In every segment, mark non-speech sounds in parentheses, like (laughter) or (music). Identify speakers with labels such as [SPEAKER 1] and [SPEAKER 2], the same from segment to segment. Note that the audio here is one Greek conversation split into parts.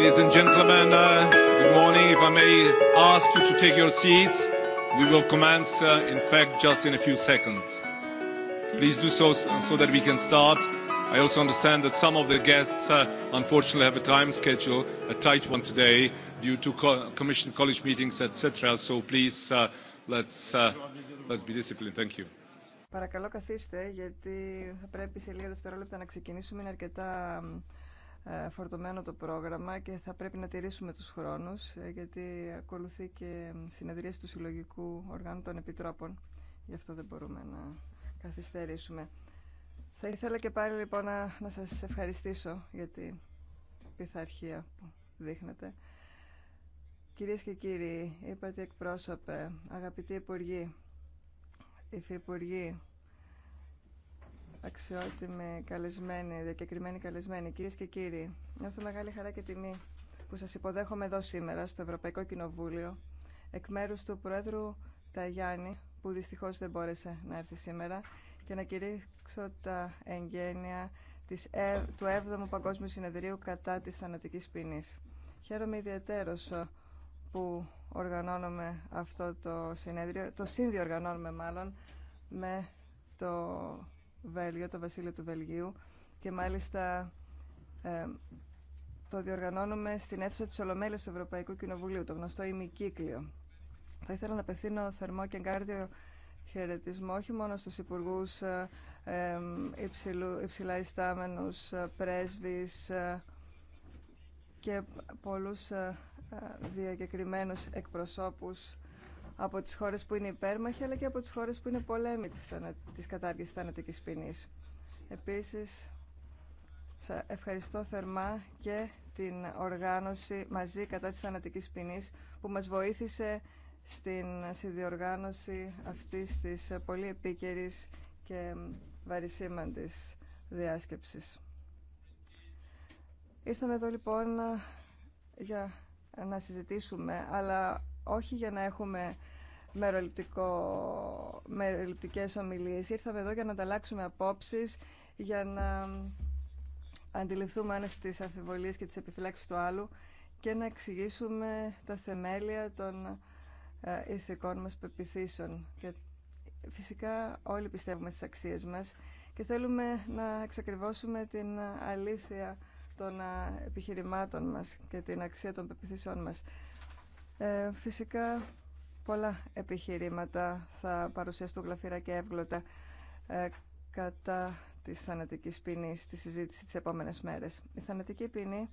[SPEAKER 1] Ladies and gentlemen, good morning. If I may ask you to take your seats, we will commence, in fact, just in a few seconds. Please do so so that we can start. I also understand that some of the guests, unfortunately, have a time schedule, a tight one today, due to Commission college meetings, etc. So please, let's let's be disciplined. Thank you.
[SPEAKER 2] Ε, φορτωμένο το πρόγραμμα και θα πρέπει να τηρήσουμε τους χρόνους ε, γιατί ακολουθεί και συνεδρίαση του Συλλογικού Οργάνου των Επιτρόπων. Γι' αυτό δεν μπορούμε να καθυστερήσουμε. Θα ήθελα και πάλι λοιπόν να, να σας ευχαριστήσω για την πειθαρχία που δείχνετε. Κυρίες και κύριοι, είπατε εκπρόσωπε, αγαπητοί υπουργοί, υφυπουργοί, αξιότιμοι καλεσμένη, διακεκριμένη καλεσμένοι, Κυρίε και κύριοι. Νιώθω μεγάλη χαρά και τιμή που σας υποδέχομαι εδώ σήμερα στο Ευρωπαϊκό Κοινοβούλιο εκ μέρους του Πρόεδρου Ταγιάννη που δυστυχώς δεν μπόρεσε να έρθει σήμερα και να κηρύξω τα εγγένεια της, ε, του 7ου Παγκόσμιου Συνεδρίου κατά της θανατικής ποινής. Χαίρομαι ιδιαίτερος ε, που οργανώνουμε αυτό το συνέδριο, το συνδιοργανώνουμε μάλλον με το Βέλγιο, το Βασίλειο του Βελγίου και μάλιστα ε, το διοργανώνουμε στην αίθουσα της Ολομέλειας του Ευρωπαϊκού Κοινοβουλίου, το γνωστό ημικύκλιο. Θα ήθελα να απευθύνω θερμό και εγκάρδιο χαιρετισμό όχι μόνο στους υπουργούς ε, υψηλού, υψηλά ιστάμενους, ε, πρέσβεις ε, και πολλούς ε, διακεκριμένους εκπροσώπους από τις χώρες που είναι υπέρμαχοι αλλά και από τις χώρες που είναι πολέμοι της, της κατάργησης θανατικής ποινής. Επίσης, ευχαριστώ θερμά και την οργάνωση μαζί κατά της θανατικής ποινής που μας βοήθησε στην συνδιοργάνωση αυτής της πολύ επίκαιρης και βαρισίμαντης διάσκεψης. Ήρθαμε εδώ λοιπόν για να συζητήσουμε, αλλά όχι για να έχουμε μεροληπτικό, μεροληπτικές ομιλίες. Ήρθαμε εδώ για να ανταλλάξουμε απόψεις, για να αντιληφθούμε άνεση τις και τις επιφυλάξεις του άλλου και να εξηγήσουμε τα θεμέλια των ε, ηθικών μας πεπιθήσεων. Και φυσικά όλοι πιστεύουμε στις αξίες μας και θέλουμε να εξακριβώσουμε την αλήθεια των ε, επιχειρημάτων μας και την αξία των πεπιθήσεων μας. Ε, φυσικά πολλά επιχειρήματα θα παρουσιαστούν γλαφυρά και εύγλωτα ε, κατά της θανατικής ποινής στη συζήτηση τις επόμενες μέρες. Η θανατική ποινή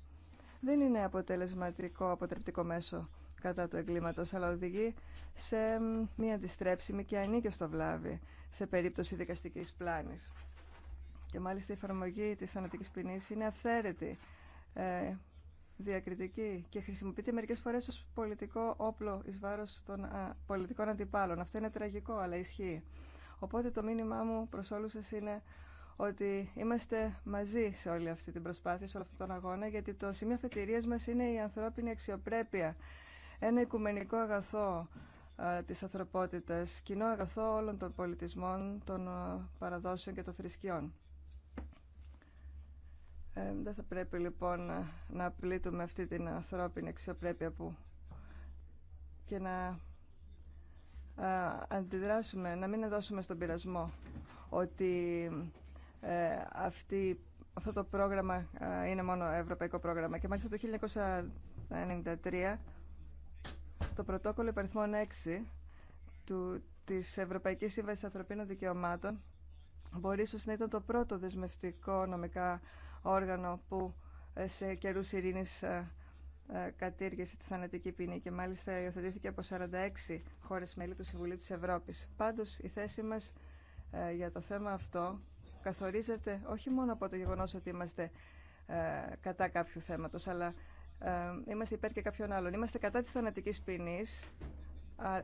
[SPEAKER 2] δεν είναι αποτελεσματικό αποτρεπτικό μέσο κατά του εγκλήματος, αλλά οδηγεί σε μία αντιστρέψιμη και ανήκει στο βλάβη σε περίπτωση δικαστικής πλάνης. Και μάλιστα η εφαρμογή της θανατικής ποινής είναι αυθαίρετη ε, διακριτική και χρησιμοποιείται μερικές φορές ως πολιτικό όπλο εις βάρος των πολιτικών αντιπάλων. Αυτό είναι τραγικό, αλλά ισχύει. Οπότε το μήνυμά μου προς όλους σας είναι ότι είμαστε μαζί σε όλη αυτή την προσπάθεια, σε όλο αυτόν τον αγώνα, γιατί το σημείο αφετηρίας μας είναι η ανθρώπινη αξιοπρέπεια, ένα οικουμενικό αγαθό α, της ανθρωπότητας, κοινό αγαθό όλων των πολιτισμών, των παραδόσεων και των θρησκειών. Ε, δεν θα πρέπει λοιπόν να, πλήττουμε αυτή την ανθρώπινη αξιοπρέπεια που και να ε, αντιδράσουμε, να μην δώσουμε στον πειρασμό ότι ε, αυτή, αυτό το πρόγραμμα ε, είναι μόνο ευρωπαϊκό πρόγραμμα. Και μάλιστα το 1993 το πρωτόκολλο υπαριθμών 6 του, της Ευρωπαϊκής Σύμβασης Ανθρωπίνων Δικαιωμάτων μπορεί ίσως να ήταν το πρώτο δεσμευτικό νομικά όργανο που ε, σε καιρούς ειρήνης ε, ε, κατήργησε τη θανατική ποινή και μάλιστα υιοθετήθηκε από 46 χώρες μέλη του Συμβουλίου της Ευρώπης. Πάντως η θέση μας για το θέμα αυτό καθορίζεται όχι μόνο από το γεγονός ότι είμαστε κατά κάποιου θέματος, αλλά είμαστε υπέρ και κάποιων άλλων. Είμαστε κατά της θανατικής ποινής,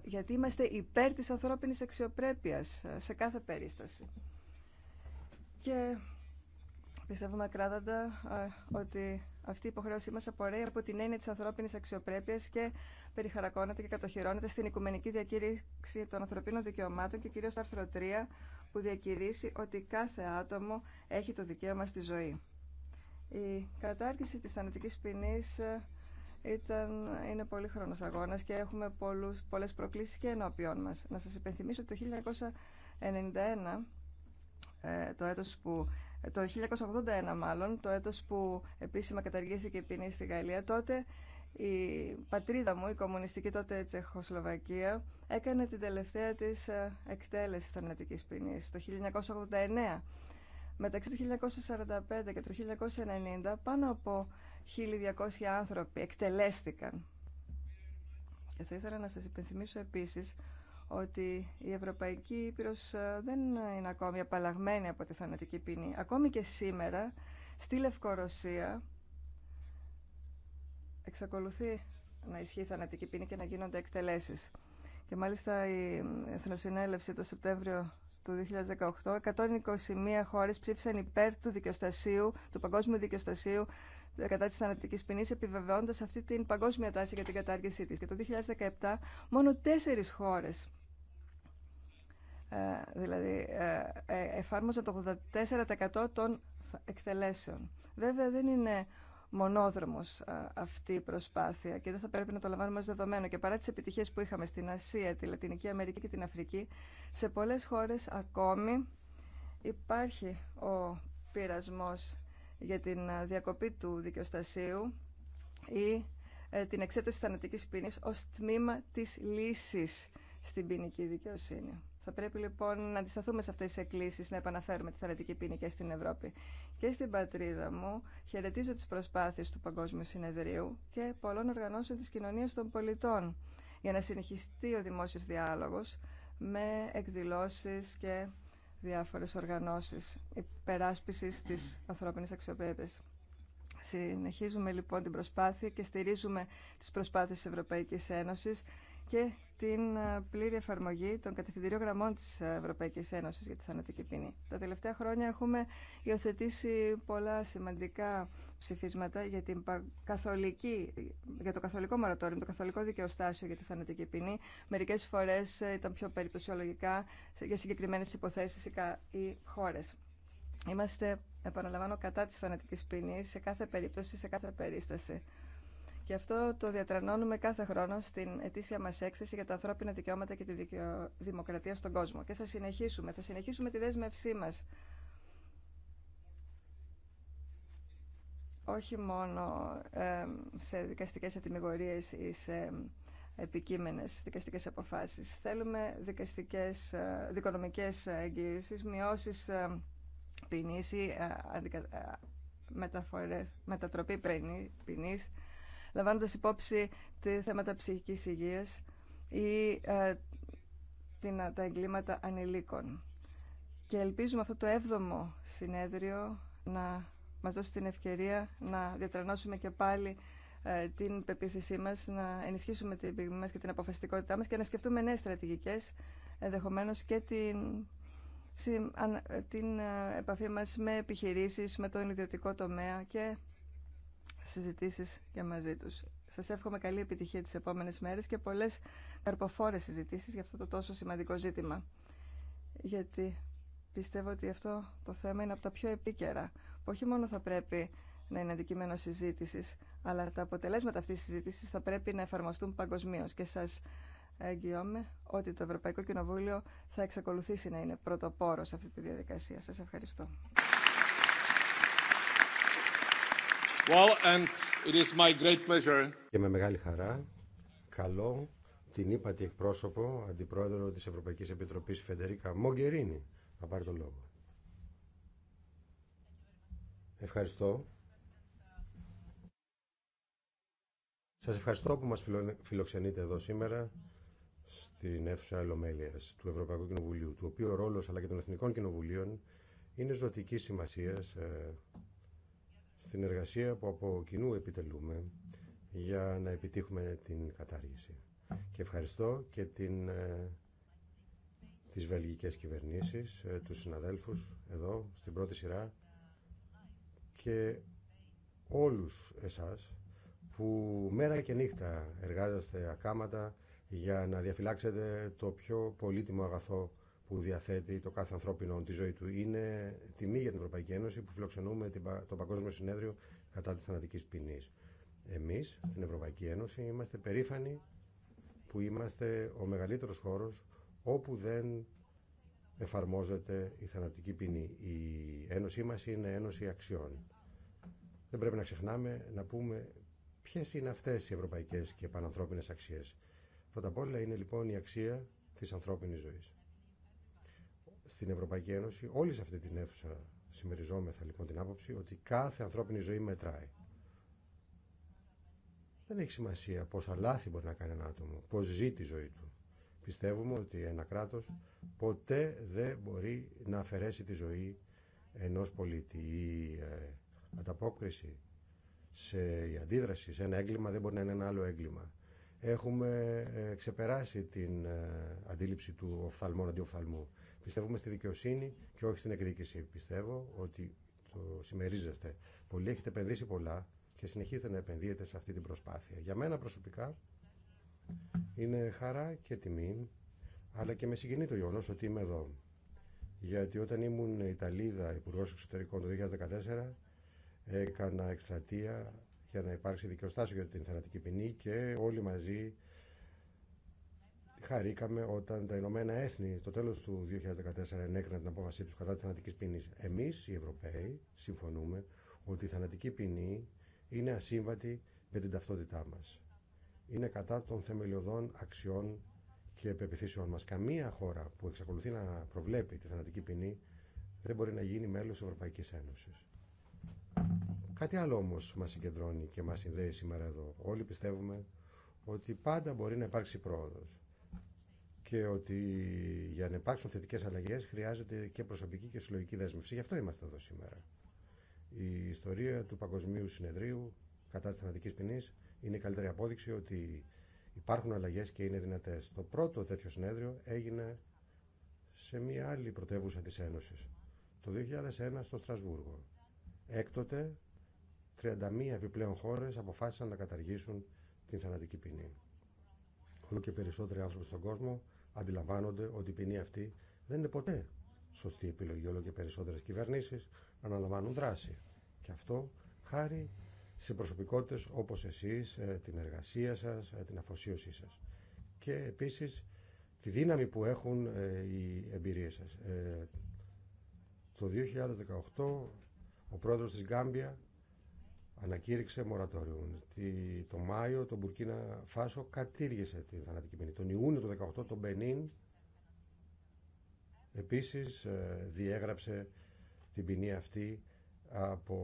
[SPEAKER 2] γιατί είμαστε υπέρ της ανθρώπινης αξιοπρέπειας σε κάθε περίσταση. Και Πιστεύουμε ακράδαντα ε, ότι αυτή η υποχρέωσή μα απορρέει από την έννοια τη ανθρώπινη αξιοπρέπεια και περιχαρακώνεται και κατοχυρώνεται στην Οικουμενική Διακήρυξη των Ανθρωπίνων Δικαιωμάτων και κυρίω στο άρθρο 3, που διακηρύσει ότι κάθε άτομο έχει το δικαίωμα στη ζωή. Η κατάργηση τη θανατική ποινή ε, είναι πολύ χρόνο αγώνα και έχουμε πολλέ προκλήσει και ενώπιον μα. Να σα υπενθυμίσω ότι το 1991, ε, το έτος που το 1981 μάλλον, το έτος που επίσημα καταργήθηκε η ποινή στη Γαλλία, τότε η πατρίδα μου, η κομμουνιστική τότε Τσεχοσλοβακία, έκανε την τελευταία της ε, εκτέλεση θανατικής ποινή. το 1989. Μεταξύ του 1945 και του 1990 πάνω από 1.200 άνθρωποι εκτελέστηκαν. Και θα ήθελα να σας υπενθυμίσω επίσης ότι η Ευρωπαϊκή Ήπειρος ε, δεν είναι ακόμη απαλλαγμένη από τη θανατική ποινή. Ακόμη και σήμερα στη Λευκορωσία εξακολουθεί να ισχύει η θανατική ποινή και να γίνονται εκτελέσεις. Και μάλιστα η Εθνοσυνέλευση το Σεπτέμβριο του 2018, 121 χώρες ψήφισαν υπέρ του δικαιοστασίου, του παγκόσμιου δικαιοστασίου κατά της θανατικής ποινής, επιβεβαιώντας αυτή την παγκόσμια τάση για την κατάργησή της. Και το 2017 μόνο τέσσερις χώρες ε, δηλαδή ε, ε, εφάρμοσα το 84% των εκτελέσεων. Βέβαια δεν είναι μονόδρομος αυτή η προσπάθεια και δεν θα πρέπει να το λαμβάνουμε ως δεδομένο και παρά τις επιτυχίες που είχαμε στην Ασία, τη Λατινική Αμερική και την Αφρική, σε πολλές χώρες ακόμη υπάρχει ο πειρασμός για την διακοπή του δικαιοστασίου ή την εξέταση θανατικής ποινής ως τμήμα της λύσης στην ποινική δικαιοσύνη. Θα πρέπει λοιπόν να αντισταθούμε σε αυτέ τι εκκλήσει να επαναφέρουμε τη θανατική πίνη και στην Ευρώπη. Και στην πατρίδα μου χαιρετίζω τι προσπάθειε του Παγκόσμιου Συνεδρίου και πολλών οργανώσεων τη κοινωνία των πολιτών για να συνεχιστεί ο δημόσιο διάλογο με εκδηλώσει και διάφορε οργανώσει υπεράσπιση τη ανθρώπινη αξιοπρέπεια. Συνεχίζουμε λοιπόν την προσπάθεια και στηρίζουμε τις προσπάθειες της Ευρωπαϊκής Ένωσης και την ε, πλήρη εφαρμογή των κατευθυντηρίων γραμμών της ε, Ευρωπαϊκής Ένωσης για τη θανατική ποινή. Τα τελευταία χρόνια έχουμε υιοθετήσει πολλά σημαντικά ψηφίσματα για, την καθολική, για το καθολικό μορατόριο, το καθολικό δικαιοστάσιο για τη θανατική ποινή. Μερικές φορές ε, ήταν πιο περιπτωσιολογικά για συγκεκριμένες υποθέσεις ή χώρες. Είμαστε, επαναλαμβάνω, κατά της θανατικής ποινής σε κάθε περίπτωση, σε κάθε περίσταση. Γι' αυτό το διατρανώνουμε κάθε χρόνο στην ετήσια μας έκθεση για τα ανθρώπινα δικαιώματα και τη δημοκρατία στον κόσμο. Και θα συνεχίσουμε. Θα συνεχίσουμε τη δέσμευσή μας. Όχι μόνο σε δικαστικές ατιμιγορίες ή σε επικείμενες δικαστικές αποφάσεις. Θέλουμε δικαστικές, ε, δικονομικές εγγύησεις, μειώσεις ε, ποινής ή ε, μετατροπή ποινής, λαμβάνοντας υπόψη τη θέματα ψυχικής υγείας ή ε, την, τα εγκλήματα ανηλίκων. Και ελπίζουμε αυτό το έβδομο συνέδριο να μας δώσει την ευκαιρία να διατρανώσουμε και πάλι ε, την πεποίθησή μας, να ενισχύσουμε την πυγμή μας και την αποφασιστικότητά μας και να σκεφτούμε νέες στρατηγικές, ενδεχομένως και την, την ε, επαφή μας με επιχειρήσεις, με τον ιδιωτικό τομέα και συζητήσεις για μαζί τους. Σας εύχομαι καλή επιτυχία τις επόμενες μέρες και πολλές καρποφόρες συζητήσεις για αυτό το τόσο σημαντικό ζήτημα. Γιατί πιστεύω ότι αυτό το θέμα είναι από τα πιο επίκαιρα, που όχι μόνο θα πρέπει να είναι αντικείμενο συζήτηση, αλλά τα αποτελέσματα αυτή τη συζήτηση θα πρέπει να εφαρμοστούν παγκοσμίω. Και σα εγγυώμαι ότι το Ευρωπαϊκό Κοινοβούλιο θα εξακολουθήσει να είναι πρωτοπόρο σε αυτή τη διαδικασία. Σα ευχαριστώ.
[SPEAKER 3] Well, and it is my great pleasure.
[SPEAKER 4] Και με μεγάλη χαρά καλώ την ύπατη εκπρόσωπο, αντιπρόεδρο της Ευρωπαϊκής Επιτροπής Φεντερίκα Μογκερίνη, να πάρει τον λόγο. Ευχαριστώ. Σας ευχαριστώ που μας φιλοξενείτε εδώ σήμερα στην αίθουσα Ελομέλειας του Ευρωπαϊκού Κοινοβουλίου, του οποίου ο ρόλος αλλά και των Εθνικών Κοινοβουλίων είναι ζωτική σημασία ε, την εργασία που από κοινού επιτελούμε για να επιτύχουμε την κατάργηση. Και ευχαριστώ και την, ε, τις βελγικές κυβερνήσεις, ε, τους συναδέλφους εδώ στην πρώτη σειρά και όλους εσάς που μέρα και νύχτα εργάζεστε ακάματα για να διαφυλάξετε το πιο πολύτιμο αγαθό που διαθέτει το κάθε ανθρώπινο τη ζωή του. Είναι τιμή για την Ευρωπαϊκή Ένωση που φιλοξενούμε το Παγκόσμιο Συνέδριο κατά τη θανατική ποινή. Εμεί στην Ευρωπαϊκή Ένωση είμαστε περήφανοι που είμαστε ο μεγαλύτερος χώρος όπου δεν εφαρμόζεται η θανατική ποινή. Η ένωσή μας είναι ένωση αξιών. Δεν πρέπει να ξεχνάμε να πούμε ποιες είναι αυτές οι ευρωπαϊκές και πανανθρώπινες αξίες. Πρώτα απ' όλα είναι λοιπόν η αξία τη ανθρώπινης ζωής στην Ευρωπαϊκή Ένωση, όλοι σε αυτή την αίθουσα συμμεριζόμεθα λοιπόν την άποψη ότι κάθε ανθρώπινη ζωή μετράει. Δεν έχει σημασία πόσα λάθη μπορεί να κάνει ένα άτομο, πώς ζει τη ζωή του. Πιστεύουμε ότι ένα κράτος ποτέ δεν μπορεί να αφαιρέσει τη ζωή ενός πολίτη. Η ε, ανταπόκριση, σε, η αντίδραση σε ένα έγκλημα δεν μπορεί να είναι ένα άλλο έγκλημα. Έχουμε ε, ξεπεράσει την ε, αντίληψη του οφθαλμών αντιοφθαλμού. Πιστεύουμε στη δικαιοσύνη και όχι στην εκδίκηση. Πιστεύω ότι το συμμερίζεστε. Πολλοί έχετε επενδύσει πολλά και συνεχίζετε να επενδύετε σε αυτή την προσπάθεια. Για μένα προσωπικά είναι χαρά και τιμή, αλλά και με συγκινεί το γεγονό ότι είμαι εδώ. Γιατί όταν ήμουν Ιταλίδα Υπουργό Εξωτερικών το 2014, έκανα εκστρατεία για να υπάρξει δικαιοστάσιο για την θανατική ποινή και όλοι μαζί χαρήκαμε όταν τα Ηνωμένα Έθνη το τέλος του 2014 ενέκριναν την απόφασή τους κατά τη θανατική ποινή. Εμείς οι Ευρωπαίοι συμφωνούμε ότι η θανατική ποινή είναι ασύμβατη με την ταυτότητά μας. Είναι κατά των θεμελιωδών αξιών και πεπιθήσεων μας. Καμία χώρα που εξακολουθεί να προβλέπει τη θανατική ποινή δεν μπορεί να γίνει μέλος της Ευρωπαϊκής Ένωσης. Κάτι άλλο όμως μας συγκεντρώνει και μας συνδέει σήμερα εδώ. Όλοι πιστεύουμε ότι πάντα μπορεί να υπάρξει πρόοδος και ότι για να υπάρξουν θετικέ αλλαγέ χρειάζεται και προσωπική και συλλογική δέσμευση. Γι' αυτό είμαστε εδώ σήμερα. Η ιστορία του Παγκοσμίου Συνεδρίου κατά τη θανατική ποινή είναι η καλύτερη απόδειξη ότι υπάρχουν αλλαγέ και είναι δυνατέ. Το πρώτο τέτοιο συνέδριο έγινε σε μια άλλη πρωτεύουσα τη Ένωση. το 2001 στο Στρασβούργο. Έκτοτε, 31 επιπλέον χώρε αποφάσισαν να καταργήσουν την θανατική ποινή. Όλο και περισσότεροι άνθρωποι στον κόσμο αντιλαμβάνονται ότι η ποινή αυτή δεν είναι ποτέ σωστή επιλογή. Όλο και περισσότερε κυβερνήσει αναλαμβάνουν δράση. Και αυτό χάρη σε προσωπικότητες όπως εσείς, ε, την εργασία σας, ε, την αφοσίωσή σας. Και επίσης τη δύναμη που έχουν ε, οι εμπειρίες σα. Το 2018 ο πρόεδρος της Γκάμπια ανακήρυξε μορατόριου. Το Μάιο το Μπουρκίνα Φάσο κατήργησε τη θανατική ποινή. Τον Ιούνιο του 18 τον Μπενίν επίσης ε, διέγραψε την ποινή αυτή από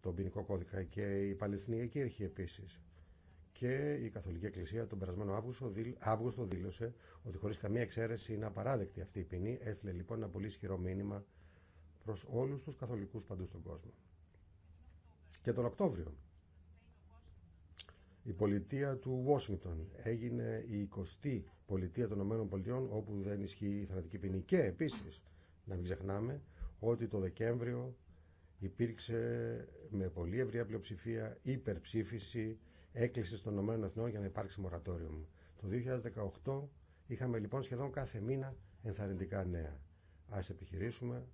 [SPEAKER 4] τον ποινικό κώδικα και η Παλαιστινιακή Αρχή επίσης. Και η Καθολική Εκκλησία τον περασμένο Αύγουστο, Αύγουστο δήλωσε ότι χωρίς καμία εξαίρεση είναι απαράδεκτη αυτή η ποινή. Έστειλε λοιπόν ένα πολύ ισχυρό μήνυμα προς όλους τους καθολικούς παντού στον κόσμο και τον Οκτώβριο. Η πολιτεία του Ουάσιγκτον έγινε η 20η πολιτεία των ΗΠΑ όπου δεν ισχύει η θανατική ποινή. Και επίσης, να μην ξεχνάμε, ότι το Δεκέμβριο υπήρξε με πολύ ευρία πλειοψηφία υπερψήφιση έκκληση των ΗΠΑ για να υπάρξει μορατόριο. Το 2018 είχαμε λοιπόν σχεδόν κάθε μήνα ενθαρρυντικά νέα. Ας επιχειρήσουμε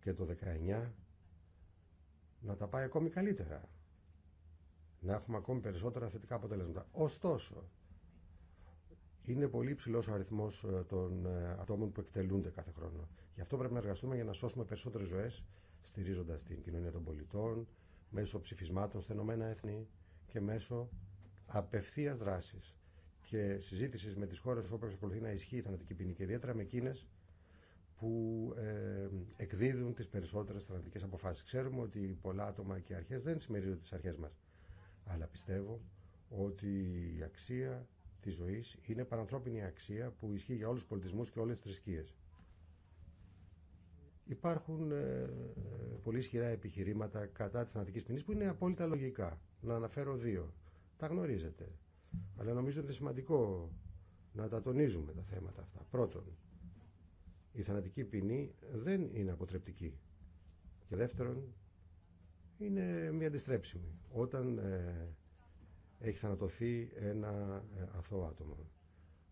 [SPEAKER 4] και το 2019 να τα πάει ακόμη καλύτερα. Να έχουμε ακόμη περισσότερα θετικά αποτελέσματα. Ωστόσο, είναι πολύ υψηλό ο αριθμό ε, των ε, ατόμων που εκτελούνται κάθε χρόνο. Γι' αυτό πρέπει να εργαστούμε για να σώσουμε περισσότερε ζωέ, στηρίζοντα την κοινωνία των πολιτών, μέσω ψηφισμάτων στα Ηνωμένα Έθνη και μέσω απευθεία δράση και συζήτηση με τι χώρε όπου εξακολουθεί να ισχύει η θανατική ποινή και ιδιαίτερα με εκείνε που ε, εκδίδουν τις περισσότερες στρατηγικές αποφάσεις. Ξέρουμε ότι πολλά άτομα και αρχές δεν συμμερίζονται τις αρχές μας. Αλλά πιστεύω ότι η αξία της ζωής είναι παρανθρώπινη αξία που ισχύει για όλους τους πολιτισμούς και όλες τις θρησκείες. Υπάρχουν ε, πολύ ισχυρά επιχειρήματα κατά της θανατικής ποινής που είναι απόλυτα λογικά. Να αναφέρω δύο. Τα γνωρίζετε. Αλλά νομίζω ότι είναι σημαντικό να τα τονίζουμε τα θέματα αυτά. Πρώτον, η θανατική ποινή δεν είναι αποτρεπτική. Και δεύτερον, είναι μια αντιστρέψιμη όταν ε, έχει θανατωθεί ένα ε, αθώο άτομο.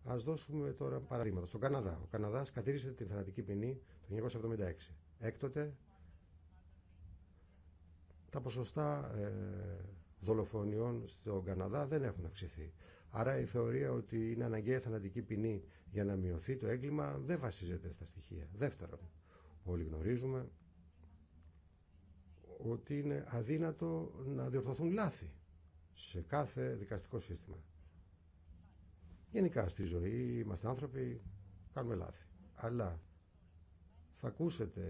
[SPEAKER 4] Ας δώσουμε τώρα παραδείγματα. Στον Καναδά. Ο Καναδάς κατήρισε την θανατική ποινή το 1976. Έκτοτε τα ποσοστά ε, δολοφονιών στον Καναδά δεν έχουν αυξηθεί. Άρα η θεωρία ότι είναι αναγκαία θανατική ποινή για να μειωθεί το έγκλημα δεν βασίζεται στα στοιχεία. Δεύτερον, όλοι γνωρίζουμε ότι είναι αδύνατο να διορθωθούν λάθη σε κάθε δικαστικό σύστημα. Γενικά στη ζωή είμαστε άνθρωποι, κάνουμε λάθη. Αλλά θα ακούσετε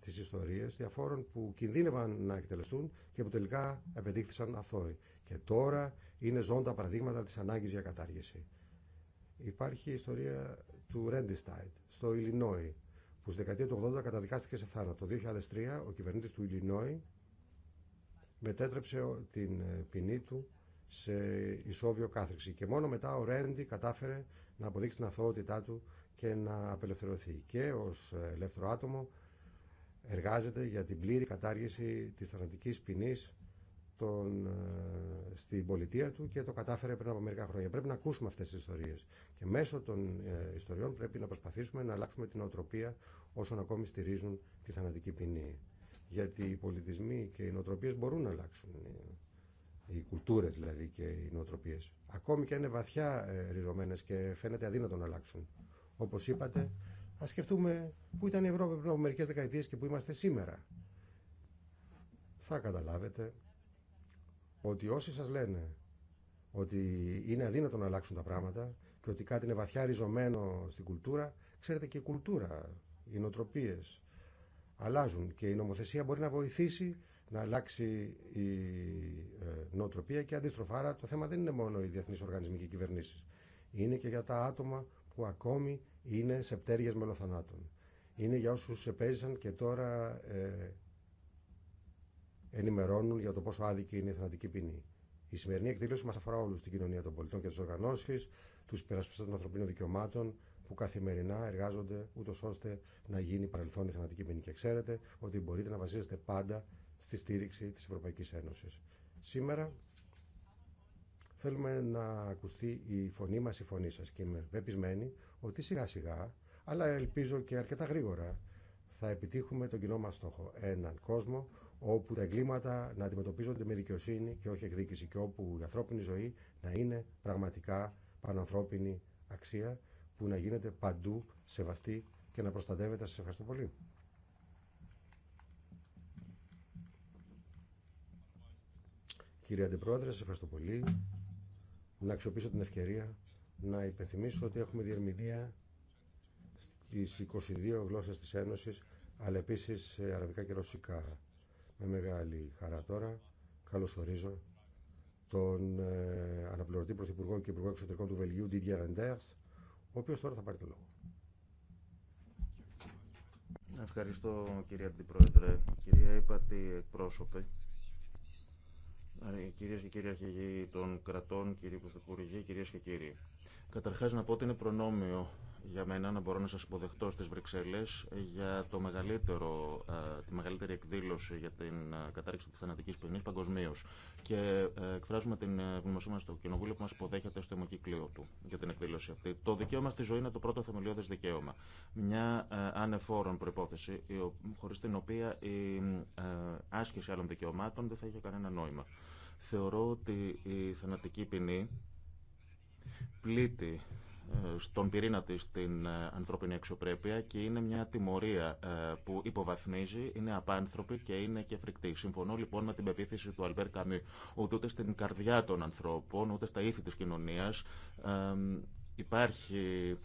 [SPEAKER 4] τις ιστορίες διαφόρων που κινδύνευαν να εκτελεστούν και που τελικά επεδείχθησαν αθώοι. Και τώρα είναι ζώντα παραδείγματα της ανάγκης για κατάργηση. Υπάρχει η ιστορία του Ρέντιστάιτ στο Ιλινόι, που στη δεκαετία του 80 καταδικάστηκε σε θάνατο. Το 2003 ο κυβερνήτης του Ιλινόι μετέτρεψε την ε, ποινή του σε ισόβιο κάθριξη. Και μόνο μετά ο Ρέντι κατάφερε να αποδείξει την αθωότητά του και να απελευθερωθεί. Και ως ελεύθερο άτομο εργάζεται για την πλήρη κατάργηση της θανατικής ποινής τον, ε, στην πολιτεία του και το κατάφερε πριν από μερικά χρόνια. Πρέπει να ακούσουμε αυτές τις ιστορίες και μέσω των ε, ιστοριών πρέπει να προσπαθήσουμε να αλλάξουμε την οτροπία όσων ακόμη στηρίζουν τη θανατική ποινή. Γιατί οι πολιτισμοί και οι νοοτροπίες μπορούν να αλλάξουν. Ε, οι κουλτούρες δηλαδή και οι νοοτροπίες. Ακόμη και αν είναι βαθιά ε, ριζωμένες και φαίνεται αδύνατο να αλλάξουν. Όπως είπατε, α σκεφτούμε πού ήταν η Ευρώπη πριν από μερικές δεκαετίες και πού είμαστε σήμερα. Θα καταλάβετε ότι όσοι σας λένε ότι είναι αδύνατο να αλλάξουν τα πράγματα και ότι κάτι είναι βαθιά ριζωμένο στην κουλτούρα, ξέρετε και η κουλτούρα, οι νοτροπίες αλλάζουν και η νομοθεσία μπορεί να βοηθήσει να αλλάξει η ε, νοοτροπία και αντίστροφα. Άρα το θέμα δεν είναι μόνο οι διεθνείς οργανισμοί και κυβερνήσεις. Είναι και για τα άτομα που ακόμη είναι σε πτέρυγες μελοθανάτων. Είναι για όσους επέζησαν και τώρα ε, ενημερώνουν για το πόσο άδικη είναι η θανατική ποινή. Η σημερινή εκδήλωση μα αφορά όλου την κοινωνία των πολιτών και τι οργανώσει, του υπερασπιστέ των ανθρωπίνων δικαιωμάτων που καθημερινά εργάζονται ούτω ώστε να γίνει παρελθόν η θανατική ποινή. Και ξέρετε ότι μπορείτε να βασίζεστε πάντα στη στήριξη τη Ευρωπαϊκή Ένωση. Σήμερα θέλουμε να ακουστεί η φωνή μα, η φωνή σα και είμαι πεπισμένη ότι σιγά σιγά, αλλά ελπίζω και αρκετά γρήγορα, θα επιτύχουμε τον κοινό μα στόχο. Έναν κόσμο όπου τα εγκλήματα να αντιμετωπίζονται με δικαιοσύνη και όχι εκδίκηση και όπου η ανθρώπινη ζωή να είναι πραγματικά πανανθρώπινη αξία που να γίνεται παντού σεβαστή και να προστατεύεται. Σας ευχαριστώ πολύ. Κύριε Αντιπρόεδρε, σας ευχαριστώ πολύ. Να αξιοποιήσω την ευκαιρία να υπενθυμίσω ότι έχουμε διερμηνία στις 22 γλώσσες της Ένωσης, αλλά επίσης αραβικά και ρωσικά. Με μεγάλη χαρά τώρα καλωσορίζω τον ε, αναπληρωτή Πρωθυπουργό και Υπουργό Εξωτερικών του Βελγίου, Didier Renders, ο οποίος τώρα θα πάρει το λόγο.
[SPEAKER 3] Ευχαριστώ κύριε Αντιπρόεδρε, κυρία Ήπατη εκπρόσωπε, ε, κυρίες και κύριοι αρχηγοί των κρατών, κύριοι Πρωθυπουργοί, κυρίες και κύριοι. Καταρχάς να πω ότι είναι προνόμιο για μένα να μπορώ να σας υποδεχτώ στις Βρυξέλλες για το μεγαλύτερο, ε, τη μεγαλύτερη εκδήλωση για την ε, κατάρριξη της θανατικής ποινής παγκοσμίω. Και ε, εκφράζουμε την γνωμοσύνη μας στο Κοινοβούλιο που μας υποδέχεται στο αιμοκύκλιο του για την εκδήλωση αυτή. Το δικαίωμα στη ζωή είναι το πρώτο θεμελιώδες δικαίωμα. Μια ανεφόρον προϋπόθεση χωρίς την οποία η άσκηση άλλων δικαιωμάτων δεν θα είχε κανένα νόημα. Θεωρώ ότι η θανατική ποινή πλήττει ε, στον πυρήνα της την ε, ανθρωπινή αξιοπρέπεια και είναι μια τιμωρία ε, που υποβαθμίζει, είναι απάνθρωπη και είναι και φρικτή. Συμφωνώ λοιπόν με την πεποίθηση του Αλμπέρ Καμί ότι ούτε στην καρδιά των ανθρώπων, ούτε στα ήθη της κοινωνίας υπάρχει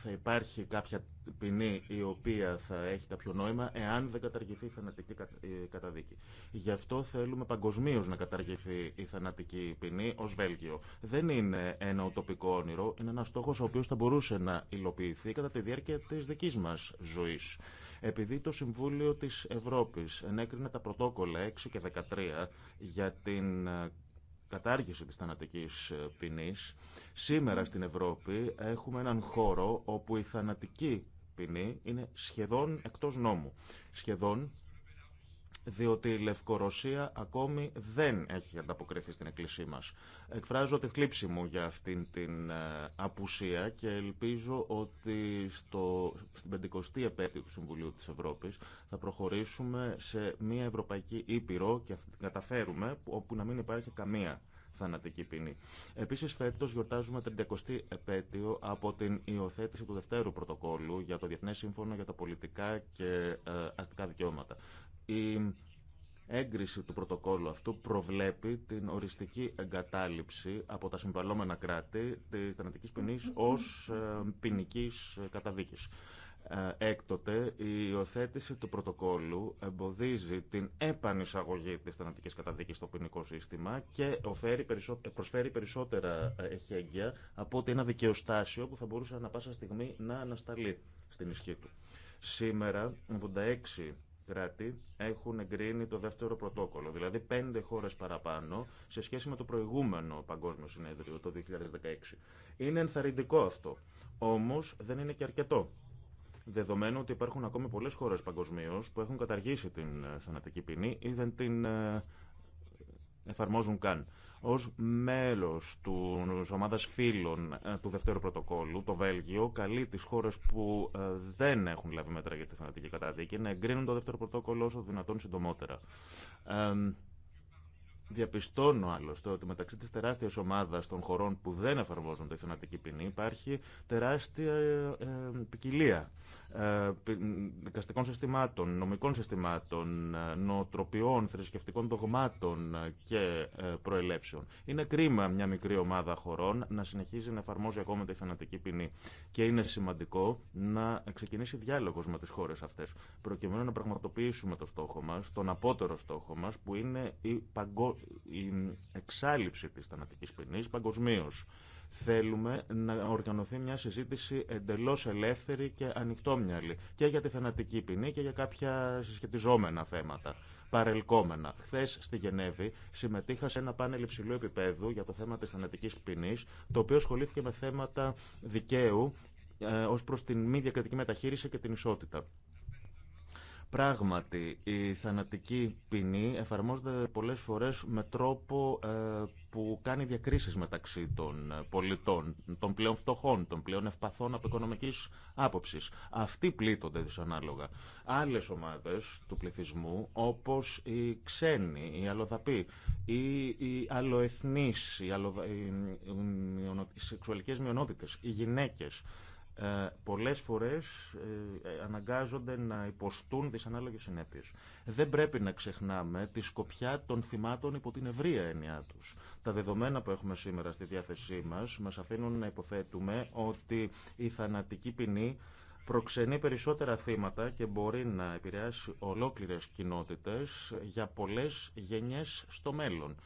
[SPEAKER 3] θα υπάρχει κάποια ποινή η οποία θα έχει κάποιο νόημα εάν δεν καταργηθεί η θανατική καταδίκη. Γι' αυτό θέλουμε παγκοσμίω να καταργηθεί η θανατική ποινή ω Βέλγιο. Δεν είναι ένα οτοπικό όνειρο, είναι ένα στόχο ο οποίο θα μπορούσε να υλοποιηθεί κατά τη διάρκεια τη δική μα ζωή. Επειδή το Συμβούλιο τη Ευρώπη ενέκρινε τα πρωτόκολλα 6 και 13 για την ε, κατάργηση της θανατικής ε, ποινής, σήμερα στην Ευρώπη έχουμε έναν χώρο όπου η θανατική ποινή είναι σχεδόν εκτός νόμου. Σχεδόν διότι η Λευκορωσία ακόμη δεν έχει ανταποκριθεί στην Εκκλησία μας. Εκφράζω τη θλίψη μου για αυτήν την ε, απουσία και ελπίζω ότι στο, στην 50 επέτειο του Συμβουλίου της Ευρώπης θα προχωρήσουμε σε μια Ευρωπαϊκή Ήπειρο και θα την καταφέρουμε όπου να μην υπάρχει καμία θανατική ποινή. Επίση, φέτο γιορτάζουμε την 30 επέτειο από την υιοθέτηση του δευτέρου πρωτοκόλου για το Διεθνέ Σύμφωνο για τα Πολιτικά και ε, Αστικά Δικαιώματα. Η έγκριση του πρωτοκόλλου αυτού προβλέπει την οριστική εγκατάλειψη από τα συμβαλόμενα κράτη της θανατικής ποινής ως ε, ποινική καταδίκης. Ε, έκτοτε, η υιοθέτηση του πρωτοκόλλου εμποδίζει την επανεισαγωγή της θανατικής καταδίκης στο ποινικό σύστημα και προσφέρει περισσότερα ε, εχέγγυα από ότι ένα δικαιοστάσιο που θα μπορούσε ανα πάσα στιγμή να ανασταλεί στην ισχύ του. Σήμερα, 86 κράτη έχουν εγκρίνει το δεύτερο πρωτόκολλο, δηλαδή πέντε χώρες παραπάνω σε σχέση με το προηγούμενο Παγκόσμιο Συνέδριο το 2016. Είναι ενθαρρυντικό αυτό, όμως δεν είναι και αρκετό. Δεδομένου ότι υπάρχουν ακόμη πολλές χώρες παγκοσμίω που έχουν καταργήσει την ε, θανατική ποινή ή δεν την ε, εφαρμόζουν καν. Ω μέλο τη ομάδα φίλων ε, του Δευτέρου Πρωτοκόλου, το Βέλγιο καλεί τι χώρε που ε, δεν έχουν λάβει μέτρα για τη θανατική καταδίκη να εγκρίνουν το Δεύτερο Πρωτόκολλο όσο δυνατόν συντομότερα. Διαπιστώνω άλλωστε ότι μεταξύ τη τεράστια ομάδα των χωρών που δεν εφαρμόζουν τη θανατική ποινή υπάρχει τεράστια ε, ποικιλία. Ε, δικαστικών συστημάτων, νομικών συστημάτων, ε, νοοτροπιών, θρησκευτικών δογμάτων ε, και προελεύσεων. Είναι κρίμα μια μικρή ομάδα χωρών να συνεχίζει να εφαρμόζει ακόμα τη θανατική ποινή. Και είναι σημαντικό να ξεκινήσει διάλογο με τι χώρε αυτέ, προκειμένου να πραγματοποιήσουμε το στόχο μα, τον απότερο στόχο μα, που είναι η, παγκο... η εξάλληψη τη θανατική ποινή παγκοσμίω. Θέλουμε να οργανωθεί μια συζήτηση εντελώ ελεύθερη και ανοιχτόμυαλη και για τη θανατική ποινή και για κάποια συσχετιζόμενα θέματα. Παρελκόμενα. Χθε στη Γενέβη συμμετείχα σε ένα πάνελ υψηλού επίπεδου για το θέμα τη θανατική ποινή, το οποίο ασχολήθηκε με θέματα δικαίου ε, ω προ την μη διακριτική μεταχείριση και την ισότητα. Πράγματι, η θανατική ποινή εφαρμόζεται πολλές φορές με τρόπο ε, που κάνει διακρίσεις μεταξύ των πολιτών, των πλέον φτωχών, των πλέον ευπαθών από οικονομικής άποψης. Αυτοί πλήττονται δυσανάλογα. Άλλες ομάδες του πληθυσμού, όπως οι ξένοι, οι αλλοδαποί, οι, οι αλλοεθνείς, οι, αλλοδα... οι, οι σεξουαλικές μειονότητες, οι γυναίκες, ε, πολλές φορές ε, ε, αναγκάζονται να υποστούν δυσανάλογες συνέπειες. Δεν πρέπει να ξεχνάμε τη σκοπιά των θυμάτων υπό την ευρεία έννοια τους. Τα δεδομένα που έχουμε σήμερα στη διάθεσή μας μας αφήνουν να υποθέτουμε ότι η θανατική ποινή προξενεί περισσότερα θύματα και μπορεί να επηρεάσει ολόκληρες κοινότητες για πολλές γενιές στο μέλλον.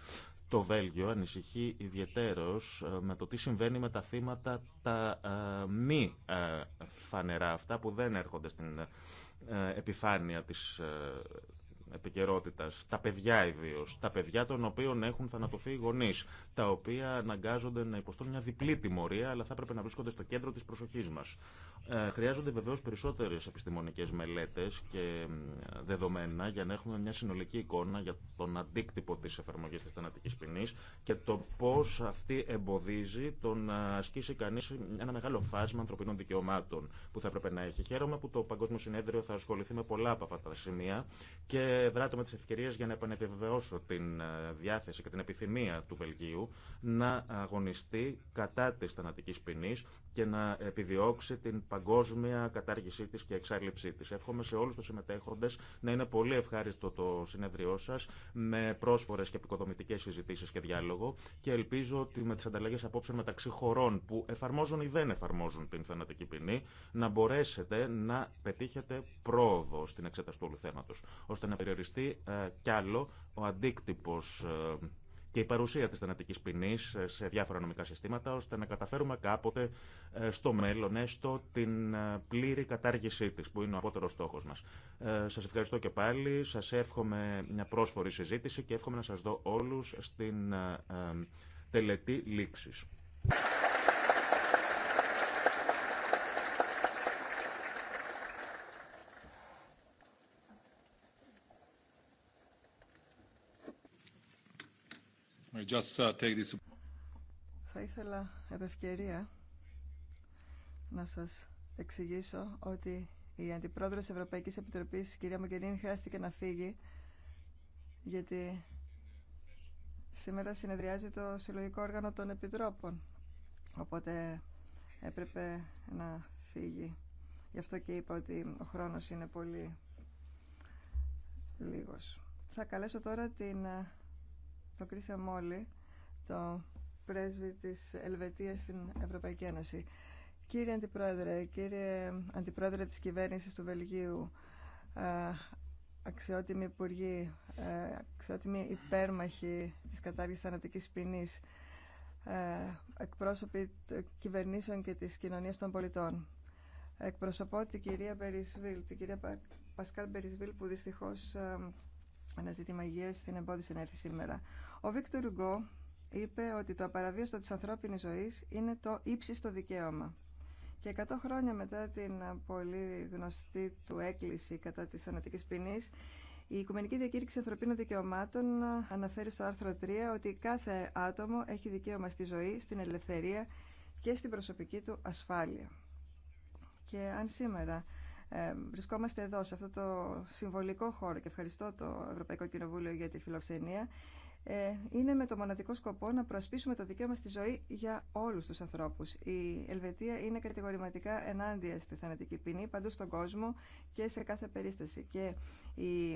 [SPEAKER 3] Το Βέλγιο ανησυχεί ιδιαιτέρως ε, με το τι συμβαίνει με τα θύματα τα ε, μη ε, φανερά αυτά που δεν έρχονται στην επιφάνεια της επικαιρότητα. Τα παιδιά ιδίω. Τα παιδιά των οποίων έχουν θανατωθεί οι γονεί. Τα οποία αναγκάζονται να υποστούν μια διπλή τιμωρία, αλλά θα έπρεπε να βρίσκονται στο κέντρο τη προσοχή μα. Ε, χρειάζονται βεβαίω περισσότερε επιστημονικέ μελέτε και δεδομένα για να έχουμε μια συνολική εικόνα για τον αντίκτυπο τη εφαρμογή τη θανατική ποινή και το πώ αυτή εμποδίζει το να ε, ασκήσει κανεί ένα μεγάλο φάσμα ανθρωπίνων δικαιωμάτων που θα έπρεπε να έχει. Χαίρομαι που το Παγκόσμιο Συνέδριο θα ασχοληθεί με πολλά από αυτά τα σημεία και ευράτω με τις ευκαιρίες για να επανεπιβεβαιώσω την ε, διάθεση και την επιθυμία του Βελγίου να αγωνιστεί κατά της θανατικής ποινή και να επιδιώξει την παγκόσμια κατάργησή της και εξάλληψή της. Εύχομαι σε όλους τους συμμετέχοντες να είναι πολύ ευχάριστο το συνεδριό σας με πρόσφορες και επικοδομητικές συζητήσεις και διάλογο και ελπίζω ότι με τις ανταλλαγές απόψε μεταξύ χωρών που εφαρμόζουν ή δεν εφαρμόζουν την θανατική ποινή να μπορέσετε να πετύχετε πρόοδο στην εξέταση του όλου θέματος, ώστε να περιοριστεί ε, κι άλλο ο αντίκτυπος ε, και η παρουσία της θενατικής ποινή ε, σε διάφορα νομικά συστήματα, ώστε να καταφέρουμε κάποτε στο μέλλον έστω την πλήρη κατάργησή της, που είναι ο απότερος στόχος μας. Σας ευχαριστώ και πάλι, σας εύχομαι μια πρόσφορη συζήτηση και εύχομαι να σας δω όλους στην τελετή λήξης.
[SPEAKER 1] Uh,
[SPEAKER 2] Θα ήθελα επ' ευκαιρία να σας εξηγήσω ότι η Αντιπρόεδρος Ευρωπαϊκής Επιτροπής, κυρία Μογκενίνη, χρειάστηκε να φύγει γιατί σήμερα συνεδριάζει το συλλογικό όργανο των Επιτρόπων. Οπότε έπρεπε να φύγει. Γι' αυτό και είπα ότι ο χρόνος είναι πολύ λίγος. Θα καλέσω τώρα την ε, το Κρίστα Μόλι, το πρέσβη της Ελβετίας στην Ευρωπαϊκή Ένωση. Κύριε Αντιπρόεδρε, κύριε Αντιπρόεδρε της κυβέρνησης του Βελγίου, ε, αξιότιμοι υπουργοί, ε, αξιότιμοι υπέρμαχοι της κατάργησης θανατικής ποινής, ε, εκπρόσωποι κυβερνήσεων και της κοινωνίας των πολιτών. Εκπροσωπώ την κυρία Μπερισβίλ, την κυρία Πασκάλ Μπερισβίλ που δυστυχώς ένα ζήτημα υγεία την εμπόδισε να έρθει σήμερα. Ο Βίκτορ Ουγκό είπε ότι το απαραβίωστο της ανθρώπινης ζωής είναι το ύψιστο δικαίωμα. Και 100 χρόνια μετά την πολύ γνωστή του έκκληση κατά τη θανατική ποινή, η Οικουμενική Διακήρυξη Ανθρωπίνων Δικαιωμάτων αναφέρει στο άρθρο 3 ότι κάθε άτομο έχει δικαίωμα στη ζωή, στην ελευθερία και στην προσωπική του ασφάλεια. Και αν σήμερα ε, βρισκόμαστε εδώ, σε αυτό το συμβολικό χώρο και ευχαριστώ το Ευρωπαϊκό Κοινοβούλιο για τη φιλοξενία, ε, είναι με το μοναδικό σκοπό να προασπίσουμε το δικαίωμα στη ζωή για όλους τους ανθρώπους. Η Ελβετία είναι κατηγορηματικά ενάντια στη θανατική ποινή παντού στον κόσμο και σε κάθε περίσταση. Και η...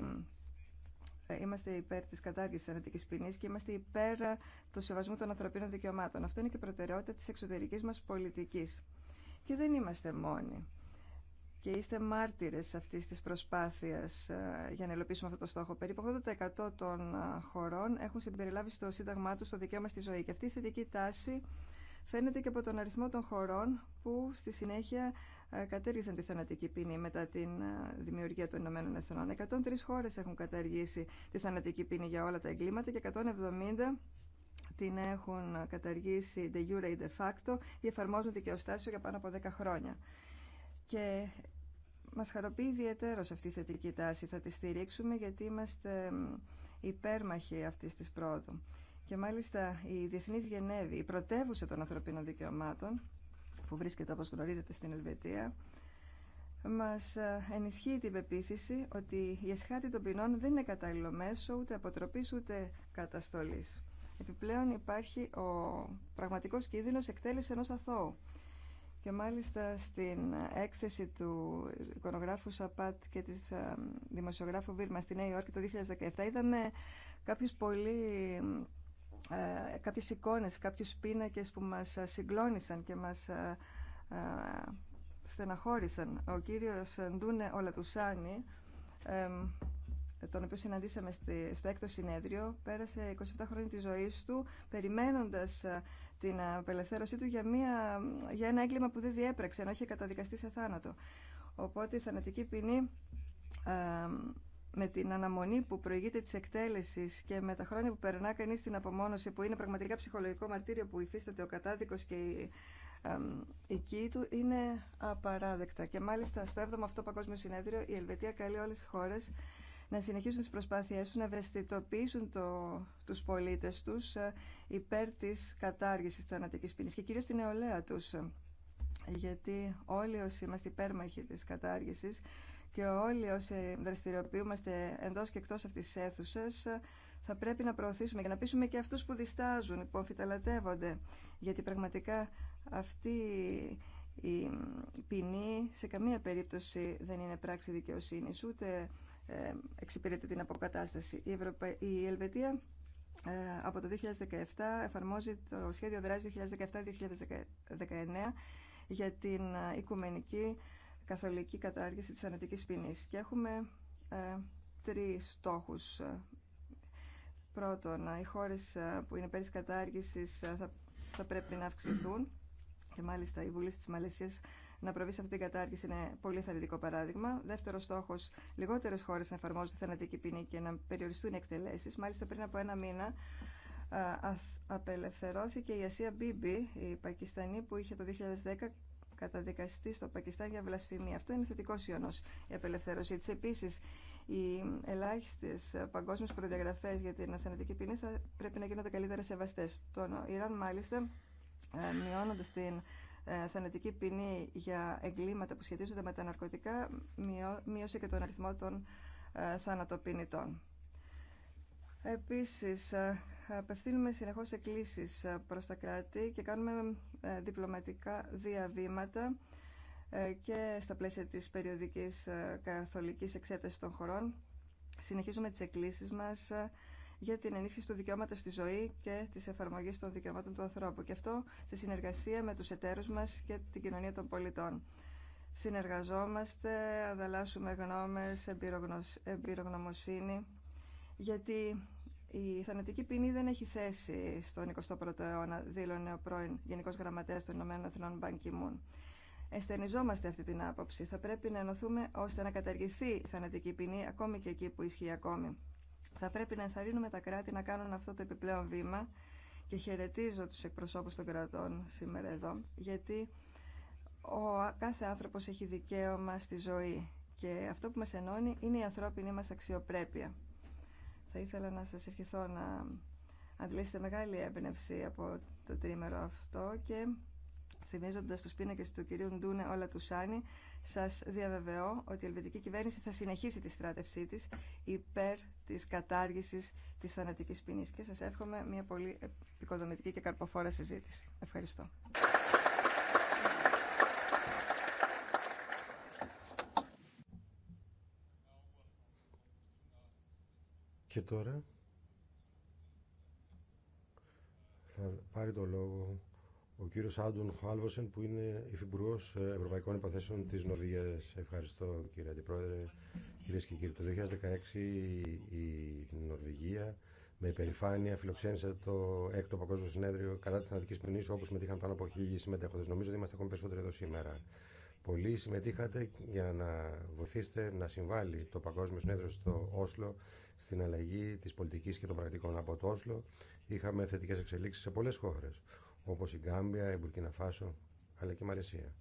[SPEAKER 2] Ε, είμαστε υπέρ τη κατάργηση τη θανατική ποινή και είμαστε υπέρ του σεβασμού των ανθρωπίνων δικαιωμάτων. Αυτό είναι και προτεραιότητα τη εξωτερική μα πολιτική. Και δεν είμαστε μόνοι και είστε μάρτυρες αυτής της προσπάθειας ε, για να υλοποιήσουμε αυτό το στόχο. Περίπου 80% των ε, χωρών έχουν συμπεριλάβει στο Σύνταγμά τους το δικαίωμα στη ζωή και αυτή η θετική τάση φαίνεται και από τον αριθμό των χωρών που στη συνέχεια ε, κατέργησαν τη θανατική ποινή μετά την δημιουργία των Ηνωμένων Εθνών. 103 χώρες έχουν καταργήσει τη θανατική ποινή για όλα τα εγκλήματα και 170 την έχουν καταργήσει de jure ή de facto ή εφαρμόζουν δικαιοστάσιο για πάνω από 10 χρόνια. Και μας χαροποιεί ιδιαίτερο αυτή η θετική τάση. Θα τη στηρίξουμε γιατί είμαστε υπέρμαχοι αυτής της πρόοδου. Και μάλιστα η Διεθνής Γενέβη, η πρωτεύουσα των ανθρωπίνων δικαιωμάτων, που βρίσκεται όπως γνωρίζετε στην Ελβετία, μας ε, ενισχύει την πεποίθηση ότι η εσχάτη των ποινών δεν είναι κατάλληλο μέσο ούτε αποτροπής ούτε καταστολής. Επιπλέον υπάρχει ο πραγματικός κίνδυνος εκτέλεσης ενός αθώου. Και μάλιστα στην έκθεση του εικονογράφου Σαπάτ και της ε, δημοσιογράφου Βίρμα στη Νέα Υόρκη το 2017 είδαμε κάποιους πολύ, ε, κάποιες εικόνες, κάποιους πίνακες που μας ε, συγκλώνησαν και μας στεναχώρησαν. Ο κύριος Ντούνε Ολατουσάνη, τον οποίο συναντήσαμε στο έκτο συνέδριο, πέρασε 27 χρόνια της ζωής του περιμένοντας την απελευθέρωσή του για, μια, για ένα έγκλημα που δεν διέπραξε, ενώ είχε καταδικαστεί σε θάνατο. Οπότε η θανατική ποινή με την αναμονή που προηγείται της εκτέλεση και με τα χρόνια που περνά κανεί στην απομόνωση, που είναι πραγματικά ψυχολογικό μαρτύριο που υφίσταται ο κατάδικο και η κοίη του, είναι απαράδεκτα. Και μάλιστα στο 7ο αυτό Παγκόσμιο Συνέδριο η Ελβετία καλεί όλε τι χώρε να συνεχίσουν τις προσπάθειές τους να ευαισθητοποιήσουν το, τους πολίτες τους ε, υπέρ της κατάργησης θανατικής ποινής και κυρίως την νεολαία τους. Γιατί όλοι όσοι είμαστε υπέρμαχοι της κατάργησης και όλοι όσοι δραστηριοποιούμαστε εντός και εκτός αυτής της αίθουσας ε, θα πρέπει να προωθήσουμε και να πείσουμε και αυτούς που διστάζουν, που αμφιταλατεύονται. Γιατί πραγματικά αυτή η ποινή σε καμία περίπτωση δεν είναι πράξη δικαιοσύνης, ούτε ε, εξυπηρετεί την αποκατάσταση. Η, η Ελβετία ε, από το 2017 εφαρμόζει το σχέδιο δράση 2017-2019 για την ε, οικουμενική καθολική κατάργηση της ανατικής ποινής. Και έχουμε ε, τρεις στόχους. Πρώτον, οι χώρες που είναι πέρυσι κατάργησης θα, πρέπει να αυξηθούν και μάλιστα η Βουλή της Μαλαισίας να προβεί σε αυτή την κατάργηση είναι πολύ θαρρυντικό παράδειγμα. Δεύτερο στόχο, λιγότερε χώρε να εφαρμόζουν θανατική ποινή και να περιοριστούν οι εκτελέσει. Μάλιστα, πριν από ένα μήνα απελευθερώθηκε η Ασία Μπίμπι, η Πακιστανή που είχε το 2010 καταδικαστεί στο Πακιστάν για βλασφημία. Αυτό είναι θετικό ιονό η απελευθέρωσή τη. Επίση, οι ελάχιστε παγκόσμιε προδιαγραφέ για την θανατική ποινή θα πρέπει να γίνονται καλύτερα σεβαστέ. Τον Ιράν, μάλιστα, ε, μειώνοντα την ε, θανατική ποινή για εγκλήματα που σχετίζονται με τα ναρκωτικά μείωσε και τον αριθμό των ε, θανατοποινητών. Επίσης, ε, απευθύνουμε συνεχώς εκκλήσεις προς τα κράτη και κάνουμε διπλωματικά διαβήματα και στα πλαίσια της περιοδικής καθολικής εξέτασης των χωρών. Συνεχίζουμε τις εκκλήσεις μας για την ενίσχυση του δικαιώματο στη ζωή και τη εφαρμογή των δικαιωμάτων του ανθρώπου. Και αυτό σε συνεργασία με του εταίρου μα και την κοινωνία των πολιτών. Συνεργαζόμαστε, ανταλλάσσουμε γνώμε, εμπειρογνωμοσύνη, γιατί η θανατική ποινή δεν έχει θέση στον 21ο αιώνα, δήλωνε ο πρώην Γενικό Γραμματέα των ΗΠΑ. Εθνών Μπανκιμούν. Εστερνιζόμαστε αυτή την άποψη. Θα πρέπει να ενωθούμε ώστε να καταργηθεί η θανατική ποινή, ακόμη και εκεί που ισχύει ακόμη. Θα πρέπει να ενθαρρύνουμε τα κράτη να κάνουν αυτό το επιπλέον βήμα και χαιρετίζω τους εκπροσώπους των κρατών σήμερα εδώ, γιατί ο κάθε άνθρωπος έχει δικαίωμα στη ζωή και αυτό που μας ενώνει είναι η ανθρώπινη μας αξιοπρέπεια. Θα ήθελα να σας ευχηθώ να αντλήσετε μεγάλη έμπνευση από το τρίμερο αυτό και Θυμίζοντας τους πίνακες του κυρίου Ντούνε Όλα Σάνι, σας διαβεβαιώ ότι η ελβετική κυβέρνηση θα συνεχίσει τη στράτευσή της υπέρ της κατάργησης της θανατικής ποινής και σας εύχομαι μια πολύ επικοδομητική και καρποφόρα συζήτηση. Ευχαριστώ.
[SPEAKER 4] Και τώρα θα πάρει το λόγο ο κύριο Άντουν Χάλβοσεν που είναι υφυπουργό ε, Ευρωπαϊκών Υποθέσεων τη Νορβηγία. Ευχαριστώ κύριε Αντιπρόεδρε, κυρίε και κύριοι. Το 2016 η Νορβηγία με υπερηφάνεια φιλοξένησε το έκτο παγκόσμιο συνέδριο κατά τη θανατική ποινή, όπου συμμετείχαν πάνω από χίλιοι συμμετέχοντε. Νομίζω ότι είμαστε ακόμη περισσότεροι εδώ σήμερα. Πολλοί συμμετείχατε για να βοηθήσετε να συμβάλλει το Παγκόσμιο Συνέδριο στο Όσλο στην αλλαγή τη πολιτική και των πρακτικών. Από το Όσλο είχαμε θετικέ εξελίξει σε πολλέ χώρε όπως η Γκάμπια, η Μπουρκίνα Φάσο, αλλά και η Μαλαισία.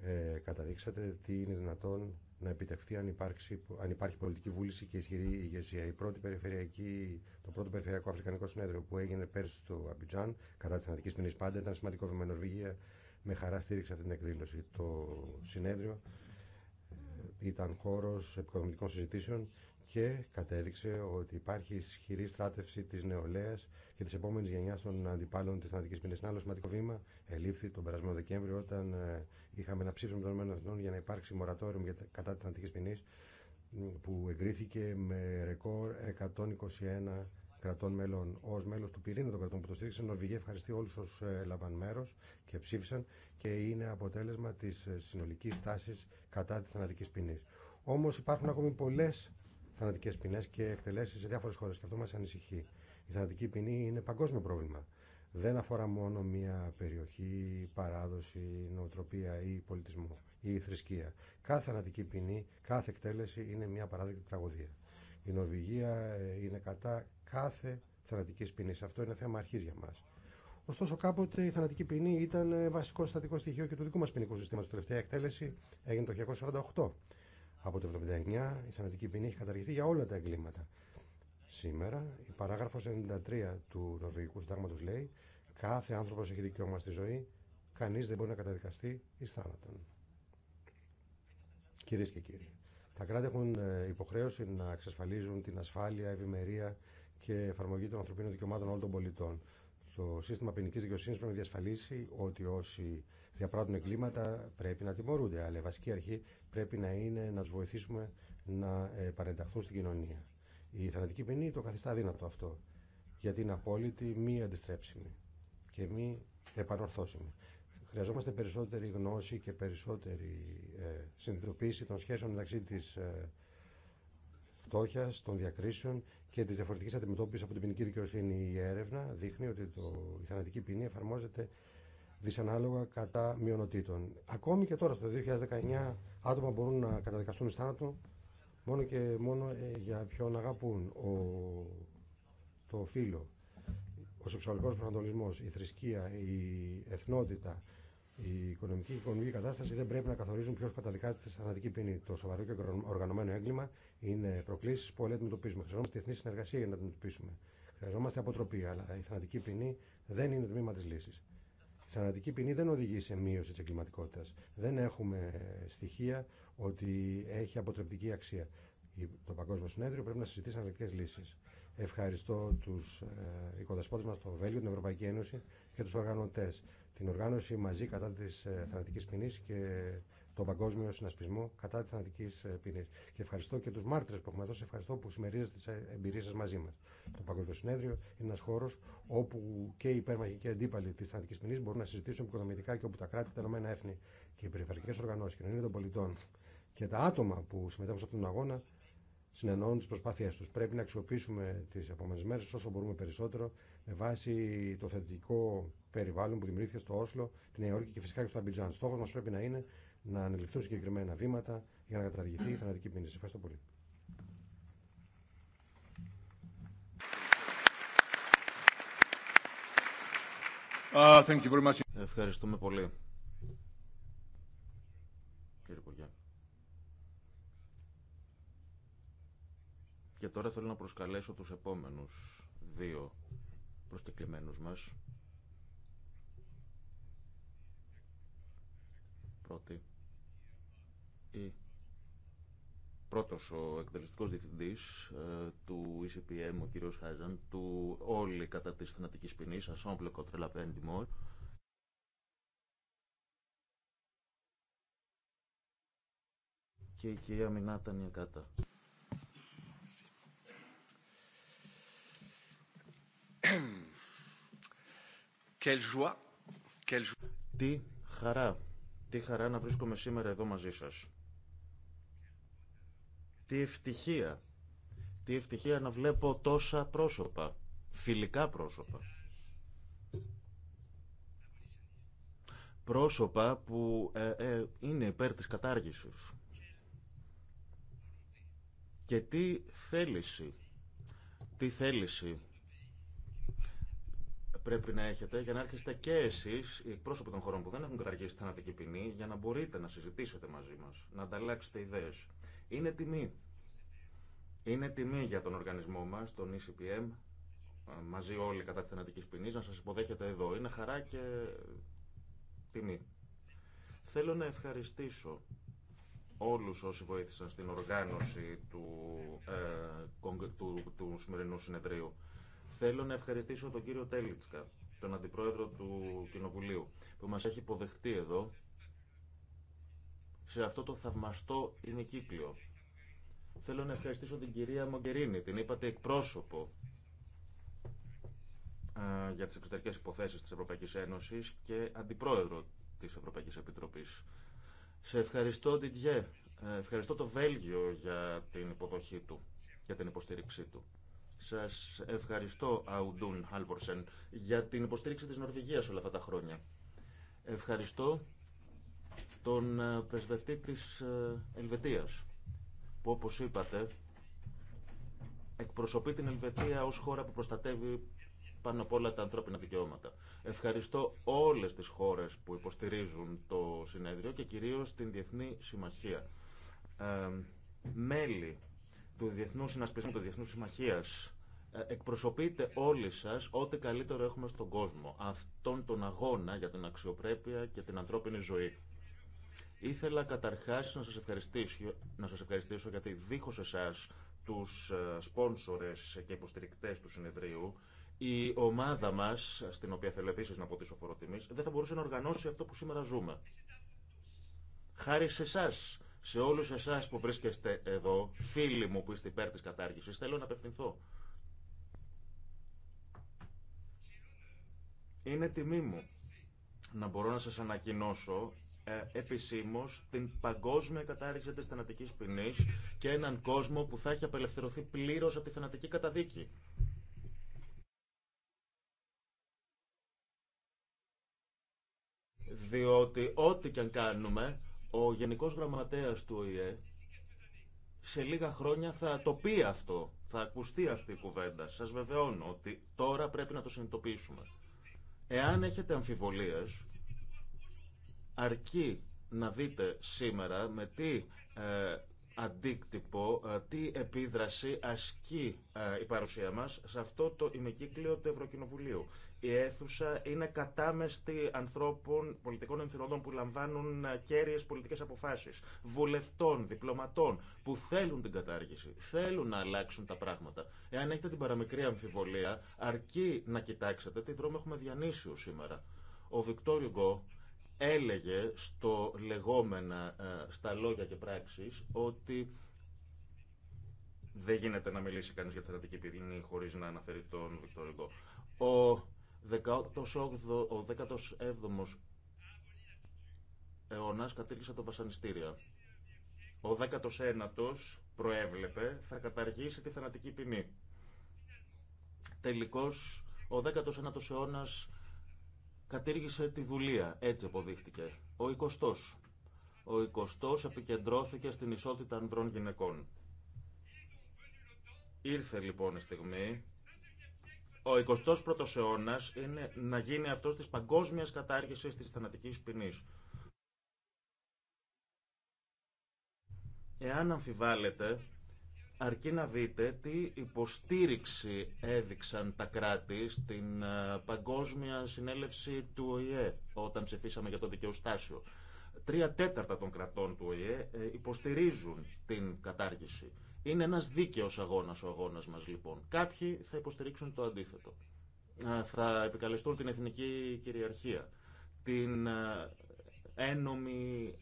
[SPEAKER 4] Ε, καταδείξατε τι είναι δυνατόν να επιτευχθεί αν, υπάρξει, αν υπάρχει πολιτική βούληση και ισχυρή ηγεσία. Η πρώτη περιφερειακή, το πρώτο Περιφερειακό Αφρικανικό Συνέδριο που έγινε πέρσι στο Αμπιτζάν κατά τη θανατική ποινή πάντα ήταν σημαντικό βήμα Νορβηγία. Με χαρά στήριξε αυτή την εκδήλωση. Το συνέδριο ε, ήταν χώρο επικοδομητικών συζητήσεων και κατέδειξε ότι υπάρχει ισχυρή στράτευση τη νεολαία και τη επόμενη γενιά των αντιπάλων τη θανατική ποινή. Ένα άλλο σημαντικό βήμα ελήφθη τον περασμένο Δεκέμβριο όταν ε, είχαμε ένα ψήφισμα των ΗΠΑ για να υπάρξει μορατόριο κατά τη θανατική ποινή που εγκρίθηκε με ρεκόρ 121 κρατών μέλων ω μέλο του πυρήνα των κρατών που το στήριξαν. Η Νορβηγία ευχαριστεί όλου όσου ε, έλαβαν μέρο και ψήφισαν και είναι αποτέλεσμα τη ε, συνολική τάση κατά τη θανατική ποινή. Όμω υπάρχουν ακόμη πολλέ θανατικέ ποινέ και εκτελέσει σε διάφορε χώρε. Και αυτό μα ανησυχεί. Η θανατική ποινή είναι παγκόσμιο πρόβλημα. Δεν αφορά μόνο μία περιοχή, παράδοση, νοοτροπία ή πολιτισμό ή θρησκεία. Κάθε θανατική ποινή, κάθε εκτέλεση είναι μία παράδειγμα τραγωδία. Η Νορβηγία ε, είναι κατά κάθε θανατική ποινή. Αυτό είναι θέμα αρχή για μα. Ωστόσο, κάποτε η θανατική ποινή ήταν ε, βασικό στατικό στοιχείο και του δικού μα ποινικού συστήματο. Τελευταία εκτέλεση έγινε το 1948 από το 1979 η θανατική ποινή έχει καταργηθεί για όλα τα εγκλήματα. Σήμερα η παράγραφος 93 του Νορβηγικού Συντάγματος λέει «Κάθε άνθρωπος έχει δικαίωμα στη ζωή, κανείς δεν μπορεί να καταδικαστεί εις θάνατον». Κυρίες και κύριοι, τα κράτη έχουν ε, υποχρέωση να εξασφαλίζουν την ασφάλεια, ευημερία και εφαρμογή των ανθρωπίνων δικαιωμάτων όλων των πολιτών. Το σύστημα ποινική δικαιοσύνη πρέπει να διασφαλίσει ότι όσοι διαπράττουν εγκλήματα πρέπει να τιμωρούνται. Αλλά βασική αρχή πρέπει να είναι να του βοηθήσουμε να ε, παρενταχθούν στην κοινωνία. Η θανατική ποινή το καθιστά δύνατο αυτό, γιατί είναι απόλυτη, μη αντιστρέψιμη και μη επανορθώσιμη. Χρειαζόμαστε περισσότερη γνώση και περισσότερη ε, συνειδητοποίηση των σχέσεων μεταξύ της ε, φτώχεια, των διακρίσεων και τη διαφορετική αντιμετώπιση από την ποινική δικαιοσύνη. Η έρευνα δείχνει ότι το, η θανατική ποινή εφαρμόζεται δυσανάλογα κατά μειονοτήτων. Ακόμη και τώρα, στο 2019, άτομα μπορούν να καταδικαστούν θάνατο μόνο και μόνο ε, για ποιον αγαπούν ο, το φίλο, ο σεξουαλικός προσανατολισμός, η θρησκεία, η εθνότητα, η οικονομική και οικονομική κατάσταση δεν πρέπει να καθορίζουν ποιο καταδικάζεται σε θανατική ποινή. Το σοβαρό και οργανωμένο έγκλημα είναι προκλήσει που όλοι αντιμετωπίζουμε. Χρειαζόμαστε διεθνή συνεργασία για να αντιμετωπίσουμε. Χρειαζόμαστε αποτροπή, αλλά η θανατική ποινή δεν είναι το τμήμα τη λύση. Η θανατική ποινή δεν οδηγεί σε μείωση τη εγκληματικότητα. Δεν έχουμε στοιχεία ότι έχει αποτρεπτική αξία. Το Παγκόσμιο Συνέδριο πρέπει να συζητήσει αναλυτικέ λύσει. Ευχαριστώ του ε, οικοδεσπότε μα το Βέλγιο, την Ευρωπαϊκή Ένωση και του οργανωτέ. Την οργάνωση μαζί κατά τη ε, θανατική ποινή και τον παγκόσμιο συνασπισμό κατά τη θανατική ε, ποινή. Και ευχαριστώ και του μάρτυρε που έχουμε δώσει, ευχαριστώ που συμμερίζετε τι ε, εμπειρίε σα μαζί μα. Το Παγκόσμιο Συνέδριο είναι ένα χώρο όπου και οι υπέρμαχοι και οι αντίπαλοι τη θανατική ποινή μπορούν να συζητήσουν οικονομικά και όπου τα κράτη, τα ΗΕ ΕΕ και οι περιφερειακέ οργανώσει, κοινωνία των πολιτών και τα άτομα που συμμετέχουν σε αυτόν τον αγώνα συνεννοούν τι προσπάθειέ του. Πρέπει να αξιοποιήσουμε τι επόμενε μέρε όσο μπορούμε περισσότερο με βάση το θετικό περιβάλλον που δημιουργήθηκε στο Όσλο, τη Νέα Υόρκη και φυσικά και στο Αμπιτζάν. Στόχο μα πρέπει να είναι να ανεληφθούν συγκεκριμένα βήματα για να καταργηθεί η θανατική ποινή. Ευχαριστώ πολύ.
[SPEAKER 3] Ευχαριστούμε πολύ. Κύριε Και τώρα θέλω να προσκαλέσω τους επόμενους δύο προσκεκλημένους μας. Πρώτη. Πρώτο πρώτος ο εκτελεστικός διευθυντής ε, του ECPM, ο κύριος Χάζαν, του όλοι κατά της θανατικής ποινής, Ασόμπλε Κοτρέλα Πέντιμορ, και η κυρία Μινάτα Νιακάτα. Τι χαρά, τι χαρά να βρίσκομαι σήμερα εδώ μαζί σας. Τι ευτυχία. Τι ευτυχία να βλέπω τόσα πρόσωπα. Φιλικά πρόσωπα. Πρόσωπα που ε, ε, είναι υπέρ της κατάργησης. Και τι θέληση. Τι θέληση πρέπει να έχετε για να έρχεστε και εσείς, οι εκπρόσωποι των χωρών που δεν έχουν καταργήσει θανατική ποινή, για να μπορείτε να συζητήσετε μαζί μας, να ανταλλάξετε ιδέες. Είναι τιμή. Είναι τιμή για τον οργανισμό μας, τον ECPM, μαζί όλοι κατά τη θενατικής ποινή, να σας υποδέχεται εδώ. Είναι χαρά και τιμή. Θέλω να ευχαριστήσω όλους όσοι βοήθησαν στην οργάνωση του, ε, του, του σημερινού συνεδρίου. Θέλω να ευχαριστήσω τον κύριο Τέλιτσκα, τον αντιπρόεδρο του Κοινοβουλίου, που μας έχει υποδεχτεί εδώ σε αυτό το θαυμαστό ημικύκλιο. Θέλω να ευχαριστήσω την κυρία Μογκερίνη, την είπατε εκπρόσωπο για τις εξωτερικές υποθέσεις της Ευρωπαϊκής Ένωσης και αντιπρόεδρο της Ευρωπαϊκής Επιτροπής. Σε ευχαριστώ, Ντιτιέ. Ε, ευχαριστώ το Βέλγιο για την υποδοχή του, για την υποστήριξή του. Σας ευχαριστώ, Αουντούν Χάλβορσεν, για την υποστήριξη της Νορβηγίας όλα αυτά τα χρόνια. Ευχαριστώ τον ε, πρεσβευτή της ε, Ελβετίας που όπως είπατε εκπροσωπεί την Ελβετία ως χώρα που προστατεύει πάνω απ' όλα τα ανθρώπινα δικαιώματα. Ευχαριστώ όλες τις χώρες που υποστηρίζουν το συνέδριο και κυρίως την Διεθνή Συμμαχία. Ε, μέλη του Διεθνού Συνασπισμού, του Διεθνού Συμμαχίας, εκπροσωπείτε όλοι σας ό,τι καλύτερο έχουμε στον κόσμο. Αυτόν τον αγώνα για την αξιοπρέπεια και την ανθρώπινη ζωή. Ήθελα καταρχάς να σας ευχαριστήσω, να σας ευχαριστήσω γιατί δίχως εσάς τους ε, σπόνσορες και υποστηρικτές του συνεδρίου η ομάδα μας, στην οποία θέλω επίσης να πω τη δεν θα μπορούσε να οργανώσει αυτό που σήμερα ζούμε. Χάρη σε εσά, σε όλους εσάς που βρίσκεστε εδώ, φίλοι μου που είστε υπέρ της κατάργησης, θέλω να απευθυνθώ. Είναι τιμή μου να μπορώ να σας ανακοινώσω ε, επισήμω την παγκόσμια κατάρριξη τη θανατική ποινή και έναν κόσμο που θα έχει απελευθερωθεί πλήρω από τη θενατική καταδίκη. Διότι ό,τι και αν κάνουμε, ο Γενικός Γραμματέας του ΟΗΕ σε λίγα χρόνια θα το πει αυτό, θα ακουστεί αυτή η κουβέντα. Σας βεβαιώνω ότι τώρα πρέπει να το συνειδητοποιήσουμε. Εάν έχετε αμφιβολίες, Αρκεί να δείτε σήμερα με τι ε, αντίκτυπο, ε, τι επίδραση ασκεί ε, η παρουσία μας σε αυτό το ημικύκλιο του Ευρωκοινοβουλίου. Η αίθουσα είναι κατάμεστη ανθρώπων, πολιτικών ενθυνοδών που λαμβάνουν κέρυες πολιτικές αποφάσεις, βουλευτών, διπλωματών, που θέλουν την κατάργηση, θέλουν να αλλάξουν τα πράγματα. Εάν έχετε την παραμικρή αμφιβολία, αρκεί να κοιτάξετε τι δρόμο έχουμε διανύσει σήμερα. Ο Βικτόριο Γκο έλεγε στο λεγόμενα, ε, στα λόγια και πράξεις, ότι δεν γίνεται να μιλήσει κανείς για τη θανατική ποινή χωρίς να αναφέρει τον Βικτορικό. Ο 18ο, ο 17ος αιώνας κατήργησε τα βασανιστήρια. Ο 19ος προέβλεπε θα καταργήσει τη το βασανιστήριο. ο 19ος αιώνας κατήργησε τη δουλεία. Έτσι αποδείχτηκε. Ο 20 Ο 20 επικεντρώθηκε στην ισότητα ανδρών γυναικών. Ήρθε λοιπόν η στιγμή. Ο 21ος αιώνα είναι να γίνει αυτός της παγκόσμιας κατάργησης της θανατικής ποινής. Εάν αμφιβάλλετε αρκεί να δείτε τι υποστήριξη έδειξαν τα κράτη στην ε, παγκόσμια συνέλευση του ΟΗΕ όταν ψηφίσαμε για το δικαιοστάσιο. Τρία τέταρτα των κρατών του ΟΗΕ ε, υποστηρίζουν την κατάργηση. Είναι ένας δίκαιος αγώνας ο αγώνας μας λοιπόν. Κάποιοι θα υποστηρίξουν το αντίθετο. Θα επικαλεστούν την εθνική κυριαρχία, την ε, ένομη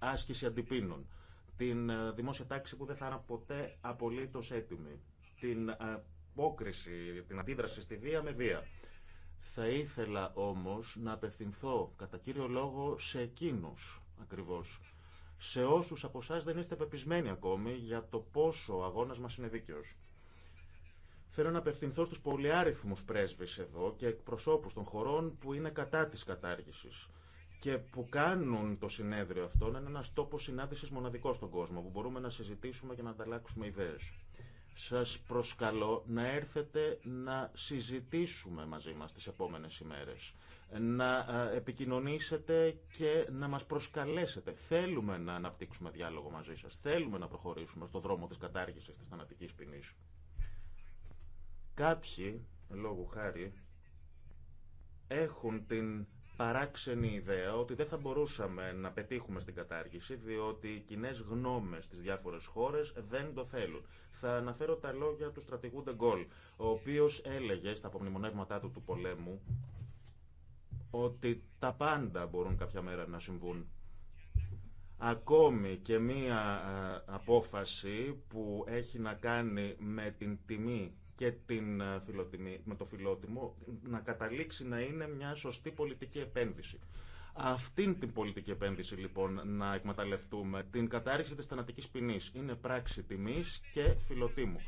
[SPEAKER 3] άσκηση αντιπίνων την ε, δημόσια τάξη που δεν θα είναι ποτέ απολύτως έτοιμη, την ε, απόκριση, την αντίδραση στη βία με βία. Θα ήθελα όμως να απευθυνθώ κατά κύριο λόγο σε εκείνους ακριβώς, σε όσους από εσά δεν είστε πεπισμένοι ακόμη για το πόσο ο αγώνας μας είναι δίκαιος. Θέλω να απευθυνθώ στους πολυάριθμους πρέσβεις εδώ και εκπροσώπους των χωρών που είναι κατά της κατάργησης και που κάνουν το συνέδριο αυτό είναι ένας τόπος συνάντησης μοναδικός στον κόσμο, που μπορούμε να συζητήσουμε και να ανταλλάξουμε ιδέες. Σας προσκαλώ να έρθετε να συζητήσουμε μαζί μας τις επόμενες ημέρες, να ε, επικοινωνήσετε και να μας προσκαλέσετε. Θέλουμε να αναπτύξουμε διάλογο μαζί σας, θέλουμε να προχωρήσουμε στον δρόμο της κατάργησης της θανατικής ποινή. Κάποιοι, λόγου χάρη, έχουν την παράξενη ιδέα ότι δεν θα μπορούσαμε να πετύχουμε στην κατάργηση, διότι οι κοινέ γνώμε στι διάφορε χώρε δεν το θέλουν. Θα αναφέρω τα λόγια του στρατηγού Ντεγκόλ, ο οποίο έλεγε στα απομνημονεύματά του του πολέμου ότι τα πάντα μπορούν κάποια μέρα να συμβούν. Ακόμη και μία ε, απόφαση που έχει να κάνει με την τιμή και την ε, με το φιλότιμο να καταλήξει να είναι μια σωστή πολιτική επένδυση. Αυτήν την πολιτική επένδυση λοιπόν να εκμεταλλευτούμε, την κατάρριξη της θανατικής ποινή. είναι πράξη τιμής και φιλοτίμου.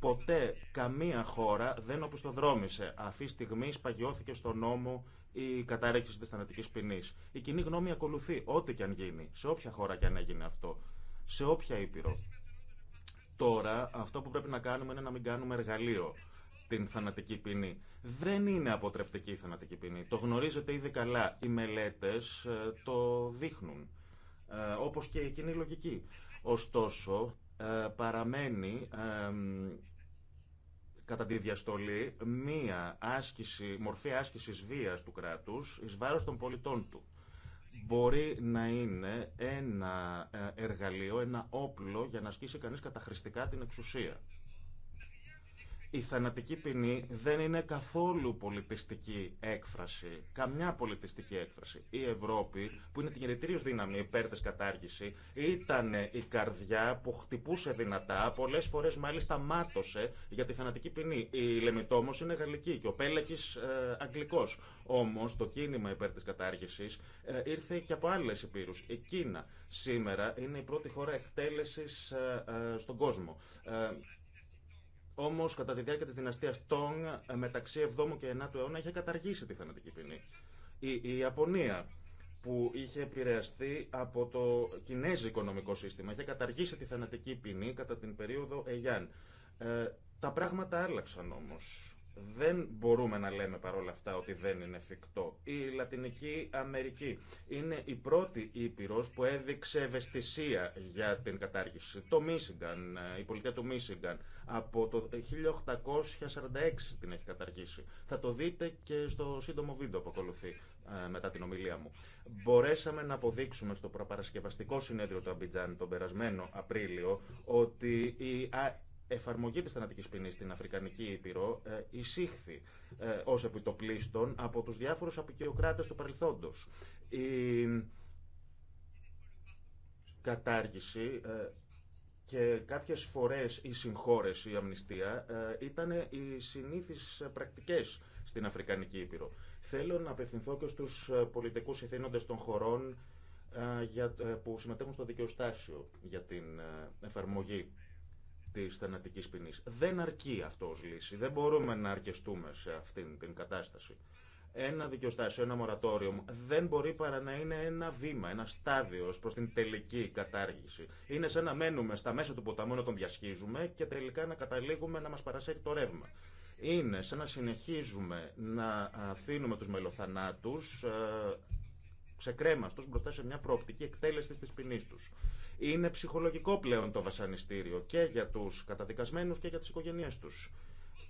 [SPEAKER 3] Ποτέ καμία χώρα δεν οπισθοδρόμησε. Αυτή τη στιγμή σπαγιώθηκε στο νόμο η κατάρρευση τη θανατική ποινή. Η κοινή γνώμη ακολουθεί ό,τι και αν γίνει, σε όποια χώρα και αν έγινε αυτό, σε όποια ήπειρο. Τώρα αυτό που πρέπει να κάνουμε είναι να μην κάνουμε εργαλείο την θανατική ποινή. Δεν είναι αποτρεπτική η θανατική ποινή. Το γνωρίζετε ήδη καλά. Οι μελέτες ε, το δείχνουν. Ε, όπως και η κοινή λογική. Ωστόσο, ε, παραμένει κατά τη διαστολή μία άσκηση, μορφή άσκησης βίας του κράτους εις βάρος των πολιτών του μπορεί να είναι ένα ε, εργαλείο, ένα όπλο για να ασκήσει κανείς καταχρηστικά την εξουσία. Η θανατική ποινή δεν είναι καθόλου πολιτιστική έκφραση, καμιά πολιτιστική έκφραση. Η Ευρώπη, που είναι την γενετήριο δύναμη υπέρ τη κατάργηση, ήταν η καρδιά που χτυπούσε δυνατά, πολλέ φορέ μάλιστα μάτωσε για τη θανατική ποινή. Η Λεμιτόμο είναι γαλλική και ο Πέλεκη ε, αγγλικό. Όμω το κίνημα υπέρ τη κατάργηση ε, ήρθε και από άλλε υπήρου. Η Κίνα σήμερα είναι η πρώτη χώρα εκτέλεση ε, στον κόσμο. Όμω, κατά τη διάρκεια τη δυναστεία Τόγκ, ε, μεταξύ 7ου και 9ου αιώνα, είχε καταργήσει τη θανατική ποινή. Η, Ιαπωνία, που είχε επηρεαστεί από το Κινέζικο οικονομικό σύστημα, είχε καταργήσει τη θανατική ποινή κατά την περίοδο Αιγιάν. Ε, τα πράγματα άλλαξαν όμως δεν μπορούμε να λέμε παρόλα αυτά ότι δεν είναι εφικτό. Η Λατινική Αμερική είναι η πρώτη ήπειρος που έδειξε ευαισθησία για την κατάργηση. Το Μίσιγκαν, ε, η πολιτεία του Μίσιγκαν, από το 1846 την έχει καταργήσει. Θα το δείτε και στο σύντομο βίντεο που ακολουθεί ε, μετά την ομιλία μου. Μπορέσαμε να αποδείξουμε στο προπαρασκευαστικό συνέδριο του Αμπιτζάν τον περασμένο Απρίλιο ότι η εφαρμογή της θανατικής ποινή στην Αφρικανική Ήπειρο ε, εισήχθη ε, ως επιτοπλίστων από τους διάφορους αποικιοκράτες του παρελθόντος. Η κατάργηση ε, και κάποιες φορές η συγχώρεση, η αμνηστία ε, ήταν οι συνήθεις πρακτικές στην Αφρικανική Ήπειρο. Θέλω να απευθυνθώ και στους ε, πολιτικούς ηθήνοντες των χωρών για, που συμμετέχουν στο δικαιοστάσιο για την εφαρμογή τη θανατική ποινή. Δεν αρκεί αυτό ω λύση. Δεν μπορούμε να αρκεστούμε σε αυτήν την κατάσταση. Ένα δικαιοστάσιο, ένα μορατόριο δεν μπορεί παρά να είναι ένα βήμα, ένα στάδιο προ την τελική κατάργηση. Είναι σαν να μένουμε στα μέσα του ποταμού να τον διασχίζουμε και τελικά να καταλήγουμε να μα παρασέχει το ρεύμα. Είναι σαν να συνεχίζουμε να αφήνουμε του μελοθανάτου ε, σε ξεκρέμαστο μπροστά σε μια προοπτική εκτέλεση τη ποινή του. Είναι ψυχολογικό πλέον το βασανιστήριο και για τους καταδικασμένους και για τις οικογένειε τους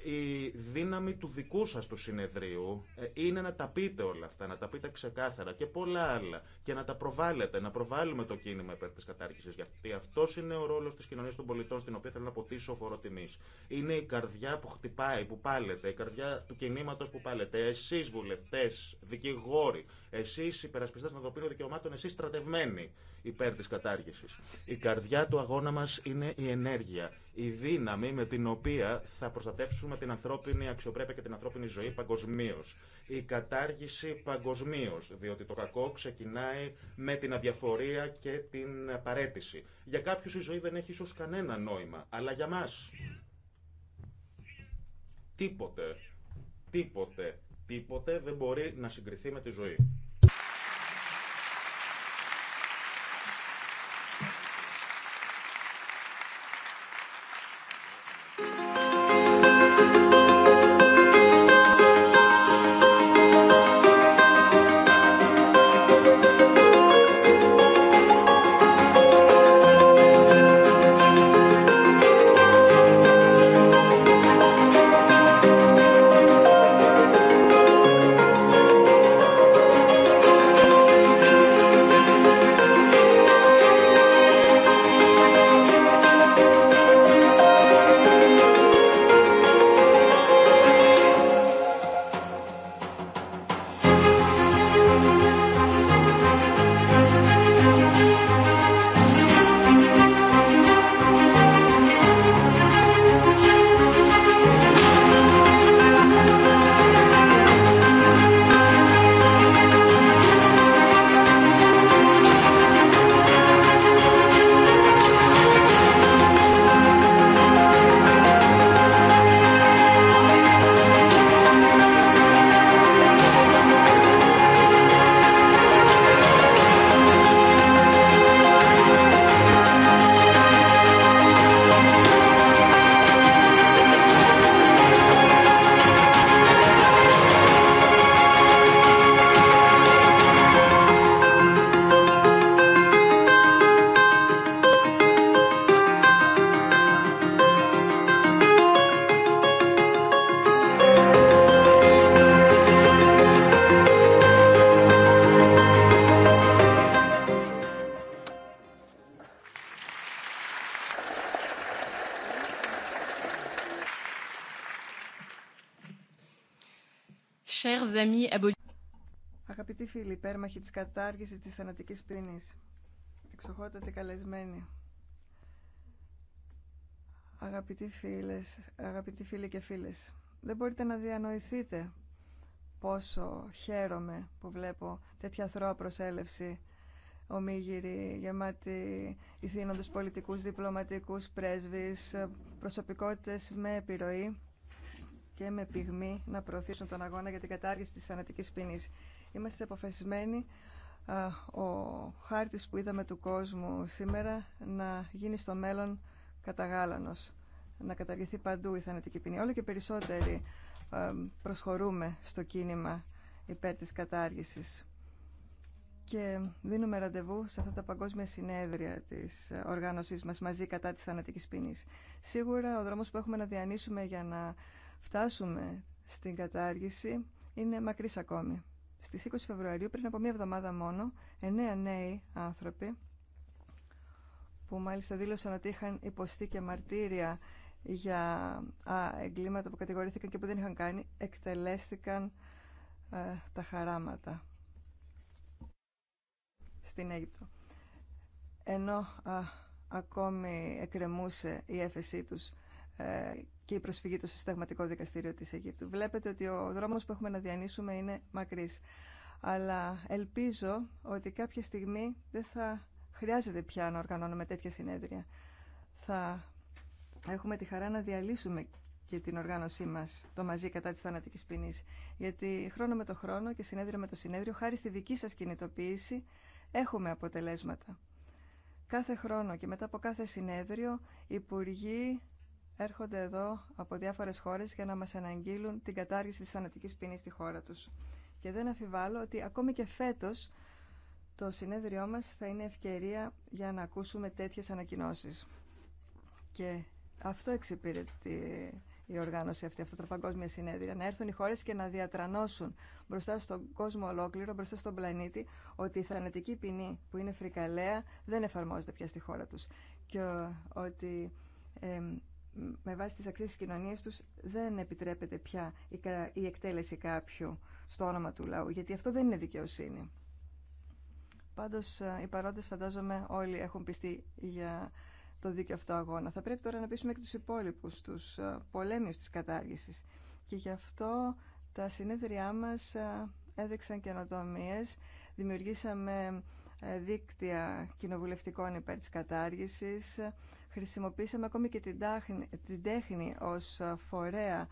[SPEAKER 3] η δύναμη του δικού σας του συνεδρίου ε, είναι να τα πείτε όλα αυτά, να τα πείτε ξεκάθαρα και πολλά άλλα και να τα προβάλλετε, να προβάλλουμε το κίνημα υπέρ της κατάρκησης γιατί αυτό είναι ο ρόλος της κοινωνίας των πολιτών στην οποία θέλω να ποτίσω φορό τιμής. Είναι η καρδιά που χτυπάει, που πάλετε, η καρδιά του κινήματος που πάλετε. Εσείς βουλευτές, δικηγόροι, εσείς υπερασπιστές των ανθρωπίνων δικαιωμάτων, εσείς στρατευμένοι υπέρ της κατάργησης. Η καρδιά του αγώνα μας είναι η ενέργεια η δύναμη με την οποία θα προστατεύσουμε την ανθρώπινη αξιοπρέπεια και την ανθρώπινη ζωή παγκοσμίω. Η κατάργηση παγκοσμίω, διότι το κακό ξεκινάει με την αδιαφορία και την παρέτηση. Για κάποιου η ζωή δεν έχει ίσω κανένα νόημα, αλλά για μα. Τίποτε, τίποτε, τίποτε δεν μπορεί να συγκριθεί με τη ζωή.
[SPEAKER 2] φίλοι υπέρμαχοι της κατάργησης της θανατικής ποινής. Εξοχότατε καλεσμένοι. Αγαπητοί, φίλες, αγαπητοί φίλοι και φίλες, δεν μπορείτε να διανοηθείτε πόσο χαίρομαι που βλέπω τέτοια θρώα προσέλευση ομίγυρη, γεμάτη ηθήνοντες πολιτικούς, διπλωματικούς, πρέσβεις, προσωπικότητες με επιρροή και με πυγμή να προωθήσουν τον αγώνα για την κατάργηση της θανατικής ποινής. Είμαστε αποφασισμένοι ο χάρτης που είδαμε του κόσμου σήμερα να γίνει στο μέλλον καταγάλανος, να καταργηθεί παντού η θανατική ποινή. Όλο και περισσότεροι προσχωρούμε στο κίνημα υπέρ της κατάργησης και δίνουμε ραντεβού σε αυτά τα παγκόσμια συνέδρια της οργάνωσής μας μαζί κατά της θανατικής ποινής. Σίγουρα ο δρόμος που έχουμε να διανύσουμε για να φτάσουμε στην κατάργηση είναι μακρύς ακόμη. Στις 20 Φεβρουαρίου, πριν από μία εβδομάδα μόνο, εννέα νέοι άνθρωποι, που μάλιστα δήλωσαν ότι είχαν υποστεί και μαρτύρια για α, εγκλήματα που κατηγορήθηκαν και που δεν είχαν κάνει, εκτελέστηκαν ε, τα χαράματα στην Αίγυπτο. Ενώ α, ακόμη εκκρεμούσε η έφεσή τους ε, και η προσφυγή του στο Δικαστήριο της Αιγύπτου. Βλέπετε ότι ο δρόμος που έχουμε να διανύσουμε είναι μακρύς. Αλλά ελπίζω ότι κάποια στιγμή δεν θα χρειάζεται πια να οργανώνουμε τέτοια συνέδρια. Θα έχουμε τη χαρά να διαλύσουμε και την οργάνωσή μα, το μαζί κατά τη θανατική ποινή. Γιατί χρόνο με το χρόνο και συνέδριο με το συνέδριο, χάρη στη δική σα κινητοποίηση, έχουμε αποτελέσματα. Κάθε χρόνο και μετά από κάθε συνέδριο, οι υπουργοί έρχονται εδώ από διάφορες χώρες για να μας αναγγείλουν την κατάργηση της θανατικής ποινής στη χώρα τους. Και δεν αφιβάλλω ότι ακόμη και φέτος το συνέδριό μας θα είναι ευκαιρία για να ακούσουμε τέτοιες ανακοινώσεις. Και αυτό εξυπηρετεί η οργάνωση αυτή, αυτά τα παγκόσμια συνέδρια, να έρθουν οι χώρες και να διατρανώσουν μπροστά στον κόσμο ολόκληρο, μπροστά στον πλανήτη, ότι η θανατική ποινή που είναι φρικαλέα δεν εφαρμόζεται πια στη χώρα τους και ότι ε, με βάση τις αξίες της κοινωνίας τους δεν επιτρέπεται πια η εκτέλεση κάποιου στο όνομα του λαού, γιατί αυτό δεν είναι δικαιοσύνη. Πάντως ε, οι παρόντες φαντάζομαι όλοι έχουν πιστεί για το δίκαιο αυτό αγώνα. Θα πρέπει τώρα να πείσουμε και τους υπόλοιπους, τους ε, πολέμιους της κατάργησης. Και γι' αυτό τα συνέδριά μας ε, έδειξαν καινοτομίε, δημιουργήσαμε δίκτυα κοινοβουλευτικών υπέρ της κατάργησης, Χρησιμοποίησαμε ακόμη και την, τέχνη ως φορέα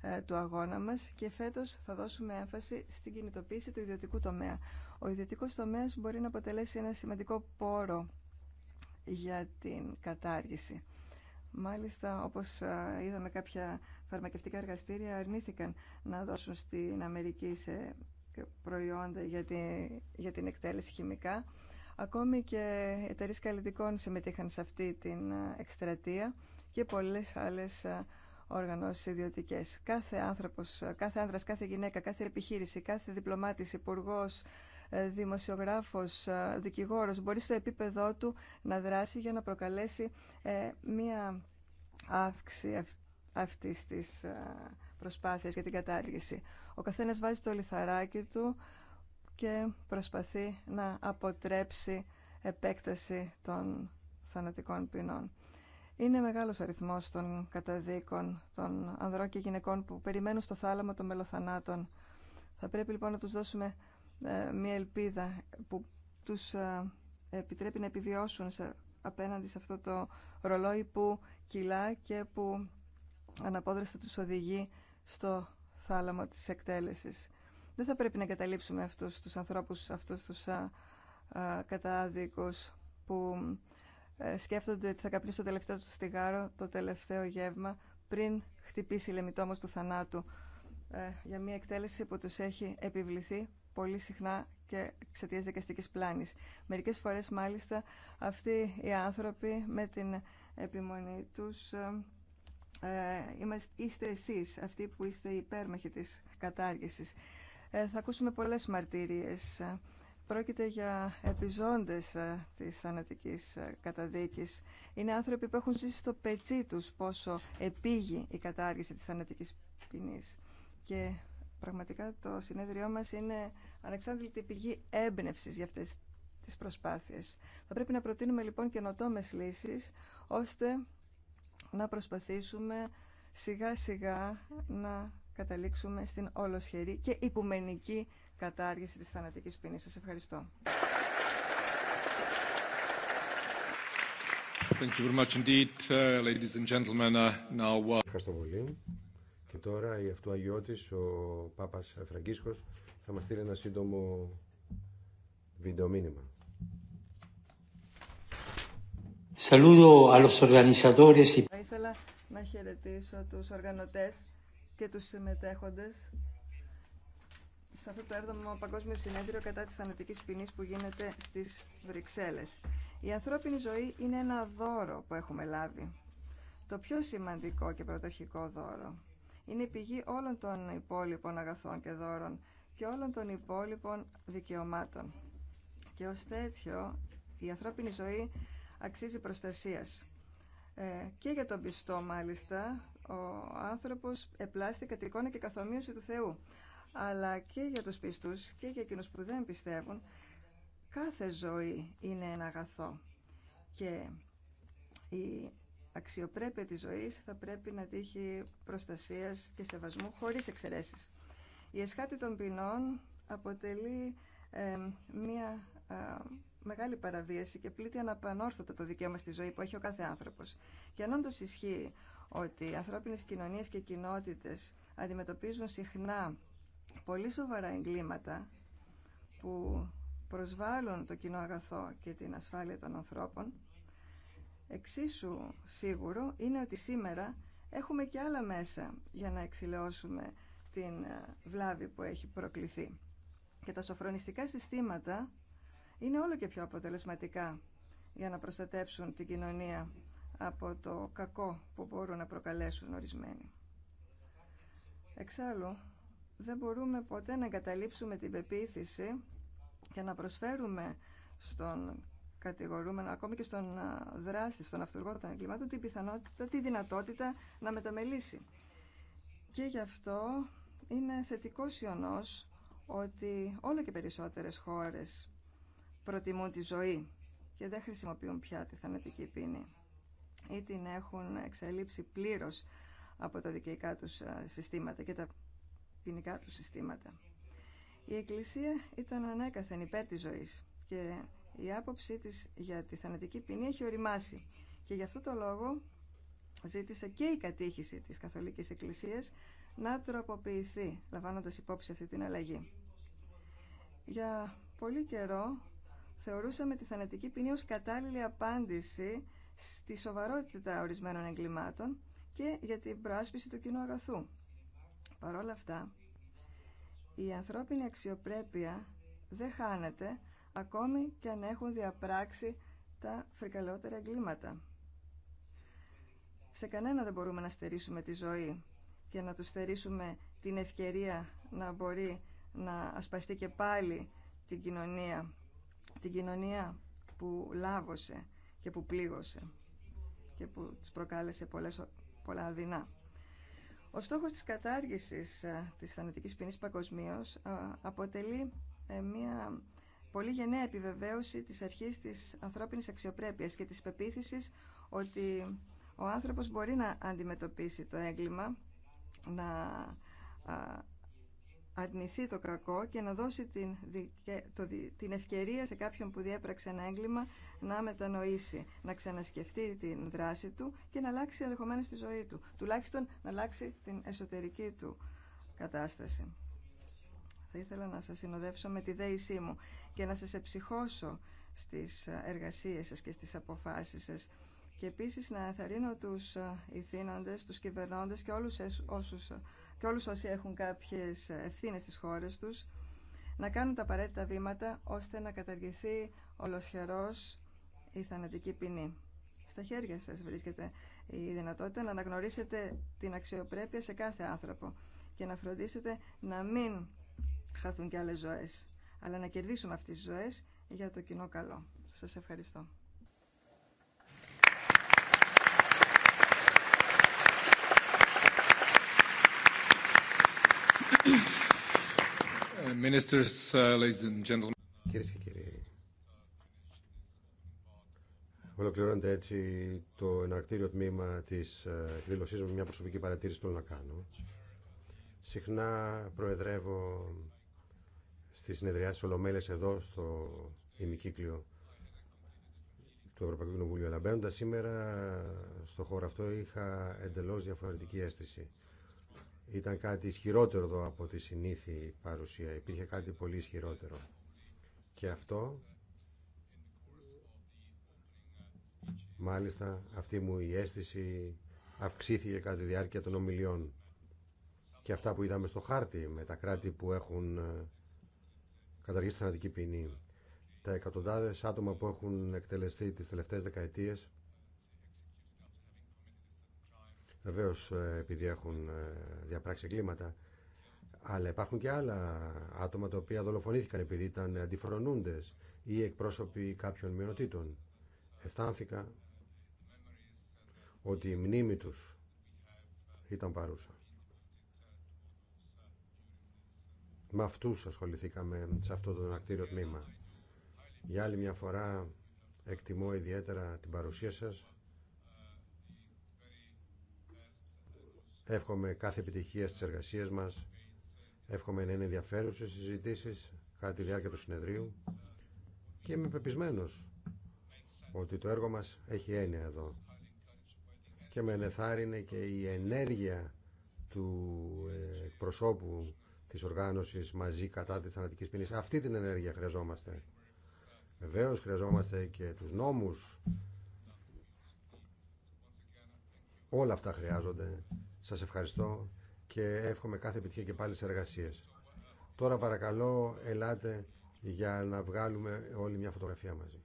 [SPEAKER 2] ε, του αγώνα μας και φέτος θα δώσουμε έμφαση στην κινητοποίηση του ιδιωτικού τομέα. Ο ιδιωτικός τομέας μπορεί να αποτελέσει ένα σημαντικό πόρο για την κατάργηση. Μάλιστα, όπως ε, είδαμε κάποια φαρμακευτικά εργαστήρια αρνήθηκαν να δώσουν στην Αμερική σε προϊόντα για για την εκτέλεση χημικά Ακόμη και εταιρείε καλλιτικών συμμετείχαν σε αυτή την ε, εκστρατεία και πολλές άλλες ε, οργανώσεις ιδιωτικέ. Κάθε άνθρωπος, ε, κάθε άντρας, κάθε γυναίκα, κάθε επιχείρηση, κάθε διπλωμάτης, υπουργό, δημοσιογράφος, δικηγόρος μπορεί στο επίπεδό του να δράσει για να προκαλέσει μία αύξηση αυτής της προσπάθεια για την κατάργηση. Ο καθένα βάζει το λιθαράκι του και προσπαθεί να αποτρέψει επέκταση των θανατικών ποινών. Είναι μεγάλος αριθμός των καταδίκων των ανδρών και γυναικών που περιμένουν στο θάλαμο των μελοθανάτων. Θα πρέπει λοιπόν να τους δώσουμε ε, μια ελπίδα που τους ε, επιτρέπει να επιβιώσουν σε, απέναντι σε αυτό το ρολόι που κυλά και που αναπόδραστα τους οδηγεί στο θάλαμο της εκτέλεσης. Δεν θα πρέπει να καταλήψουμε αυτούς τους ανθρώπους, αυτούς τους α, κατάδικους που ε, σκέφτονται ότι θα καπνίσουν το τελευταίο του στιγάρο, το τελευταίο γεύμα, πριν χτυπήσει η λεμιτόμος του θανάτου ε, για μια εκτέλεση που τους έχει επιβληθεί πολύ συχνά και εξαιτία δικαστική πλάνη. Μερικέ φορέ, μάλιστα, αυτοί οι άνθρωποι με την επιμονή του. Ε, είστε εσείς αυτοί που είστε υπέρμαχοι της κατάργησης ε, θα ακούσουμε πολλές μαρτύριες. Πρόκειται για επιζώντες ε, της θανατικής ε, καταδίκης. Είναι άνθρωποι που έχουν ζήσει στο πετσί τους πόσο επίγει η κατάργηση της θανατικής ποινής. Και πραγματικά το συνέδριό μας είναι ανεξάντλητη πηγή έμπνευση για αυτές τις προσπάθειες. Θα πρέπει να προτείνουμε λοιπόν καινοτόμε λύσεις, ώστε να προσπαθήσουμε σιγά σιγά να καταλήξουμε στην ολοσχερή και οικουμενική κατάργηση της θανατικής ποινής. Σας ευχαριστώ.
[SPEAKER 4] Ευχαριστώ πολύ. Και τώρα η αγιώτης, ο Πάπας Φραγκίσκος, θα μας στείλει ένα σύντομο βίντεο μήνυμα. Saludo a los Θα
[SPEAKER 2] ήθελα να χαιρετήσω τους οργανωτές και τους συμμετέχοντες σε αυτό το 7ο Παγκόσμιο Συνέδριο κατά της θανατικής ποινής που γίνεται στις Βρυξέλλες. Η ανθρώπινη ζωή είναι ένα δώρο που έχουμε λάβει. Το πιο σημαντικό και πρωταρχικό δώρο. Είναι η πηγή όλων των υπόλοιπων αγαθών και δώρων και όλων των υπόλοιπων δικαιωμάτων. Και ως τέτοιο η ανθρώπινη ζωή αξίζει προστασίας. Ε, και για τον πιστό μάλιστα ο άνθρωπος επλάστη κατ' εικόνα και καθομοίωση του Θεού. Αλλά και για τους πιστούς και για εκείνους που δεν πιστεύουν, κάθε ζωή είναι ένα αγαθό. Και η αξιοπρέπεια της ζωής θα πρέπει να τύχει προστασίας και σεβασμού χωρίς εξαιρέσεις. Η εσχάτη των ποινών αποτελεί μία μεγάλη παραβίαση και πλήττει αναπανόρθωτα το δικαίωμα στη ζωή που έχει ο κάθε άνθρωπος. Και αν όντως ισχύει ότι οι ανθρώπινες κοινωνίες και κοινότητες αντιμετωπίζουν συχνά πολύ σοβαρά εγκλήματα που προσβάλλουν το κοινό αγαθό και την ασφάλεια των ανθρώπων, εξίσου σίγουρο είναι ότι σήμερα έχουμε και άλλα μέσα για να εξηλαιώσουμε την ε, βλάβη που έχει προκληθεί. Και τα σοφρονιστικά συστήματα είναι όλο και πιο αποτελεσματικά για να προστατέψουν την κοινωνία από το κακό που μπορούν να προκαλέσουν ορισμένοι. Εξάλλου, δεν μπορούμε ποτέ να εγκαταλείψουμε την πεποίθηση και να προσφέρουμε στον κατηγορούμενο, ακόμη και στον δράστη, στον αυτοργό των εγκλημάτων, την πιθανότητα, τη δυνατότητα να μεταμελήσει. Και γι' αυτό είναι θετικό ιονός ότι όλο και περισσότερες χώρες προτιμούν τη ζωή και δεν χρησιμοποιούν πια τη θανατική πίνη ή την έχουν εξαλείψει πλήρως από τα δικαιικά τους συστήματα και τα ποινικά τους συστήματα. Η Εκκλησία ήταν ανέκαθεν υπέρ της ζωής και η άποψή της για τη θανατική ποινή έχει οριμάσει και γι' αυτό το λόγο ζήτησε και η κατήχηση της Καθολικής Εκκλησίας να τροποποιηθεί, λαμβάνοντας υπόψη αυτή την αλλαγή. Για πολύ καιρό θεωρούσαμε τη θανατική ποινή ως κατάλληλη απάντηση στη σοβαρότητα ορισμένων εγκλημάτων και για την προάσπιση του κοινού αγαθού. Παρ' όλα αυτά, η ανθρώπινη αξιοπρέπεια δεν χάνεται ακόμη και αν έχουν διαπράξει τα φρικαλαιότερα εγκλήματα. Σε κανένα δεν μπορούμε να στερήσουμε τη ζωή και να του στερήσουμε την ευκαιρία να μπορεί να ασπαστεί και πάλι την κοινωνία, την κοινωνία που λάβωσε και που πλήγωσε και που τις προκάλεσε πολλές, πολλά αδεινά. Ο στόχος της κατάργησης ε, της θανατικής ποινής παγκοσμίω ε, αποτελεί ε, μια πολύ γενναία επιβεβαίωση της αρχής της ανθρώπινης αξιοπρέπειας και της πεποίθησης ότι ο άνθρωπος μπορεί να αντιμετωπίσει το έγκλημα, να αρνηθεί το κακό και να δώσει την, την ευκαιρία σε κάποιον που διέπραξε ένα έγκλημα να μετανοήσει, να ξανασκεφτεί την δράση του και να αλλάξει ενδεχομένω τη ζωή του. Τουλάχιστον να αλλάξει την εσωτερική του κατάσταση. Θα ήθελα να σας συνοδεύσω με τη δέησή μου και να σας εψυχώσω στις εργασίες σας και στις αποφάσεις σας και επίσης να ενθαρρύνω τους ηθήνοντες, τους κυβερνώντες και όλους όσους και όλους όσοι έχουν κάποιες ευθύνες στις χώρες τους να κάνουν τα απαραίτητα βήματα ώστε να καταργηθεί ολοσχερός η θανατική ποινή. Στα χέρια σας βρίσκεται η δυνατότητα να αναγνωρίσετε την αξιοπρέπεια σε κάθε άνθρωπο και να φροντίσετε να μην χαθούν κι άλλες ζωές, αλλά να κερδίσουν αυτές τις ζωές για το κοινό καλό. Σας ευχαριστώ.
[SPEAKER 1] Uh, ministers, uh, gentlemen.
[SPEAKER 4] Κυρίες και κύριοι, ολοκληρώνεται έτσι το εναρκτήριο τμήμα της ε, εκδήλωσής μου, μια προσωπική παρατήρηση που θέλω να κάνω. Συχνά προεδρεύω στη συνεδριά της Ολομέλες εδώ στο ημικύκλιο του Ευρωπαϊκού Κοινοβουλίου. Αλλά σήμερα στο χώρο αυτό είχα εντελώς διαφορετική αίσθηση ήταν κάτι ισχυρότερο εδώ από τη συνήθι παρουσία. Υπήρχε κάτι πολύ ισχυρότερο. Και αυτό, μάλιστα, αυτή μου η αίσθηση αυξήθηκε κατά τη διάρκεια των ομιλιών. Και αυτά που είδαμε στο χάρτη με τα κράτη που έχουν ε, καταργήσει θανατική ποινή, τα εκατοντάδες άτομα που έχουν εκτελεστεί τις τελευταίες δεκαετίες Βεβαίω ε, επειδή έχουν ε, διαπράξει εγκλήματα. Αλλά υπάρχουν και άλλα άτομα τα οποία δολοφονήθηκαν επειδή ήταν αντιφρονούντε ή εκπρόσωποι κάποιων μειονοτήτων. Αισθάνθηκα ότι η μνήμη τους ήταν παρούσα. Με αυτού ασχοληθήκαμε σε αυτό το δονακτήριο τμήμα. Για άλλη μια φορά εκτιμώ ιδιαίτερα την παρουσία σας Εύχομαι κάθε επιτυχία στις εργασίες μας. Εύχομαι να είναι ενδιαφέρουσες συζητήσεις κατά τη διάρκεια του συνεδρίου. Και είμαι πεπισμένος ότι το έργο μας έχει έννοια εδώ. Και με ενεθάρρυνε και η ενέργεια του ε, προσώπου της οργάνωσης μαζί κατά τη θανάτικη ποινής. Αυτή την ενέργεια χρειαζόμαστε. Βεβαίω χρειαζόμαστε και τους νόμους. Όλα αυτά χρειάζονται σας ευχαριστώ και εύχομαι κάθε επιτυχία και πάλι σε εργασίες. Τώρα παρακαλώ ελάτε για να βγάλουμε όλη μια φωτογραφία μαζί.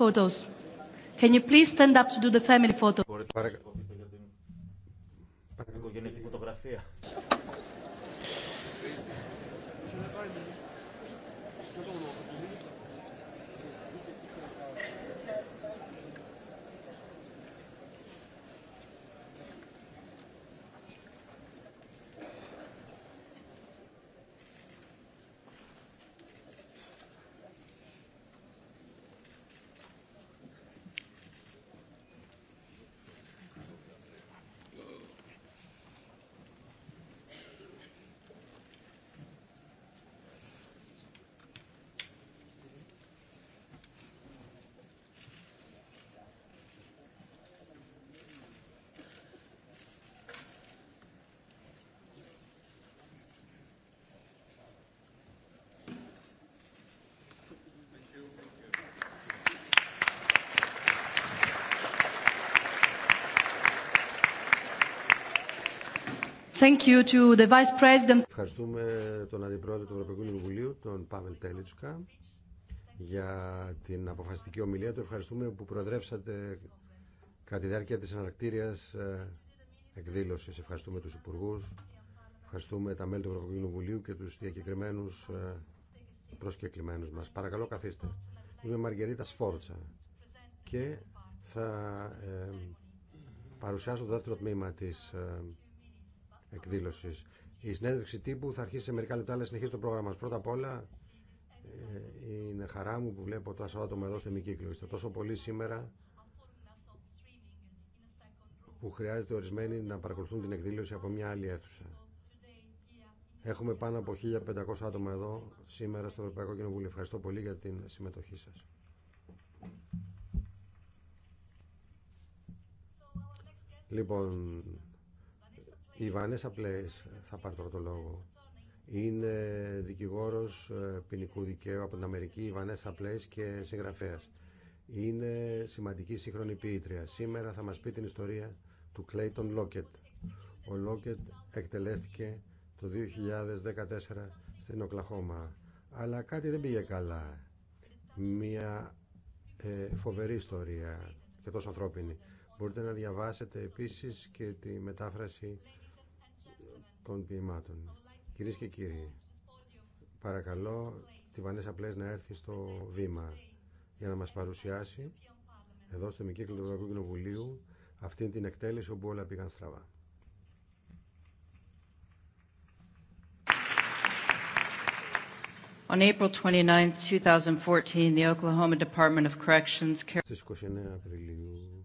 [SPEAKER 1] photos. Can you please stand up to do the family photo? Thank you to the Vice President.
[SPEAKER 4] Ευχαριστούμε τον Αντιπρόεδρο του Ευρωπαϊκού Κοινοβουλίου, τον Παύλ Τέλιτσκα, για την αποφασιστική ομιλία του. Ευχαριστούμε που προεδρεύσατε κατά τη διάρκεια της αναρκτήριας ε, εκδήλωσης. Ευχαριστούμε τους υπουργούς, ευχαριστούμε τα μέλη του Ευρωπαϊκού Κοινοβουλίου και τους διακεκριμένους ε, προσκεκλημένους μας. Παρακαλώ καθίστε. Είμαι Μαργαρίτα Σφόρτσα και θα ε, παρουσιάσω το δεύτερο τμήμα της Εκδήλωση. Η συνέντευξη τύπου θα αρχίσει σε μερικά λεπτά, αλλά συνεχίζει το πρόγραμμα Πρώτα απ' όλα, ε, είναι χαρά μου που βλέπω το άτομα εδώ στο κύκλο. Είστε τόσο πολύ σήμερα που χρειάζεται ορισμένοι να παρακολουθούν την εκδήλωση από μια άλλη αίθουσα. Έχουμε πάνω από 1.500 άτομα εδώ σήμερα στο Ευρωπαϊκό Κοινοβούλιο. Ευχαριστώ πολύ για την συμμετοχή σας. Λοιπόν, η Βανέσα Πλέης θα πάρει τώρα το λόγο. Είναι δικηγόρος ε, ποινικού δικαίου από την Αμερική, η Βανέσα Πλέης και συγγραφέας. Είναι σημαντική σύγχρονη ποιήτρια. Σήμερα θα μας πει την ιστορία του Κλέιτον Λόκετ. Ο Λόκετ εκτελέστηκε το 2014 στην Οκλαχώμα. Αλλά κάτι δεν πήγε καλά. Μια ε, φοβερή ιστορία και τόσο ανθρώπινη. Μπορείτε να διαβάσετε επίσης και τη μετάφραση των ποιημάτων. Κυρίες και κύριοι, παρακαλώ τη Βανέσα Πλές να έρθει στο βήμα για να μας παρουσιάσει εδώ στο Μικύκλο του Ευρωπαϊκού Κοινοβουλίου αυτήν την εκτέλεση όπου όλα πήγαν στραβά.
[SPEAKER 1] On April 29, 2014, the Oklahoma Department of Corrections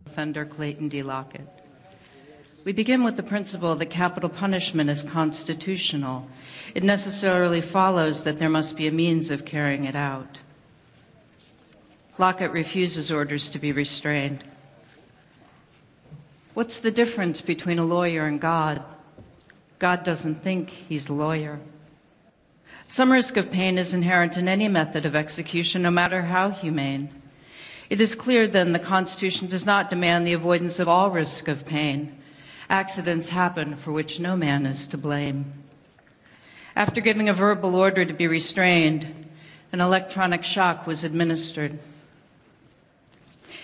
[SPEAKER 1] offender Clayton D. Lockett. We begin with the principle that capital punishment is constitutional. It necessarily follows that there must be a means of carrying it out. Lockett refuses orders to be restrained. What's the difference between a lawyer and God? God doesn't think he's a lawyer. Some risk of pain is inherent in any method of execution, no matter how humane. It is clear, then, the Constitution does not demand the avoidance of all risk of pain accidents happen for which no man is to blame. After giving a verbal order to be restrained, an electronic shock was administered.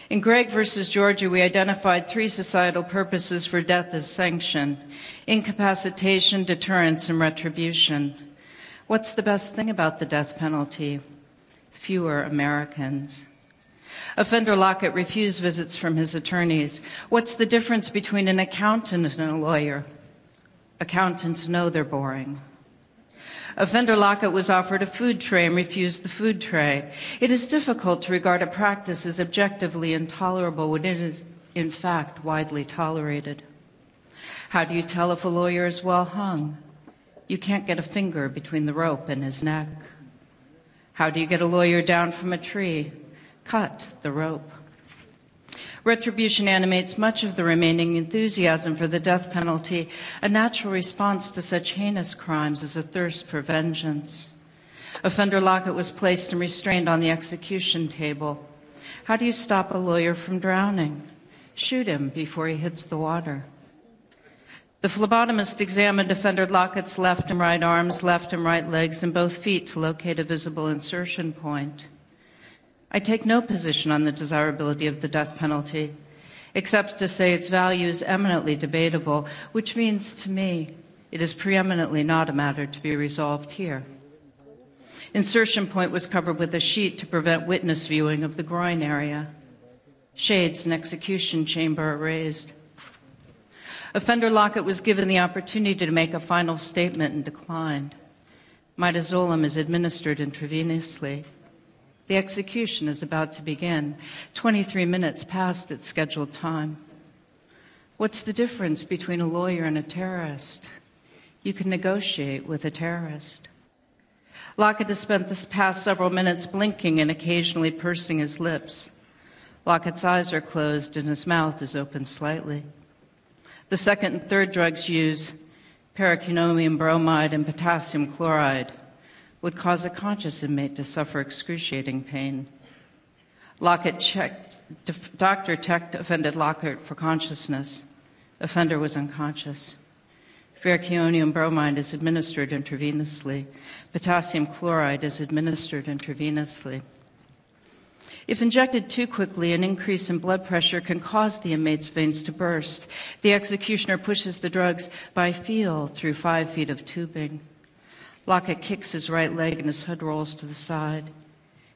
[SPEAKER 1] In Gregg versus Georgia, we identified three societal purposes for death as sanction incapacitation, deterrence, and retribution. What's the best thing about the death penalty? Fewer Americans. Offender Lockett refused visits from his attorneys. What's the difference between an accountant and a lawyer? Accountants know they're boring. Offender Lockett was offered a food tray and refused the food tray. It is difficult to regard a practice as objectively intolerable when it is, in fact, widely tolerated. How do you tell if a lawyer is well hung? You can't get a finger between the rope and his neck. How do you get a lawyer down from a tree? Cut the rope. Retribution animates much of the remaining enthusiasm for the death penalty, a natural response to such heinous crimes as a thirst for vengeance. Offender Lockett was placed and restrained on the execution table. How do you stop a lawyer from drowning? Shoot him before he hits the water. The phlebotomist examined offender Lockett's left and right arms, left and right legs, and both feet to locate a visible insertion point. I take no position on the desirability of the death penalty, except to say its value is eminently debatable, which means to me it is preeminently not a matter to be resolved here. Insertion point was covered with a sheet to prevent witness viewing of the groin area. Shades and execution chamber are raised. Offender Lockett was given the opportunity to make a final statement and declined. Midazolam is administered intravenously. The execution is about to begin, 23 minutes past its scheduled time. What's the difference between a lawyer and a terrorist? You can negotiate with a terrorist. Lockett has spent the past several minutes blinking and occasionally pursing his lips. Lockett's eyes are closed and his mouth is open slightly. The second and third drugs use paraquinomium bromide and potassium chloride would cause a conscious inmate to suffer excruciating pain. Lockett checked, Dr. Tech offended Lockhart for consciousness. Offender was unconscious. Ferrocheonium bromide is administered intravenously. Potassium chloride is administered intravenously. If injected too quickly, an increase in blood pressure can cause the inmate's veins to burst. The executioner pushes the drugs by feel through five feet of tubing. Locket kicks his right leg and his hood rolls to the side.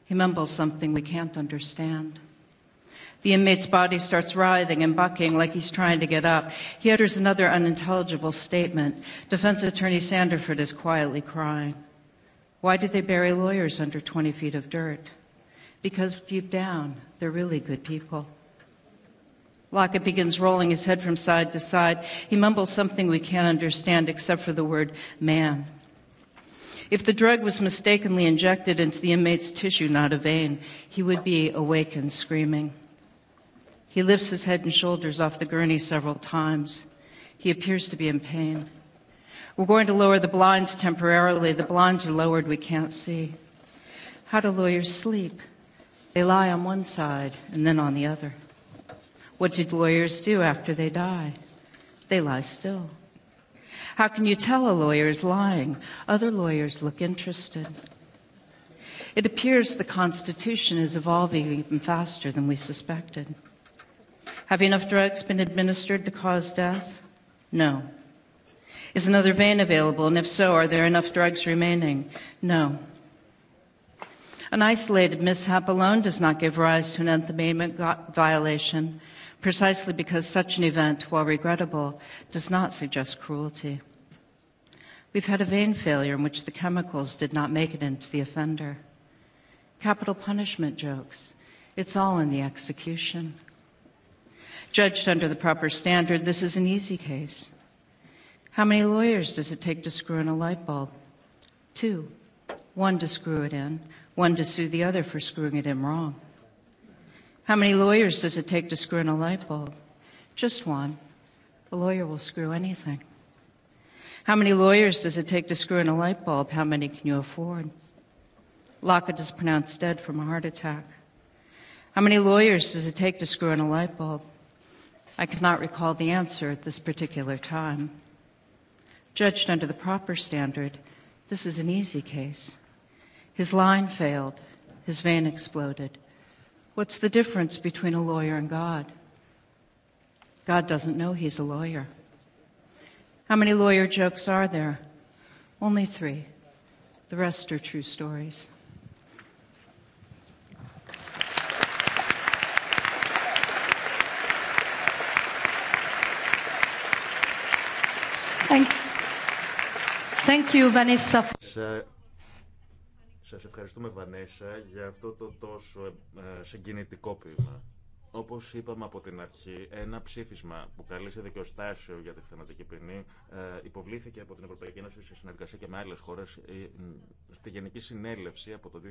[SPEAKER 1] He mumbles something we can't understand. The inmate's body starts writhing and bucking like he's trying to get up. He utters another unintelligible statement. Defense attorney Sanderford is quietly crying. Why do they bury lawyers under 20 feet of dirt? Because deep down, they're really good people. Lockett begins rolling his head from side to side. He mumbles something we can't understand except for the word man. If the drug was mistakenly injected into the inmate's tissue, not a vein, he would be awakened screaming. He lifts his head and shoulders off the gurney several times. He appears to be in pain. We're going to lower the blinds temporarily. The blinds are lowered, we can't see. How do lawyers sleep? They lie on one side and then on the other. What do lawyers do after they die? They lie still. How can you tell a lawyer is lying? Other lawyers look interested. It appears the Constitution is evolving even faster than we suspected. Have enough drugs been administered to cause death? No. Is another vein available? And if so, are there enough drugs remaining? No. An isolated mishap alone does not give rise to an Nth Amendment violation, precisely because such an event, while regrettable, does not suggest cruelty. We've had a vein failure in which the chemicals did not make it into the offender. Capital punishment jokes. It's all in the execution. Judged under the proper standard, this is an easy case. How many lawyers does it take to screw in a light bulb? Two. One to screw it in, one to sue the other for screwing it in wrong. How many lawyers does it take to screw in a light bulb? Just one. A lawyer will screw anything. How many lawyers does it take to screw in a light bulb? How many can you afford? Lockett is pronounced dead from a heart attack. How many lawyers does it take to screw in a light bulb? I cannot recall the answer at this particular time. Judged under the proper standard, this is an easy case. His line failed, his vein exploded, What's the difference between a lawyer and God? God doesn't know he's a lawyer. How many lawyer jokes are there? Only three. The rest are true stories. Thank, thank you, Vanessa.
[SPEAKER 3] Σας ευχαριστούμε Βανέσα για αυτό το τόσο ε, συγκινητικό πείμα. Όπω είπαμε από την αρχή, ένα ψήφισμα που καλεί σε δικαιοστάσιο για τη θεματική ποινή ε, υποβλήθηκε από την Ευρωπαϊκή Ένωση σε συνεργασία και με άλλε χώρε στη Γενική Συνέλευση από το 2000,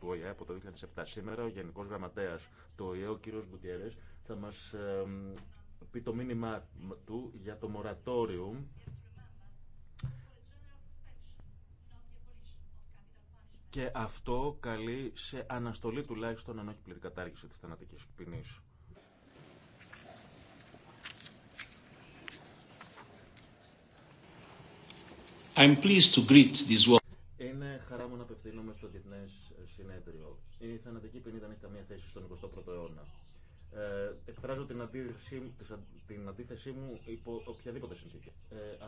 [SPEAKER 3] του ΟΗΕ από το 2007. Σήμερα ο Γενικό Γραμματέα του ΟΗΕ, ο κ. θα μα ε, πει το μήνυμά του για το μορατόριο Και αυτό καλεί σε αναστολή τουλάχιστον αν όχι πλήρη κατάργηση της θανατικής ποινής.
[SPEAKER 1] I'm pleased to greet this world.
[SPEAKER 3] Είναι χαρά μου να απευθύνομαι στο Διεθνέ Συνέδριο. Η θανατική ποινή δεν έχει καμία θέση στον 21ο αιώνα. Ε, εκφράζω την, αντίθεσή, την αντίθεσή μου υπό οποιαδήποτε συνθήκη. Ε,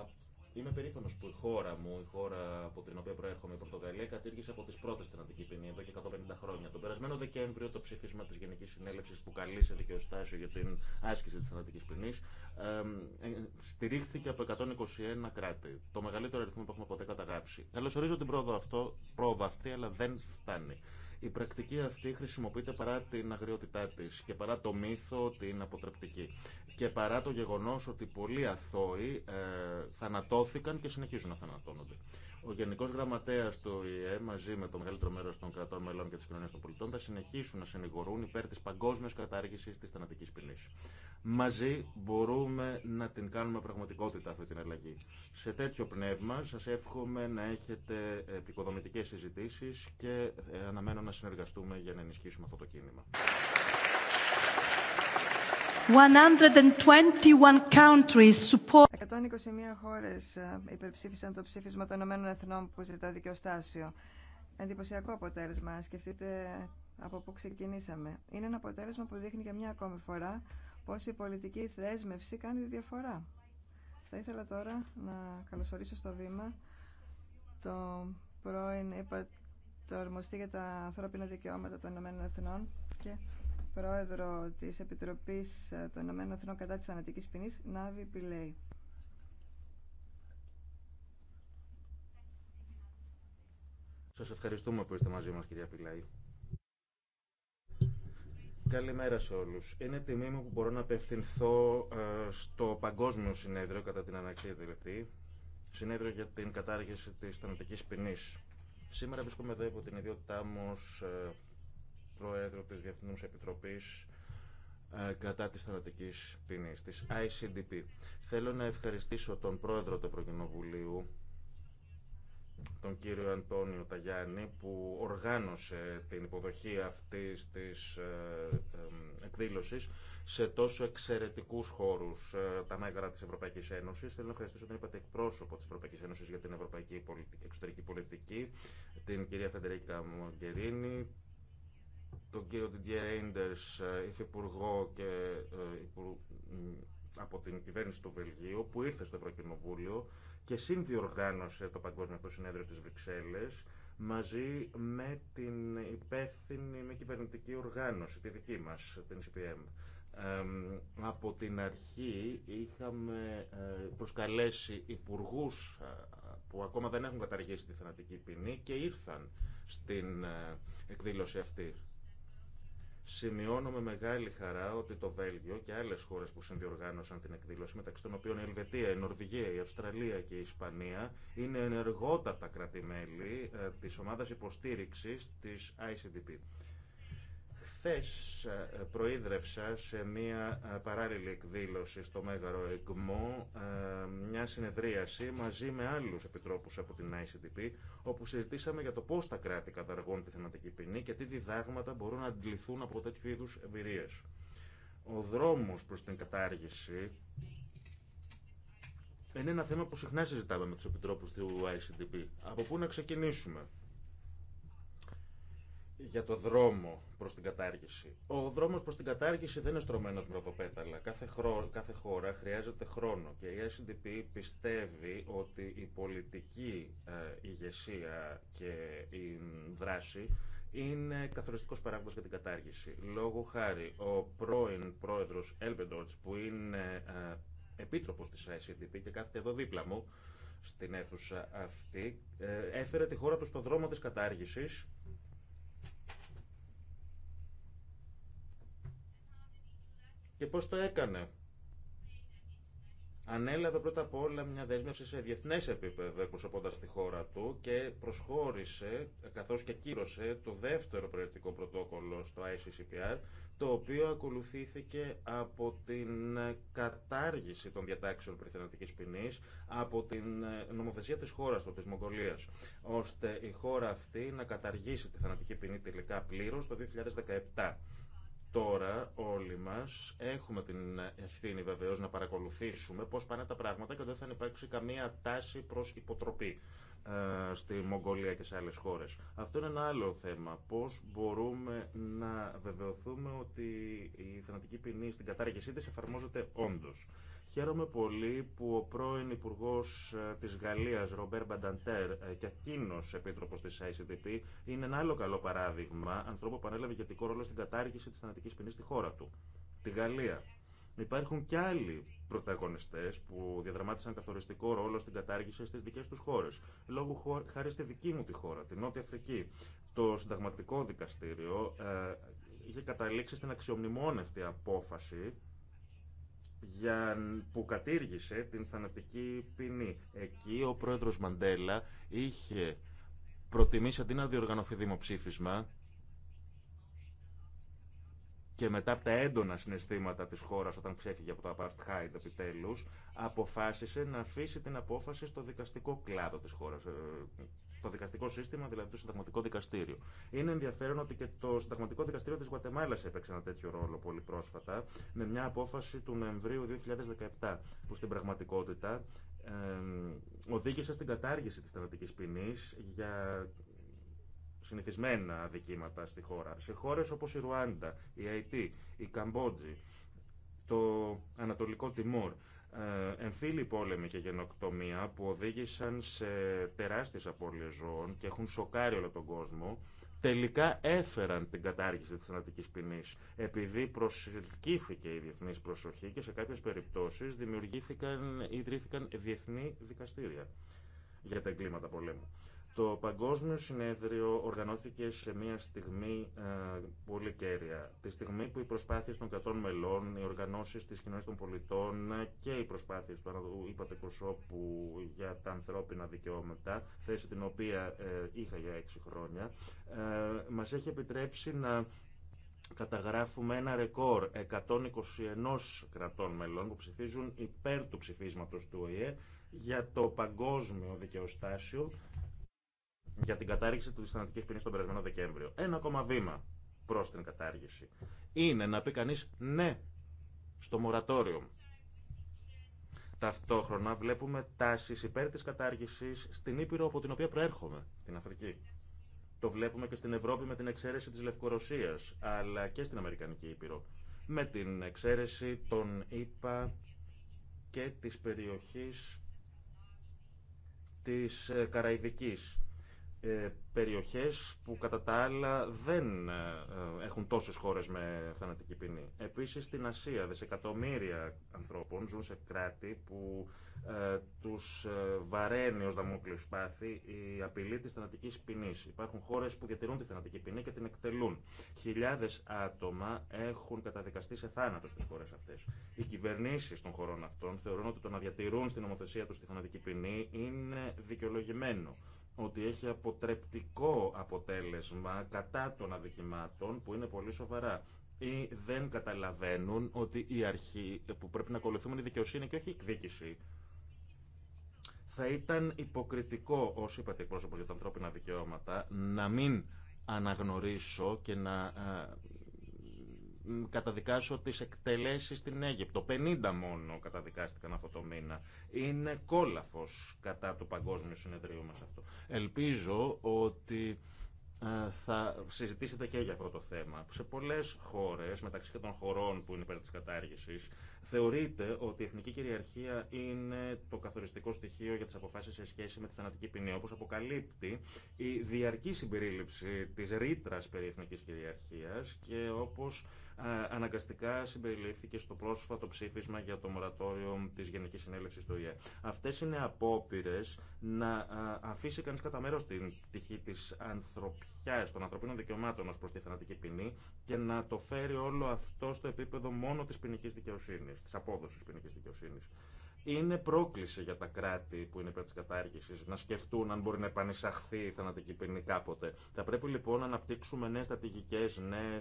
[SPEAKER 3] Είμαι περήφανο που η χώρα μου, η χώρα από την οποία προέρχομαι, η Πορτογαλία, κατήργησε από τι πρώτε θανατική ποινή εδώ και 150 χρόνια. Τον περασμένο Δεκέμβριο, το ψήφισμα τη Γενική Συνέλευση που καλεί σε δικαιοστάσιο για την άσκηση τη θανατική ποινή ε, στηρίχθηκε από 121 κράτη. Το μεγαλύτερο αριθμό που έχουμε ποτέ καταγράψει. Καλωσορίζω την πρόοδο, αυτό, πρόοδο αυτή, αλλά δεν φτάνει. Η πρακτική αυτή χρησιμοποιείται παρά την αγριότητά τη και παρά το μύθο ότι είναι αποτρεπτική και παρά το γεγονός ότι πολλοί αθώοι ε, θανατώθηκαν και συνεχίζουν να θανατώνονται. Ο Γενικό Γραμματέα του ΙΕ μαζί με το μεγαλύτερο μέρο των κρατών μελών και τη κοινωνία των πολιτών θα συνεχίσουν να συνηγορούν υπέρ τη παγκόσμια κατάργηση τη θανατική ποινή. Μαζί μπορούμε να την κάνουμε πραγματικότητα αυτή την αλλαγή. Σε τέτοιο πνεύμα σα εύχομαι να έχετε επικοδομητικέ συζητήσει και ε, αναμένω να
[SPEAKER 2] συνεργαστούμε
[SPEAKER 3] για να ενισχύσουμε αυτό το κίνημα.
[SPEAKER 2] 121 countries support. χώρες ε, υπερψήφισαν το ψήφισμα των Ηνωμένων Εθνών που ζητά δικαιοστάσιο. Εντυπωσιακό αποτέλεσμα. Σκεφτείτε από πού ξεκινήσαμε. Είναι ένα αποτέλεσμα που δείχνει για μια ακόμη φορά πως η πολιτική θέσμευση κάνει τη διαφορά. Θα ήθελα τώρα να καλωσορίσω στο βήμα το πρώην είπα, το για τα ανθρώπινα δικαιώματα των Ηνωμένων Εθνών πρόεδρο της Επιτροπής ε, των Ηνωμένων Εθνών κατά της θανατικής ποινής, Νάβη Πιλέη.
[SPEAKER 3] Σας ευχαριστούμε που είστε μαζί μας, κυρία Πιλέη. Καλημέρα σε όλους. Είναι τιμή μου που μπορώ να απευθυνθώ ε, στο Παγκόσμιο Συνέδριο κατά την αναξία δηλαδή, Συνέδριο για την κατάργηση της θανατικής ποινής. Σήμερα βρίσκομαι εδώ υπό την ιδιότητά μου ως ε, Προέδρου της Διεθνούς Επιτροπής ε, κατά της θανατικής ποινής, της ICDP. Θέλω να ευχαριστήσω τον Πρόεδρο του Ευρωκοινοβουλίου, τον κύριο Αντώνιο Ταγιάννη, που οργάνωσε την υποδοχή αυτής της ε, ε, εκδήλωσης σε τόσο εξαιρετικούς χώρους τα μέγαρα της Ευρωπαϊκής Ένωσης. Θέλω να ευχαριστήσω τον είπατε εκπρόσωπο της Ευρωπαϊκής Ένωσης για την ευρωπαϊκή πολιτική, εξωτερική πολιτική, την κυρία Φεντερίκα Μογκερίνη, τον κύριο Didier Reinders, ε, υφυπουργό και ε, από την κυβέρνηση του Βελγίου, που ήρθε στο Ευρωκοινοβούλιο και συνδιοργάνωσε το Παγκόσμιο Αυτό Συνέδριο στις Βρυξέλλες, μαζί με την υπεύθυνη με κυβερνητική οργάνωση, τη δική μας, την CPM. από την αρχή είχαμε ε, προσκαλέσει υπουργούς που ακόμα δεν έχουν καταργήσει τη θανατική ποινή και ήρθαν στην εκδήλωση αυτή Σημειώνω με μεγάλη χαρά ότι το Βέλγιο και άλλε χώρε που συνδιοργάνωσαν την εκδήλωση, μεταξύ των οποίων η Ελβετία, η Νορβηγία, η Αυστραλία και η Ισπανία, είναι ενεργότατα κρατημέλη ε, τη ομάδα υποστήριξη τη ICDP. Χθες ε, προείδρευσα σε μια ε, παράλληλη εκδήλωση στο Μέγαρο ΕΓΜΟ ε, μια συνεδρίαση μαζί με άλλους επιτρόπους από την ICTP, όπου συζητήσαμε για το πώς τα κράτη καταργούν τη θεματική ποινή και τι διδάγματα μπορούν να αντιληφθούν από τέτοιου είδους εμπειρίες. Ο δρόμος προς την κατάργηση είναι ένα θέμα που συχνά συζητάμε με τους επιτρόπους του ICTP. Από πού να ξεκινήσουμε για το δρόμο προ την κατάργηση. Ο δρόμο προ την κατάργηση δεν είναι στρωμένο με ροδοπέταλα. Κάθε, χρο... κάθε χώρα χρειάζεται χρόνο και η SDP πιστεύει ότι η πολιτική ε, ηγεσία και η δράση είναι καθοριστικό παράγοντα για την κατάργηση. Λόγω χάρη, ο πρώην πρόεδρο Ελμπεντότ, που είναι ε, επίτροπο τη SDP και κάθεται εδώ δίπλα μου στην αίθουσα αυτή, ε, έφερε τη χώρα του στο δρόμο τη κατάργηση Και πώς το έκανε. Ανέλαβε πρώτα απ' όλα μια δέσμευση σε διεθνέ επίπεδο εκπροσωπώντα τη χώρα του και προσχώρησε καθώ και κύρωσε το δεύτερο προαιρετικό πρωτόκολλο στο ICCPR, το οποίο ακολουθήθηκε από την κατάργηση των διατάξεων περιθανατική ποινή από την νομοθεσία τη χώρα του, τη Μογγολία, ώστε η χώρα αυτή να καταργήσει τη θανατική ποινή τελικά πλήρω το 2017. Τώρα όλοι μας έχουμε την ευθύνη βεβαίως να παρακολουθήσουμε πώς πάνε τα πράγματα και δεν θα υπάρξει καμία τάση προς υποτροπή ε, στη Μογγολία και σε άλλες χώρες. Αυτό είναι ένα άλλο θέμα. Πώς μπορούμε να βεβαιωθούμε ότι η θενατική ποινή στην κατάργησή της εφαρμόζεται όντως. Χαίρομαι πολύ που ο πρώην Υπουργό ε, τη Γαλλία, Ρομπέρ Μπανταντέρ, ε, και εκείνο επίτροπο τη ICDP, είναι ένα άλλο καλό παράδειγμα ανθρώπου που ανέλαβε ηγετικό ρόλο στην κατάργηση τη θανατική ποινή στη χώρα του, τη Γαλλία. Υπάρχουν και άλλοι πρωταγωνιστέ που διαδραμάτισαν καθοριστικό ρόλο στην κατάργηση στι δικέ του χώρε. Λόγω χάρη στη δική μου τη χώρα, τη Νότια Αφρική. Το συνταγματικό δικαστήριο ε, είχε καταλήξει στην αξιομνημόνευτη απόφαση για, που κατήργησε την θανατική ποινή. Εκεί ο πρόεδρος Μαντέλα είχε προτιμήσει αντί να διοργανωθεί δημοψήφισμα και μετά από τα έντονα συναισθήματα της χώρας όταν ξέφυγε από το Apartheid επιτέλους αποφάσισε να αφήσει την απόφαση στο δικαστικό κλάδο της χώρας ε, το δικαστικό σύστημα, δηλαδή το συνταγματικό δικαστήριο. Είναι ενδιαφέρον ότι και το συνταγματικό δικαστήριο τη Γουατεμάλα έπαιξε ένα τέτοιο ρόλο πολύ πρόσφατα, με μια απόφαση του Νοεμβρίου 2017, που στην πραγματικότητα οδήγησε στην κατάργηση τη θανατική ποινή για συνηθισμένα αδικήματα στη χώρα. Σε χώρε όπω η Ρουάντα, η Αϊτή, η Καμπότζη, το Ανατολικό Τιμόρ. Ε, εμφύλοι πόλεμοι και γενοκτομία που οδήγησαν σε τεράστιες απώλειες ζώων και έχουν σοκάρει όλο τον κόσμο τελικά έφεραν την κατάργηση της θανατικής ποινή, επειδή προσελκύθηκε η διεθνής προσοχή και σε κάποιες περιπτώσεις δημιουργήθηκαν, ιδρύθηκαν διεθνή δικαστήρια για τα εγκλήματα πολέμου. Το Παγκόσμιο Συνέδριο οργανώθηκε σε μια στιγμή ε, πολύ κέρια. Τη στιγμή που οι προσπάθειες των κρατών μελών, οι οργανώσεις της κοινωνίας των πολιτών και οι προσπάθειες του είπατε προσώπου για τα ανθρώπινα δικαιώματα, θέση την οποία ε, είχα για έξι χρόνια, ε, μας έχει επιτρέψει να καταγράφουμε ένα ρεκόρ 121 κρατών μελών που ψηφίζουν υπέρ του ψηφίσματος του ΟΗΕ για το παγκόσμιο δικαιοστάσιο για την κατάργηση τη θανατική ποινή τον περασμένο Δεκέμβριο. Ένα ακόμα βήμα προ την κατάργηση. Είναι να πει κανεί ναι στο μορατόριο. Ταυτόχρονα βλέπουμε τάσει υπέρ τη κατάργηση στην Ήπειρο από την οποία προέρχομαι, την Αφρική. Το βλέπουμε και στην Ευρώπη με την εξαίρεση τη Λευκορωσία, αλλά και στην Αμερικανική Ήπειρο. Με την εξαίρεση των ΗΠΑ και της περιοχής της ε, Καραϊδικής ε, περιοχές που κατά τα άλλα δεν ε, ε, έχουν τόσες χώρες με θανατική ποινή. Επίσης στην Ασία δισεκατομμύρια ανθρώπων ζουν σε κράτη που ε, τους βαραίνει ως δαμόκλειο πάθη η απειλή της θανατικής ποινής. Υπάρχουν χώρες που διατηρούν τη θανατική ποινή και την εκτελούν. Χιλιάδες άτομα έχουν καταδικαστεί σε θάνατο στις χώρες αυτές. Οι κυβερνήσεις των χωρών αυτών θεωρούν ότι το να διατηρούν στην νομοθεσία τους τη θανατική ποινή είναι δικαιολογημένο ότι έχει αποτρεπτικό αποτέλεσμα κατά των αδικημάτων που είναι πολύ σοβαρά ή δεν καταλαβαίνουν ότι η αρχή που πρέπει να ακολουθούμε είναι η δικαιοσύνη και όχι η εκδίκηση. Θα ήταν υποκριτικό, όσοι είπατε εκπρόσωπο για τα ανθρώπινα δικαιώματα, να μην αναγνωρίσω και να καταδικάσω τις εκτελέσεις στην Αίγυπτο. 50 μόνο καταδικάστηκαν αυτό το μήνα. Είναι κόλαφος κατά του παγκόσμιο συνεδρίου μας αυτό. Ελπίζω ότι ε, θα συζητήσετε και για αυτό το θέμα. Σε πολλές χώρες, μεταξύ και των χωρών που είναι υπέρ της κατάργησης, Θεωρείται ότι η εθνική κυριαρχία είναι το καθοριστικό στοιχείο για τι αποφάσει σε σχέση με τη θανατική ποινή, όπω αποκαλύπτει η διαρκή συμπερίληψη τη ρήτρα περί εθνική κυριαρχία και όπω αναγκαστικά συμπεριλήφθηκε στο πρόσφατο ψήφισμα για το μορατόριο τη Γενική Συνέλευση του ΙΕ. Αυτέ είναι απόπειρε να αφήσει κανεί κατά μέρο την πτυχή τη ανθρωπιά, των ανθρωπίνων δικαιωμάτων ω προ τη θανατική ποινή και να το φέρει όλο αυτό στο επίπεδο μόνο τη ποινική δικαιοσύνη δικαιοσύνη, τη απόδοση ποινική δικαιοσύνη. Είναι πρόκληση για τα κράτη που είναι υπέρ τη κατάργηση να σκεφτούν αν μπορεί να επανεισαχθεί η θανατική ποινή κάποτε. Θα πρέπει λοιπόν να αναπτύξουμε νέε στρατηγικέ, νέε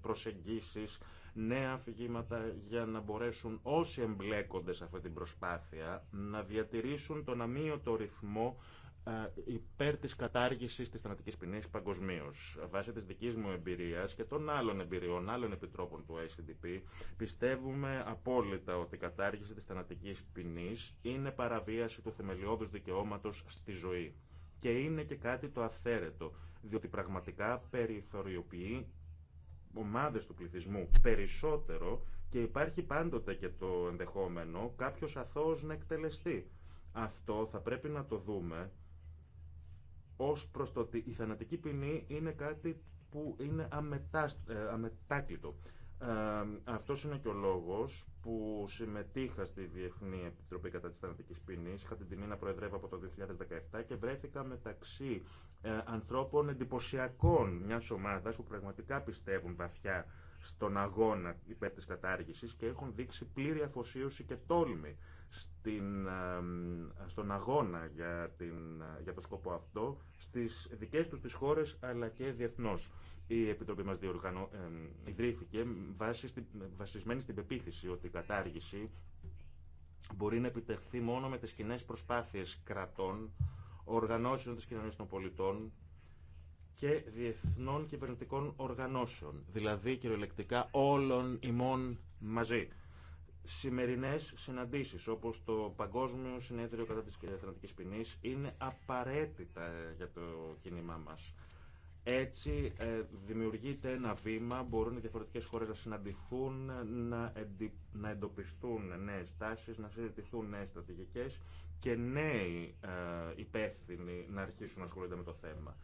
[SPEAKER 3] προσεγγίσει, νέα αφηγήματα για να μπορέσουν όσοι εμπλέκονται σε αυτή την προσπάθεια να διατηρήσουν τον αμύωτο ρυθμό ε, υπέρ της κατάργησης της θανατικής ποινή παγκοσμίω. Βάσει της δική μου εμπειρίας και των άλλων εμπειριών, άλλων επιτρόπων του ICDP, πιστεύουμε απόλυτα ότι η κατάργηση της θανατικής ποινή είναι παραβίαση του θεμελιώδους δικαιώματος στη ζωή. Και είναι και κάτι το αυθαίρετο, διότι πραγματικά περιθωριοποιεί ομάδε του πληθυσμού περισσότερο και υπάρχει πάντοτε και το ενδεχόμενο κάποιος αθώο να εκτελεστεί. Αυτό θα πρέπει να το δούμε ως προς το ότι η θανατική ποινή είναι κάτι που είναι ε, αμετάκλητο. Ε, αυτός είναι και ο λόγος που συμμετείχα στη Διεθνή Επιτροπή κατά της Θανατικής Ποινής. Είχα την τιμή να προεδρεύω από το 2017 και βρέθηκα μεταξύ ε, ανθρώπων εντυπωσιακών μια ομάδα που πραγματικά πιστεύουν βαθιά στον αγώνα υπέρ της κατάργησης και έχουν δείξει πλήρη αφοσίωση και τόλμη στον αγώνα για, την, το σκοπό αυτό στις δικές τους τις χώρες αλλά και διεθνώς. Η Επιτροπή μας διοργανω, ε, ιδρύθηκε βασισμένη στην πεποίθηση ότι η κατάργηση μπορεί να επιτευχθεί μόνο με τις κοινέ προσπάθειες κρατών, οργανώσεων της κοινωνίας των πολιτών και διεθνών κυβερνητικών οργανώσεων, δηλαδή κυριολεκτικά όλων ημών μαζί σημερινές συναντήσεις όπως το Παγκόσμιο Συνέδριο κατά της θανατικής ποινής είναι απαραίτητα ε, για το κίνημά μας. Έτσι ε, δημιουργείται ένα βήμα, μπορούν οι διαφορετικές χώρες να συναντηθούν, να, να εντοπιστούν νέες τάσεις, να συζητηθούν νέες στρατηγικές και νέοι ε, υπεύθυνοι να αρχίσουν να ασχολούνται με το θέμα.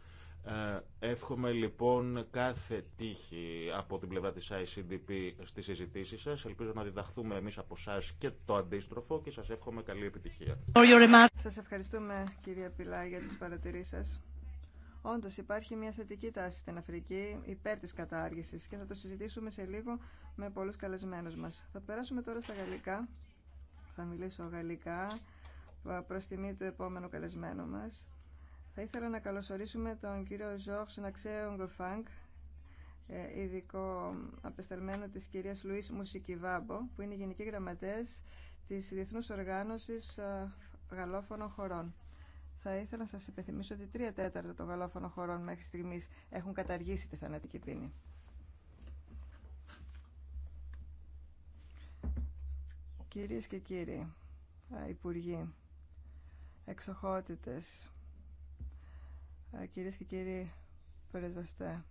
[SPEAKER 3] Ε, εύχομαι λοιπόν κάθε τύχη από την πλευρά της ICDP στις συζητήσει σας. Ελπίζω να διδαχθούμε εμείς από εσά και το αντίστροφο και σας εύχομαι καλή επιτυχία.
[SPEAKER 2] Σας ευχαριστούμε κυρία Πιλά για τις παρατηρήσεις σας. Όντως υπάρχει μια θετική τάση στην Αφρική υπέρ της κατάργησης και θα το συζητήσουμε σε λίγο με πολλούς καλεσμένους μας. Θα περάσουμε τώρα στα γαλλικά. Θα μιλήσω γαλλικά προς τιμή του επόμενου καλεσμένου μας θα ήθελα να καλωσορίσουμε τον κύριο Ζόρς Ναξέο Γκοφάνκ, ειδικό απεσταλμένο της κυρίας Λουίς Μουσικιβάμπο, που είναι γενική γραμματέας της Διεθνούς Οργάνωσης ε, Γαλλόφωνων Χωρών. Θα ήθελα να σας υπενθυμίσω ότι τρία τέταρτα των γαλλόφωνων χωρών μέχρι στιγμής έχουν καταργήσει τη θανατική πίνη. Κυρίες και κύριοι, ε, υπουργοί, εξοχότητες, ε, κυρίες και κύριοι πρεσβευτέ,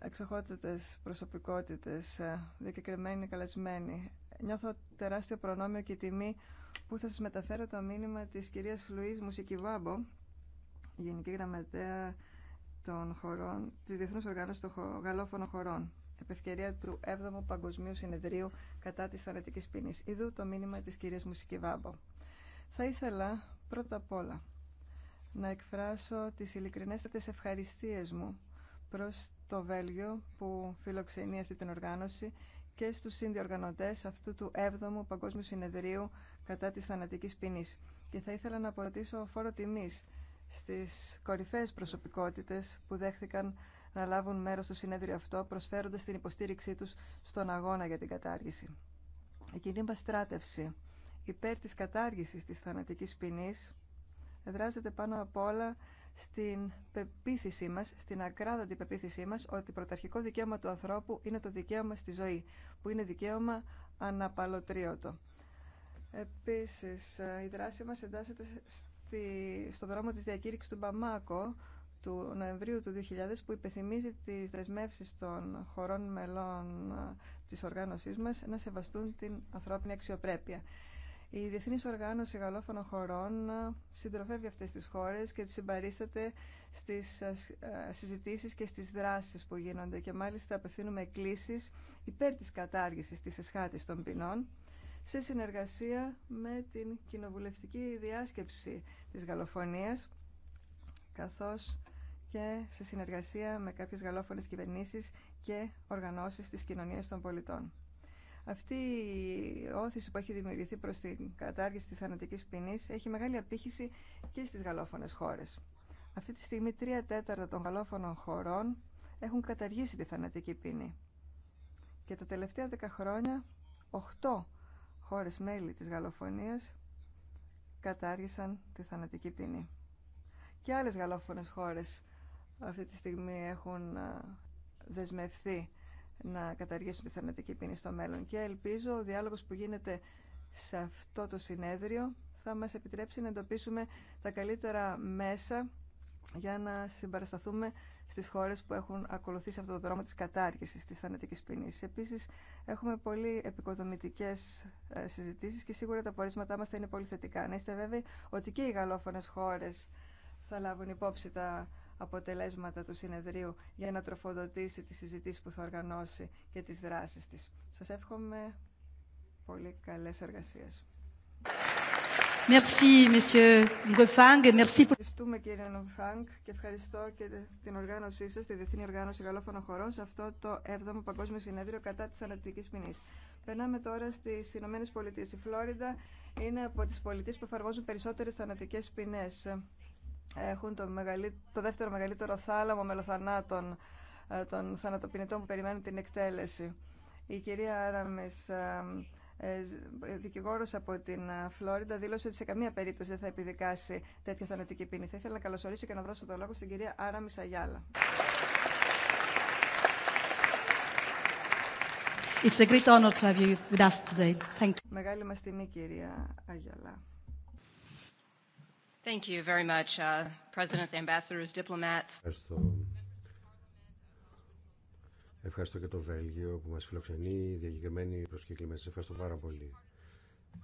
[SPEAKER 2] εξοχότητες προσωπικότητες, ε, διακεκριμένοι καλεσμένοι. Νιώθω τεράστιο προνόμιο και τιμή που θα σας μεταφέρω το μήνυμα της κυρίας Λουίς Μουσικιβάμπο, Γενική Γραμματέα των χωρών, της Διεθνούς Οργάνωσης των Γαλλόφωνων Χωρών, επευκαιρία του 7ου Παγκοσμίου Συνεδρίου κατά της θανατικής ποινής. Ιδού το μήνυμα της κυρίας Μουσικιβάμπο. Θα ήθελα πρώτα απ' όλα να εκφράσω τις ειλικρινέστατες ευχαριστίες μου προς το Βέλγιο που φιλοξενεί αυτή την οργάνωση και στους συνδιοργανωτές αυτού του 7ου Παγκόσμιου Συνεδρίου κατά της θανατικής ποινής. Και θα ήθελα να αποδοτήσω φόρο τιμής στις κορυφαίες προσωπικότητες που δέχθηκαν να λάβουν μέρος στο συνέδριο αυτό, προσφέροντας την υποστήριξή τους στον αγώνα για την κατάργηση. Η κοινή μας στράτευση υπέρ της κατάργησης της θανατικής ποινής εδράζεται πάνω απ' όλα στην πεποίθησή μας, στην ακράδαντη πεποίθησή μας ότι πρωταρχικό δικαίωμα του ανθρώπου είναι το δικαίωμα στη ζωή, που είναι δικαίωμα αναπαλωτρίωτο. Επίσης, η δράση μας εντάσσεται στη, στο δρόμο της διακήρυξης του Μπαμάκο του Νοεμβρίου του 2000 που υπεθυμίζει τις δεσμεύσεις των χωρών μελών ε, της οργάνωσής μας να σεβαστούν την ανθρώπινη αξιοπρέπεια. Η Διεθνή Οργάνωση Γαλλόφωνων Χωρών ε, συντροφεύει αυτέ τι χώρε και τι συμπαρίσταται στι ε, ε, συζητήσει και στι δράσει που γίνονται. Και μάλιστα απευθύνουμε εκκλήσει υπέρ τη κατάργηση τη εσχάτη των ποινών σε συνεργασία με την κοινοβουλευτική διάσκεψη της γαλόφωνίας, καθώς και σε συνεργασία με κάποιες γαλλόφωνες κυβερνήσεις και οργανώσεις της κοινωνίας των πολιτών. Αυτή η όθηση που έχει δημιουργηθεί προς την κατάργηση της θανατικής ποινής έχει μεγάλη απήχηση και στις γαλλόφωνες χώρες. Αυτή τη στιγμή τρία τέταρτα των γαλλόφωνων χωρών έχουν καταργήσει τη θανατική ποινή. Και τα τελευταία δέκα χρόνια, οχτώ χώρες μέλη της γαλλοφωνία κατάργησαν τη θανατική ποινή. Και άλλες γαλλόφωνες χώρες αυτή τη στιγμή έχουν δεσμευθεί να καταργήσουν τη θανατική ποινή στο μέλλον. Και ελπίζω ο διάλογος που γίνεται σε αυτό το συνέδριο θα μας επιτρέψει να εντοπίσουμε τα καλύτερα μέσα για να συμπαρασταθούμε στις χώρες που έχουν ακολουθήσει αυτό το δρόμο της κατάργησης της θανατικής ποινής. Επίσης, έχουμε πολύ επικοδομητικές ε, συζητήσεις και σίγουρα τα πορίσματά μας θα είναι πολύ θετικά. Να είστε βέβαιοι ότι και οι γαλλόφωνες χώρες θα λάβουν υπόψη τα αποτελέσματα του συνεδρίου για να τροφοδοτήσει τις συζητήσεις που θα οργανώσει και τις δράσεις της. Σας εύχομαι πολύ καλές εργασίες.
[SPEAKER 1] Merci, Monsieur Ευχαριστούμε
[SPEAKER 2] κύριε Γκοφάνγκ και ευχαριστώ και την οργάνωσή σας, τη Διεθνή Οργάνωση Γαλλόφωνων Χωρών, σε αυτό το 7ο Παγκόσμιο Συνέδριο κατά της Ανατολικής ποινής. Περνάμε τώρα στις Ηνωμένες Πολιτείες. Η Φλόριντα είναι από τις πολιτείες που εφαρμόζουν περισσότερες θανατικές ποινές έχουν το, δεύτερο μεγαλύτερο θάλαμο μελοθανάτων ε, των θανατοποιητών που περιμένουν την εκτέλεση. Η κυρία Άραμις, ε, ε, δικηγόρος από την Φλόριντα, δήλωσε ότι σε καμία περίπτωση δεν θα επιδικάσει τέτοια θανατική ποινή. Θα ήθελα να καλωσορίσω και να δώσω το λόγο στην κυρία Άραμις Αγιάλα.
[SPEAKER 1] It's a great honor to have you with us
[SPEAKER 2] Μεγάλη μας τιμή, κυρία Αγιάλα.
[SPEAKER 1] Thank you very much, uh, presidents, ambassadors, diplomats. Ευχαριστώ.
[SPEAKER 4] Ευχαριστώ και το Βέλγιο που μας φιλοξενεί, προσκύκλοι προσκεκλημένες. Ευχαριστώ πάρα πολύ.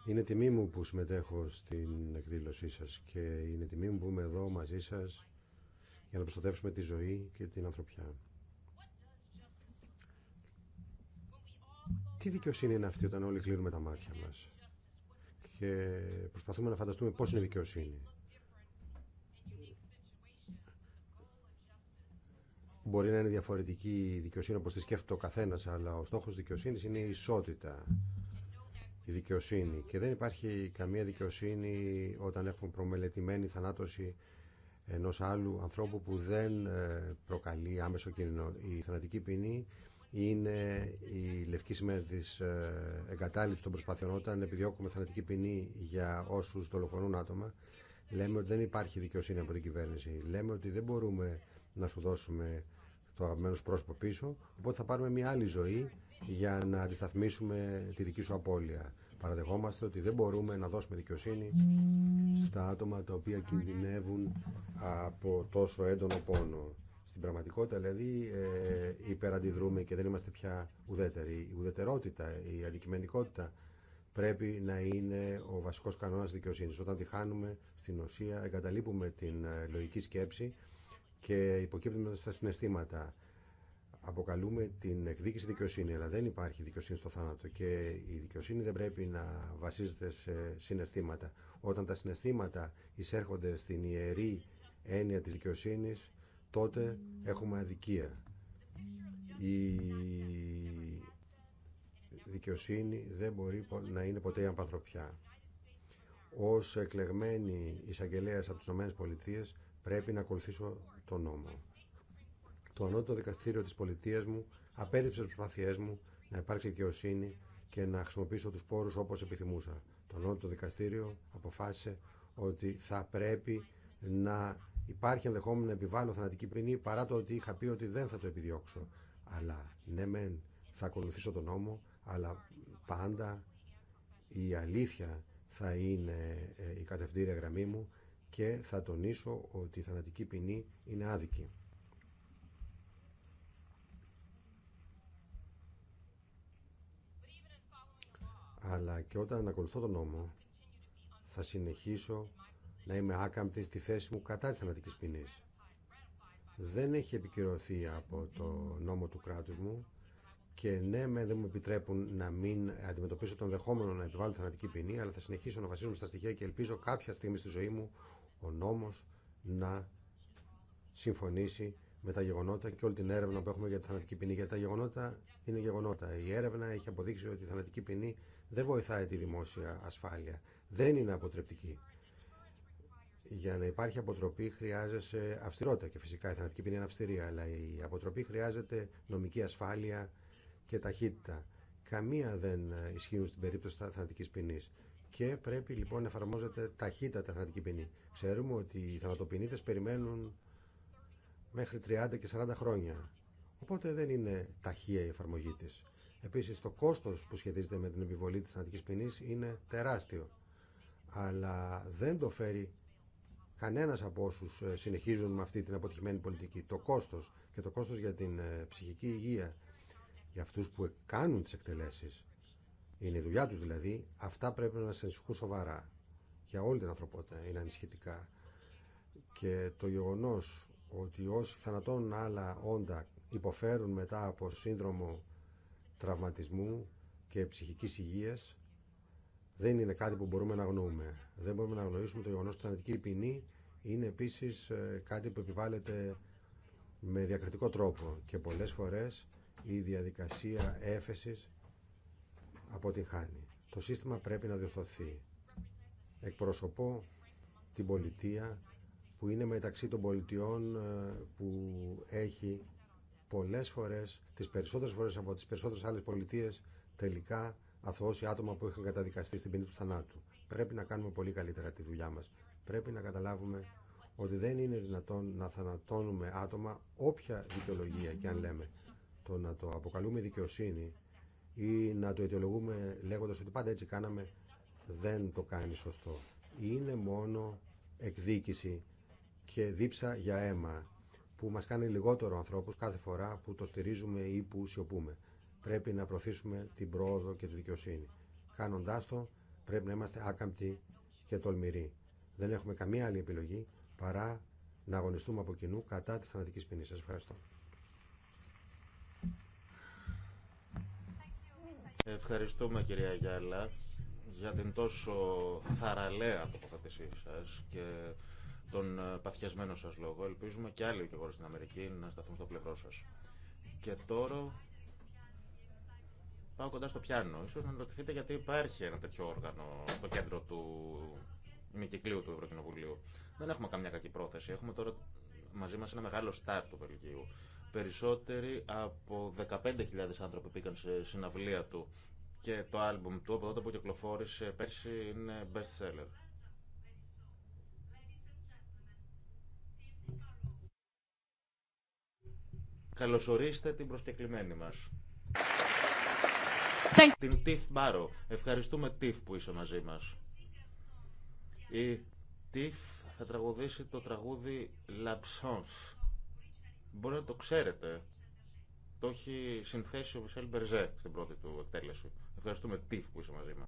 [SPEAKER 4] Είναι τιμή μου που συμμετέχω στην εκδήλωσή σας και είναι τιμή μου που είμαι εδώ μαζί σας για να προστατεύσουμε τη ζωή και την ανθρωπιά. Τι δικαιοσύνη είναι αυτή όταν όλοι κλείνουμε τα μάτια μας και προσπαθούμε να φανταστούμε πώς είναι δικαιοσύνη. Μπορεί να είναι διαφορετική η δικαιοσύνη όπως τη σκέφτεται ο καθένα, αλλά ο στόχος δικαιοσύνης είναι η ισότητα. Η δικαιοσύνη. Και δεν υπάρχει καμία δικαιοσύνη όταν έχουν προμελετημένη θανάτωση ενός άλλου ανθρώπου που δεν ε, προκαλεί άμεσο κίνδυνο. Η θανατική ποινή είναι η λευκή σημαία τη ε, εγκατάλειψη των προσπαθειών. Όταν επιδιώκουμε θανατική ποινή για όσου δολοφονούν άτομα, λέμε ότι δεν υπάρχει δικαιοσύνη από την κυβέρνηση. Λέμε ότι δεν μπορούμε να σου δώσουμε το αγαπημένο πρόσωπο πίσω. Οπότε θα πάρουμε μια άλλη ζωή για να αντισταθμίσουμε τη δική σου απώλεια. Παραδεχόμαστε ότι δεν μπορούμε να δώσουμε δικαιοσύνη στα άτομα τα οποία κινδυνεύουν από τόσο έντονο πόνο. Στην πραγματικότητα, δηλαδή, ε, υπεραντιδρούμε και δεν είμαστε πια ουδέτεροι. Η ουδετερότητα, η αντικειμενικότητα πρέπει να είναι ο βασικός κανόνας δικαιοσύνης. Όταν τη χάνουμε, στην ουσία, εγκαταλείπουμε την ε, λογική σκέψη και υποκύπτουμε στα συναισθήματα. Αποκαλούμε την εκδίκηση δικαιοσύνη, αλλά δεν υπάρχει δικαιοσύνη στο θάνατο και η δικαιοσύνη δεν πρέπει να βασίζεται σε συναισθήματα. Όταν τα συναισθήματα εισέρχονται στην ιερή έννοια της δικαιοσύνης, τότε έχουμε αδικία. Η δικαιοσύνη δεν μπορεί να είναι ποτέ η ανθρωπιά. Ως εκλεγμένη εισαγγελέα από τις ΗΠΑ πρέπει να ακολουθήσω το νόμο. Το ανώτατο δικαστήριο της πολιτείας μου απέριψε τις προσπάθειές μου να υπάρξει δικαιοσύνη και να χρησιμοποιήσω τους πόρους όπως επιθυμούσα. Το ανώτατο δικαστήριο αποφάσισε ότι θα πρέπει να υπάρχει ενδεχόμενο να επιβάλλω θανατική ποινή παρά το ότι είχα πει ότι δεν θα το επιδιώξω. Αλλά ναι μεν θα ακολουθήσω τον νόμο, αλλά πάντα η αλήθεια θα είναι ε, η κατευθύντρια γραμμή μου και θα τονίσω ότι η θανατική ποινή είναι άδικη. Αλλά και όταν ακολουθώ τον νόμο θα συνεχίσω να είμαι άκαμπτη στη θέση μου κατά της θανατικής ποινής. Δεν έχει επικυρωθεί από το νόμο του κράτους μου και ναι, με δεν μου επιτρέπουν να μην αντιμετωπίσω τον δεχόμενο να επιβάλλω θανατική ποινή, αλλά θα συνεχίσω να βασίζομαι στα στοιχεία και ελπίζω κάποια στιγμή στη ζωή μου ο νόμος να συμφωνήσει με τα γεγονότα και όλη την έρευνα που έχουμε για τη θανατική ποινή. Γιατί τα γεγονότα είναι γεγονότα. Η έρευνα έχει αποδείξει ότι η θανατική ποινή δεν βοηθάει τη δημόσια ασφάλεια. Δεν είναι αποτρεπτική. Για να υπάρχει αποτροπή χρειάζεσαι αυστηρότητα και φυσικά η θανατική ποινή είναι αυστηρία, αλλά η αποτροπή χρειάζεται νομική ασφάλεια και ταχύτητα. Καμία δεν ισχύουν στην περίπτωση θανατική ποινή και πρέπει λοιπόν να εφαρμόζεται ταχύτατα θανατική ποινή. Ξέρουμε ότι οι θανατοποινίτες περιμένουν μέχρι 30 και 40 χρόνια. Οπότε δεν είναι ταχεία η εφαρμογή τη. Επίση, το κόστο που σχετίζεται με την επιβολή της θανατική ποινή είναι τεράστιο. Αλλά δεν το φέρει κανένα από όσου ε, συνεχίζουν με αυτή την αποτυχημένη πολιτική. Το κόστο και το κόστο για την ε, ψυχική υγεία, για αυτού που κάνουν τι εκτελέσει είναι η δουλειά του δηλαδή, αυτά πρέπει να σε ενσυχούν σοβαρά για όλη την ανθρωπότητα είναι ανησυχητικά και το γεγονός ότι όσοι θανατώνουν άλλα όντα υποφέρουν μετά από σύνδρομο τραυματισμού και ψυχική υγείας δεν είναι κάτι που μπορούμε να αγνοούμε. Δεν μπορούμε να γνωρίσουμε το γεγονός ότι η θανατική ποινή είναι επίση ε, κάτι που επιβάλλεται με διακριτικό τρόπο και πολλές φορές η διαδικασία έφεσης αποτυγχάνει. Το σύστημα πρέπει να διορθωθεί. Εκπροσωπώ την πολιτεία που είναι μεταξύ των πολιτιών ε, που έχει πολλές φορές, τις περισσότερες φορές από τις περισσότερες άλλες πολιτείες, τελικά αθωώσει άτομα που είχαν καταδικαστεί στην ποινή του θανάτου. Πρέπει να κάνουμε πολύ καλύτερα τη δουλειά μας. Πρέπει να καταλάβουμε ότι δεν είναι δυνατόν να θανατώνουμε άτομα όποια δικαιολογία και αν λέμε. Το να το αποκαλούμε δικαιοσύνη ή να το αιτιολογούμε λέγοντας ότι πάντα έτσι κάναμε, δεν το κάνει σωστό. Είναι μόνο εκδίκηση και δίψα για αίμα που μας κάνει λιγότερο ανθρώπους κάθε φορά που το στηρίζουμε ή που σιωπούμε. Πρέπει να προωθήσουμε την πρόοδο και τη δικαιοσύνη. Κάνοντάς το πρέπει να είμαστε άκαμπτοι και τολμηροί. Δεν έχουμε καμία άλλη επιλογή παρά να αγωνιστούμε από κοινού κατά της θανατικής ποινής. Σας ευχαριστώ.
[SPEAKER 3] Ευχαριστούμε κυρία Γιάλα για την τόσο θαραλέα τοποθέτησή σας και τον ε, παθιασμένο σας λόγο. Ελπίζουμε και άλλοι και στην Αμερική να σταθούν στο πλευρό σας. Και τώρα πάω κοντά στο πιάνο. Ίσως να ρωτηθείτε γιατί υπάρχει ένα τέτοιο όργανο στο κέντρο του ημικυκλίου του Ευρωκοινοβουλίου. Δεν έχουμε καμιά κακή πρόθεση. Έχουμε τώρα μαζί μας ένα μεγάλο στάρ του Βελγίου. Περισσότεροι από 15.000 άνθρωποι πήγαν σε συναυλία του και το άλμπουμ του από τότε που κυκλοφόρησε πέρσι είναι best seller. Καλωσορίστε την προσκεκλημένη μας. Thank την Tiff Μπάρο. Ευχαριστούμε Tiff που είσαι μαζί μας. Η Tiff θα τραγουδήσει το τραγούδι La Μπορεί να το ξέρετε. Το έχει συνθέσει ο Μισελ Μπερζέ στην πρώτη του εκτέλεση. Ευχαριστούμε, Τιφ, που είσαι μαζί μας.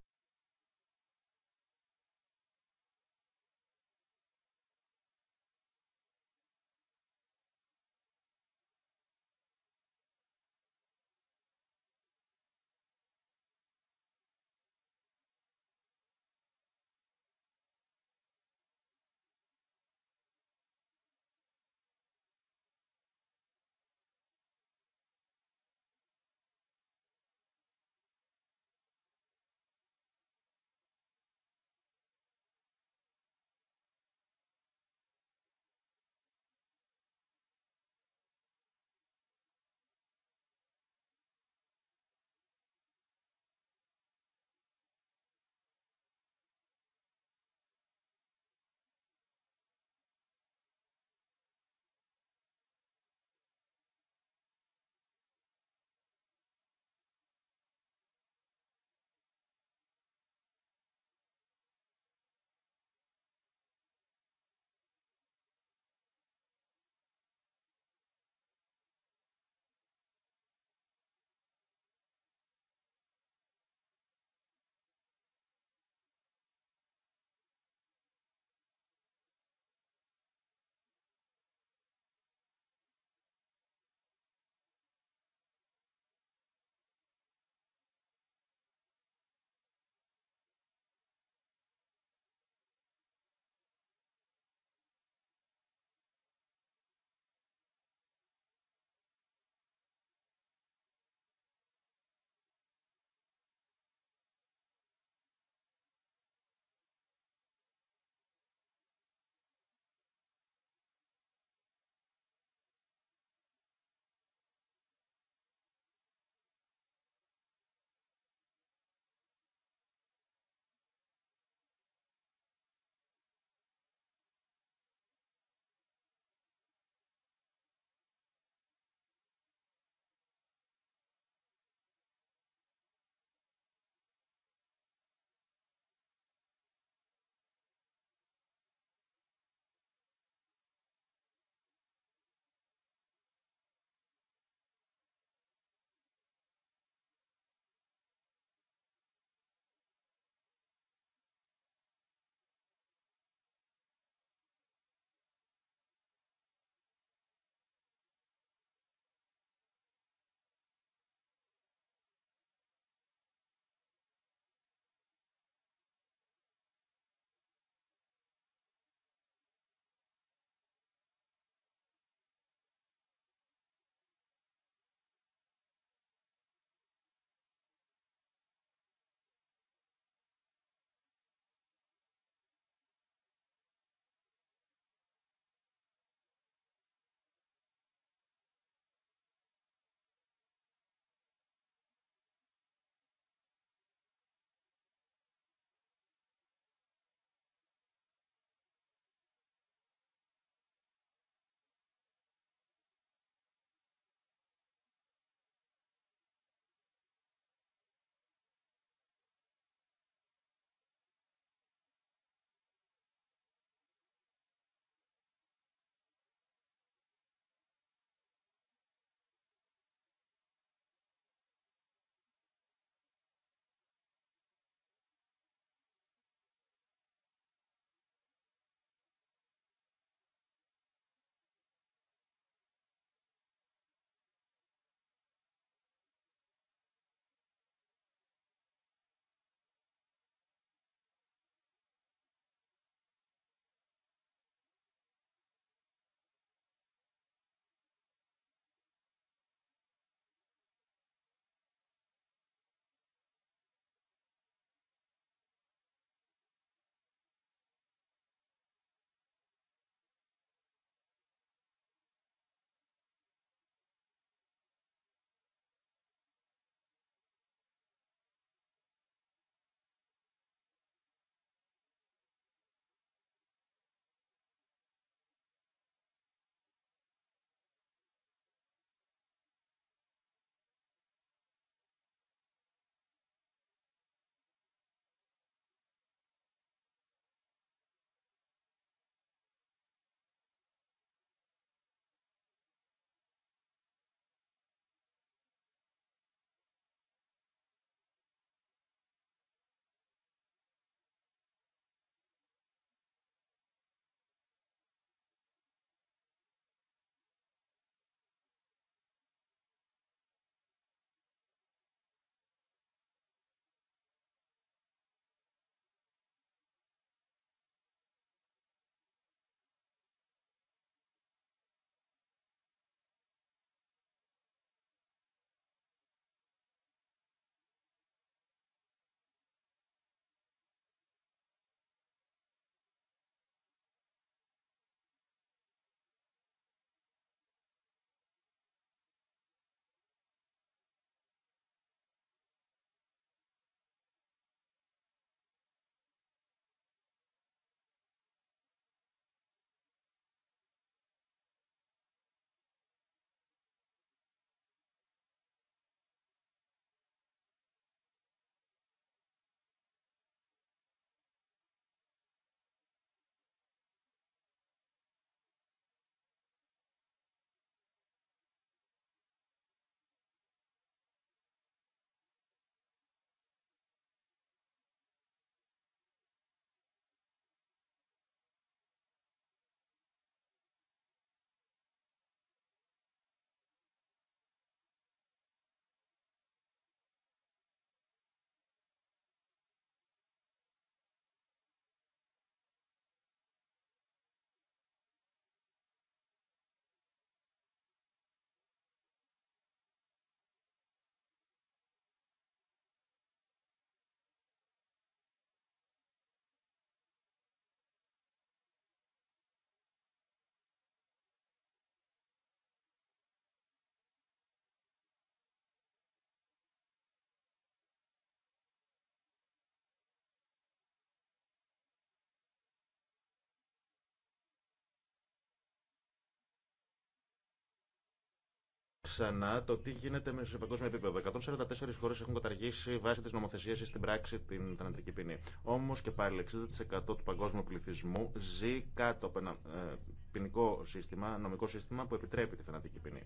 [SPEAKER 3] ξανά το τι γίνεται σε παγκόσμιο επίπεδο. 144 χώρε έχουν καταργήσει βάσει τη νομοθεσία ή στην πράξη την θανατική ποινή. Όμω και πάλι 60% του παγκόσμιου πληθυσμού ζει κάτω από ένα ε, ποινικό σύστημα, νομικό σύστημα που επιτρέπει τη θανατική ποινή.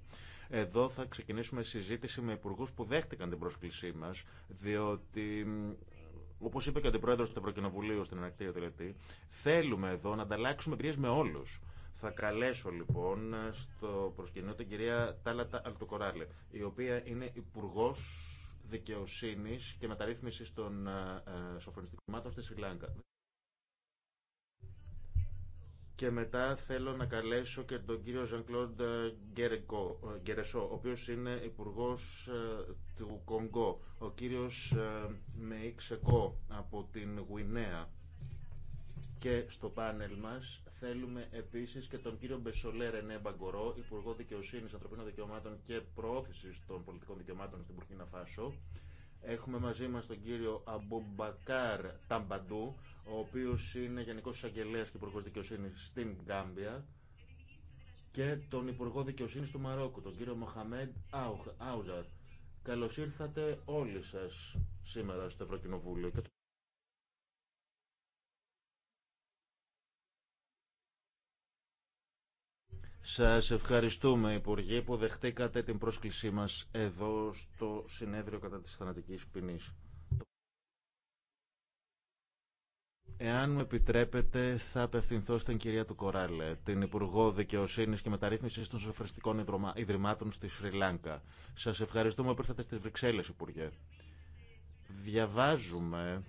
[SPEAKER 3] Εδώ θα ξεκινήσουμε συζήτηση με υπουργού που δέχτηκαν την πρόσκλησή μα, διότι Όπω είπε και ο αντιπρόεδρο του Ευρωκοινοβουλίου στην ανακτήρια τελετή, θέλουμε εδώ να ανταλλάξουμε εμπειρίε με όλου. Θα καλέσω λοιπόν στο προσκυνείο την κυρία Τάλατα Αλτοκοράλε, η οποία είναι υπουργό δικαιοσύνη και μεταρρύθμιση των ε, ε, σοφρονιστικών στη Σιλάνκα. Και μετά θέλω να καλέσω και τον κύριο Ζανκλόντ ε, Γκερεσό, ο οποίο είναι υπουργός του Κονγκό, ο κύριος Μεϊξεκό από την Γουινέα και στο πάνελ μας. Θέλουμε επίσης και τον κύριο Μπεσολέ Ρενέ Μπαγκορό, Υπουργό Δικαιοσύνη Ανθρωπίνων Δικαιωμάτων και προώθηση των Πολιτικών Δικαιωμάτων στην Πουρκίνα Φάσο. Έχουμε μαζί μας τον κύριο Αμπομπακάρ Ταμπαντού, ο οποίος είναι Γενικός Εισαγγελέας και Υπουργό δικαιοσύνη στην Γκάμπια και τον Υπουργό Δικαιοσύνη του Μαρόκου, τον κύριο Μοχαμέντ Άουζαρ. Καλώ ήρθατε όλοι σα σήμερα στο Ευρωκοινοβούλιο. Σας ευχαριστούμε Υπουργέ που δεχτήκατε την πρόσκλησή μας εδώ στο συνέδριο κατά της θανατικής ποινής. Εάν με επιτρέπετε, θα απευθυνθώ στην κυρία του Κοράλε, την Υπουργό Δικαιοσύνη και Μεταρρύθμιση των Σοφραστικών Ιδρυμάτων στη Σρι Λάνκα. Σα ευχαριστούμε που ήρθατε στι Βρυξέλλε, Υπουργέ. Διαβάζουμε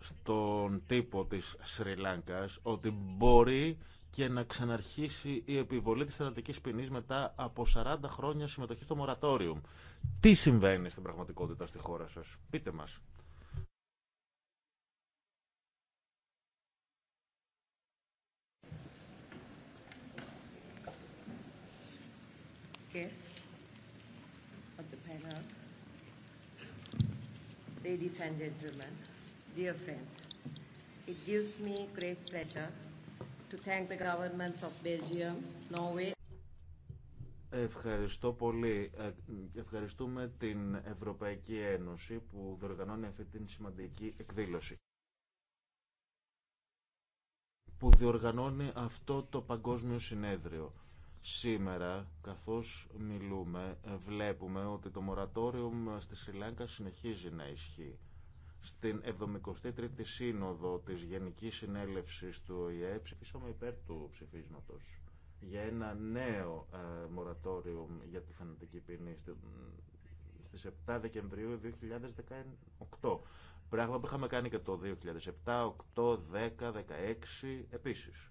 [SPEAKER 3] στον τύπο της Σρι Λάνκας ότι μπορεί και να ξαναρχίσει η επιβολή της θανατικής ποινή μετά από 40 χρόνια συμμετοχή στο μορατόριο. Τι συμβαίνει στην πραγματικότητα στη χώρα σας. Πείτε μας.
[SPEAKER 2] Ladies and gentlemen, dear friends, it gives me great pleasure to thank
[SPEAKER 3] Ευχαριστώ πολύ. Ε, ευχαριστούμε την Ευρωπαϊκή Ένωση που διοργανώνει αυτή την σημαντική εκδήλωση. Που διοργανώνει αυτό το παγκόσμιο συνέδριο. Σήμερα, καθώς μιλούμε, ε, βλέπουμε ότι το μορατόριο ε, στη Σρι συνεχίζει να ισχύει στην 73η Σύνοδο της Γενικής Συνέλευσης του ΟΗΕ ψηφίσαμε υπέρ του ψηφίσματος για ένα νέο ε, μορατόριο για τη θανατική ποινή στις 7 Δεκεμβρίου 2018. Πράγμα που είχαμε κάνει και το 2007, 8, 10, 16 επίσης.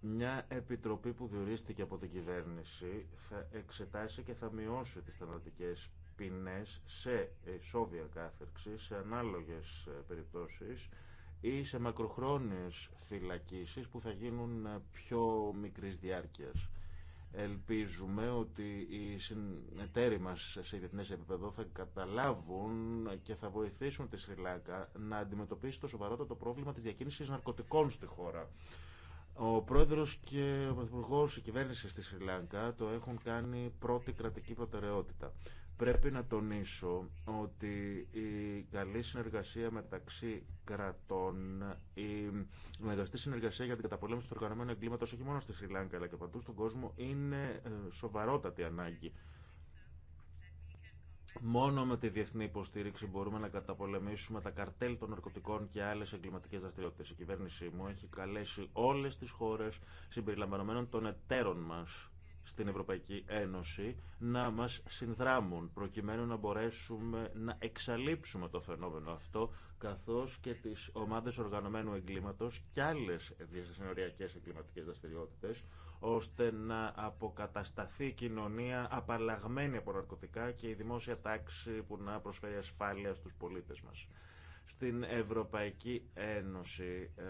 [SPEAKER 3] Μια επιτροπή που διορίστηκε από την κυβέρνηση θα εξετάσει και θα μειώσει τις θανατικές ποινές σε ισόβια ε, κάθερξη, σε ανάλογες ε, περιπτώσεις ή σε μακροχρόνιες φυλακίσεις που θα γίνουν ε, πιο μικρής διάρκειας. Ελπίζουμε ότι οι συνεταίροι μας σε διεθνέ επίπεδο θα καταλάβουν και θα βοηθήσουν τη Σριλάκα να αντιμετωπίσει το σοβαρότατο πρόβλημα της διακίνησης ναρκωτικών στη χώρα. Ο πρόεδρο και ο Πρωθυπουργός η κυβέρνηση στη Σρι το έχουν κάνει πρώτη κρατική προτεραιότητα. Πρέπει να τονίσω ότι η καλή συνεργασία μεταξύ κρατών, η μεγαστή συνεργασία για την καταπολέμηση του οργανωμένου εγκλήματος όχι μόνο στη Σρι αλλά και παντού στον κόσμο είναι ε, σοβαρότατη ανάγκη. Μόνο με τη διεθνή υποστήριξη μπορούμε να καταπολεμήσουμε τα καρτέλ των ναρκωτικών και άλλε εγκληματικέ δραστηριότητε. Η κυβέρνησή μου έχει καλέσει όλε τι χώρε συμπεριλαμβανομένων των εταίρων μα στην Ευρωπαϊκή Ένωση να μας συνδράμουν προκειμένου να μπορέσουμε να εξαλείψουμε το φαινόμενο αυτό καθώς και τις ομάδες οργανωμένου εγκλήματος και άλλες διασυνοριακές εγκληματικές δραστηριότητες ώστε να αποκατασταθεί η κοινωνία απαλλαγμένη από ναρκωτικά και η δημόσια τάξη που να προσφέρει ασφάλεια στους πολίτες μας στην Ευρωπαϊκή Ένωση. Ε,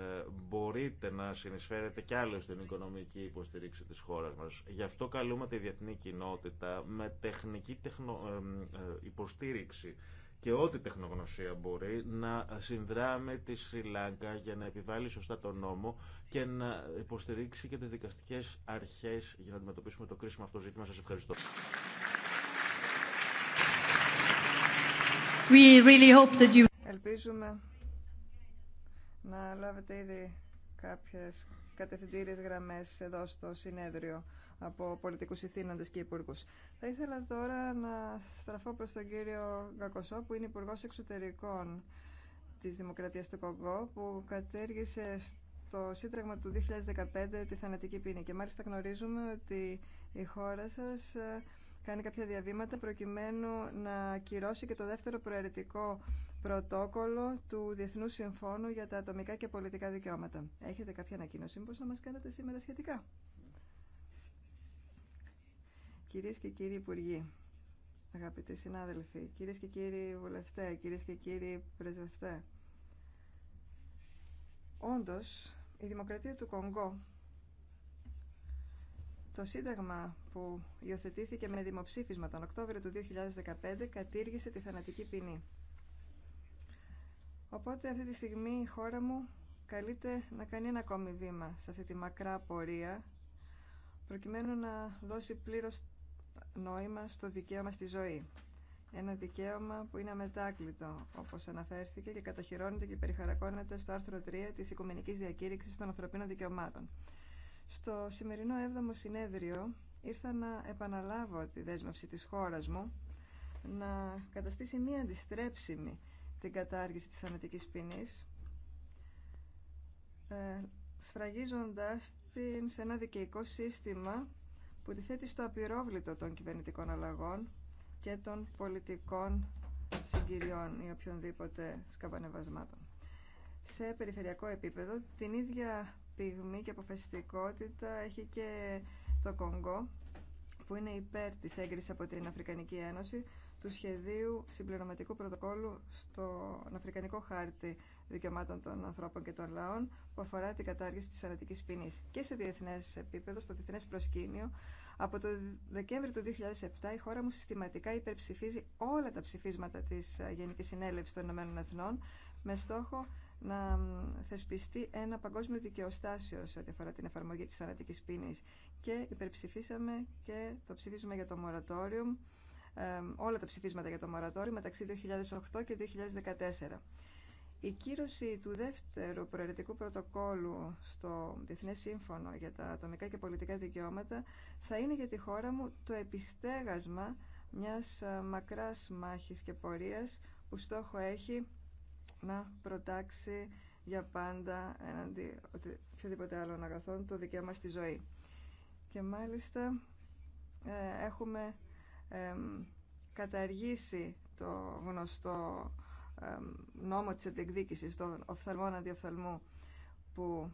[SPEAKER 3] μπορείτε να συνεισφέρετε κι άλλο στην οικονομική υποστηρίξη της χώρας μας. Γι' αυτό καλούμε τη διεθνή κοινότητα με τεχνική τεχνο, ε, ε, υποστήριξη και ό,τι τεχνογνωσία μπορεί να συνδράμε τη Σρι για να επιβάλλει σωστά τον νόμο και να υποστηρίξει και τις δικαστικές αρχές για να αντιμετωπίσουμε το κρίσιμο αυτό ζήτημα. Σας ευχαριστώ.
[SPEAKER 2] Ελπίζουμε να λάβετε ήδη κάποιες κατευθυντήριες γραμμές εδώ στο συνέδριο από πολιτικούς ηθήνοντες και υπουργούς. Θα ήθελα τώρα να στραφώ προς τον κύριο Γκακοσό που είναι υπουργός Εξωτερικών της Δημοκρατίας του Κογκό που κατέργησε στο σύνταγμα του 2015 τη θανατική πίνη. και μάλιστα γνωρίζουμε ότι η χώρα σας ε, κάνει κάποια διαβήματα προκειμένου να κυρώσει και το δεύτερο προαιρετικό πρωτόκολλο του Διεθνού Συμφώνου για τα Ατομικά και Πολιτικά Δικαιώματα. Έχετε κάποια ανακοίνωση που να μας κάνετε σήμερα σχετικά. Κυρίες και κύριοι Υπουργοί, αγαπητοί συνάδελφοι, κυρίες και κύριοι βουλευτέ, κυρίες και κύριοι πρεσβευτέ, όντως η Δημοκρατία του Κονγκό το Σύνταγμα που υιοθετήθηκε με δημοψήφισμα τον Οκτώβριο του 2015 κατήργησε τη θανατική ποινή. Οπότε αυτή τη στιγμή η χώρα μου καλείται να κάνει ένα ακόμη βήμα σε αυτή τη μακρά πορεία προκειμένου να δώσει πλήρως νόημα στο δικαίωμα στη ζωή. Ένα δικαίωμα που είναι αμετάκλητο, όπως αναφέρθηκε και καταχειρώνεται και περιχαρακώνεται στο άρθρο 3 της Οικουμενικής Διακήρυξης των Ανθρωπίνων Δικαιωμάτων. Στο σημερινό 7ο συνέδριο ήρθα να επαναλάβω τη δέσμευση της χώρας μου να καταστήσει μία αντιστρέψιμη την κατάργηση της θανατικής ποινής ε, σφραγίζοντας την σε ένα δικαιικό σύστημα που τη θέτει στο απειρόβλητο των κυβερνητικών αλλαγών και των πολιτικών συγκυριών ή οποιονδήποτε σκαμπανεβασμάτων. Σε περιφερειακό επίπεδο την ίδια πυγμή και αποφασιστικότητα έχει και το Κονγκό που είναι υπέρ της έγκρισης από την Αφρικανική Ένωση του σχεδίου συμπληρωματικού πρωτοκόλου στον Αφρικανικό Χάρτη Δικαιωμάτων των Ανθρώπων και των Λαών που αφορά την κατάργηση της θανατική ποινή και σε διεθνέ επίπεδο, στο διεθνέ προσκήνιο. Από το Δεκέμβρη του 2007 η χώρα μου συστηματικά υπερψηφίζει όλα τα ψηφίσματα της Γενικής Συνέλευσης των Ηνωμένων Εθνών με στόχο να θεσπιστεί ένα παγκόσμιο δικαιοστάσιο σε ό,τι αφορά την εφαρμογή της θανατικής ποινής και υπερψηφίσαμε και το ψήφισμα για το μορατόριο όλα τα ψηφίσματα για το μορατόριο μεταξύ 2008 και 2014. Η κύρωση του δεύτερου προαιρετικού πρωτοκόλου στο Διεθνέ Σύμφωνο για τα ατομικά και πολιτικά δικαιώματα θα είναι για τη χώρα μου το επιστέγασμα μιας ε, μακράς μάχης και πορείας που στόχο έχει να προτάξει για πάντα εναντί οποιοδήποτε άλλων αγαθών το δικαίωμα στη ζωή. Και μάλιστα ε, έχουμε καταργήσει το γνωστό νόμο της αντεκδίκησης των οφθαλμών αντιοφθαλμού που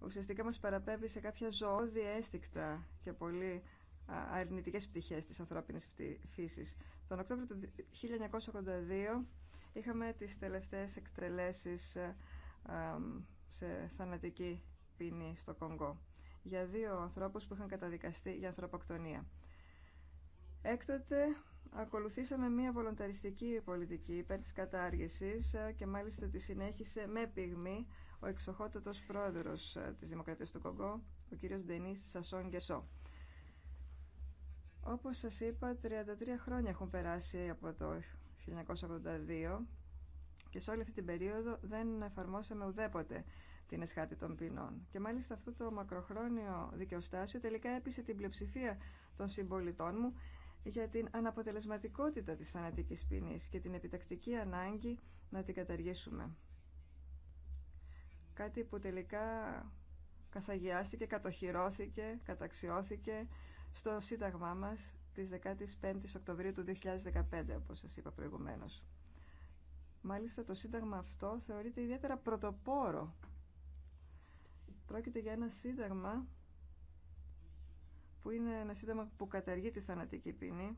[SPEAKER 2] ουσιαστικά μας παραπέμπει σε κάποια ζωώδη αίσθηκτα και πολύ αρνητικές πτυχές της ανθρώπινης φύσης. Τον Οκτώβριο του 1982 είχαμε τις τελευταίες εκτελέσεις σε θανατική ποινή στο Κονγκό για δύο ανθρώπους που είχαν καταδικαστεί για ανθρωποκτονία. Έκτοτε ακολουθήσαμε μία βολονταριστική πολιτική υπέρ της κατάργησης ε, και μάλιστα τη συνέχισε με πυγμή ο εξοχότατος πρόεδρος ε, της Δημοκρατίας του Κογκό, ο κύριος Ντένις Σασόν Γκεσό. Όπως σας είπα, 33 χρόνια έχουν περάσει από το 1982 και σε όλη αυτή την περίοδο δεν εφαρμόσαμε ουδέποτε την εσχάτη των ποινών. Και μάλιστα αυτό το μακροχρόνιο δικαιοστάσιο τελικά έπεισε την πλειοψηφία των συμπολιτών μου για την αναποτελεσματικότητα της θανατικής ποινής και την επιτακτική ανάγκη να την καταργήσουμε. Κάτι που τελικά καθαγιάστηκε, κατοχυρώθηκε, καταξιώθηκε στο Σύνταγμά μας της 15ης Οκτωβρίου του 2015, όπως σας είπα προηγουμένως. Μάλιστα το Σύνταγμα αυτό θεωρείται ιδιαίτερα πρωτοπόρο. Πρόκειται για ένα Σύνταγμα που είναι ένα σύνταγμα που καταργεί τη θανατική ποινή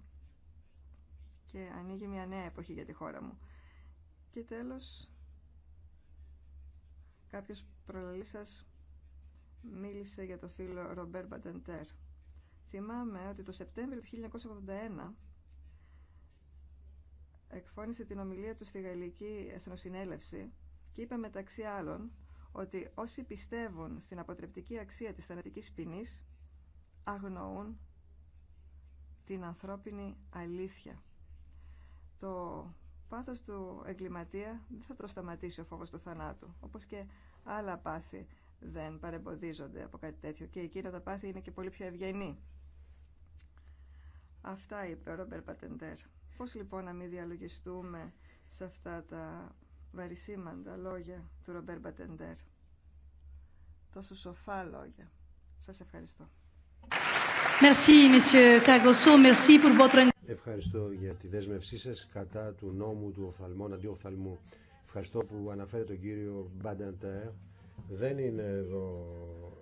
[SPEAKER 2] και ανοίγει μια νέα εποχή για τη χώρα μου. Και τέλος, κάποιος προλαλή σας μίλησε για το φίλο Ρομπέρ Μπαντεντέρ. Θυμάμαι ότι το Σεπτέμβριο του 1981 εκφώνησε την ομιλία του στη Γαλλική Εθνοσυνέλευση και είπε μεταξύ άλλων ότι όσοι πιστεύουν στην αποτρεπτική αξία της θανατικής ποινής αγνοούν την ανθρώπινη αλήθεια. Το πάθος του εγκληματία δεν θα το σταματήσει ο φόβος του θανάτου, όπως και άλλα πάθη δεν παρεμποδίζονται από κάτι τέτοιο και εκείνα τα πάθη είναι και πολύ πιο ευγενή. Αυτά είπε ο Ρόμπερ Πατεντέρ. Πώς λοιπόν να μην διαλογιστούμε σε αυτά τα βαρισίμαντα λόγια του Ρομπέρ Μπατεντέρ. Τόσο σοφά λόγια. Σας ευχαριστώ.
[SPEAKER 4] Ευχαριστώ για τη δέσμευσή σας κατά του νόμου του οφθαλμών οφθαλμού Ευχαριστώ που αναφέρετε τον κύριο Μπαντέντερ. Δεν είναι εδώ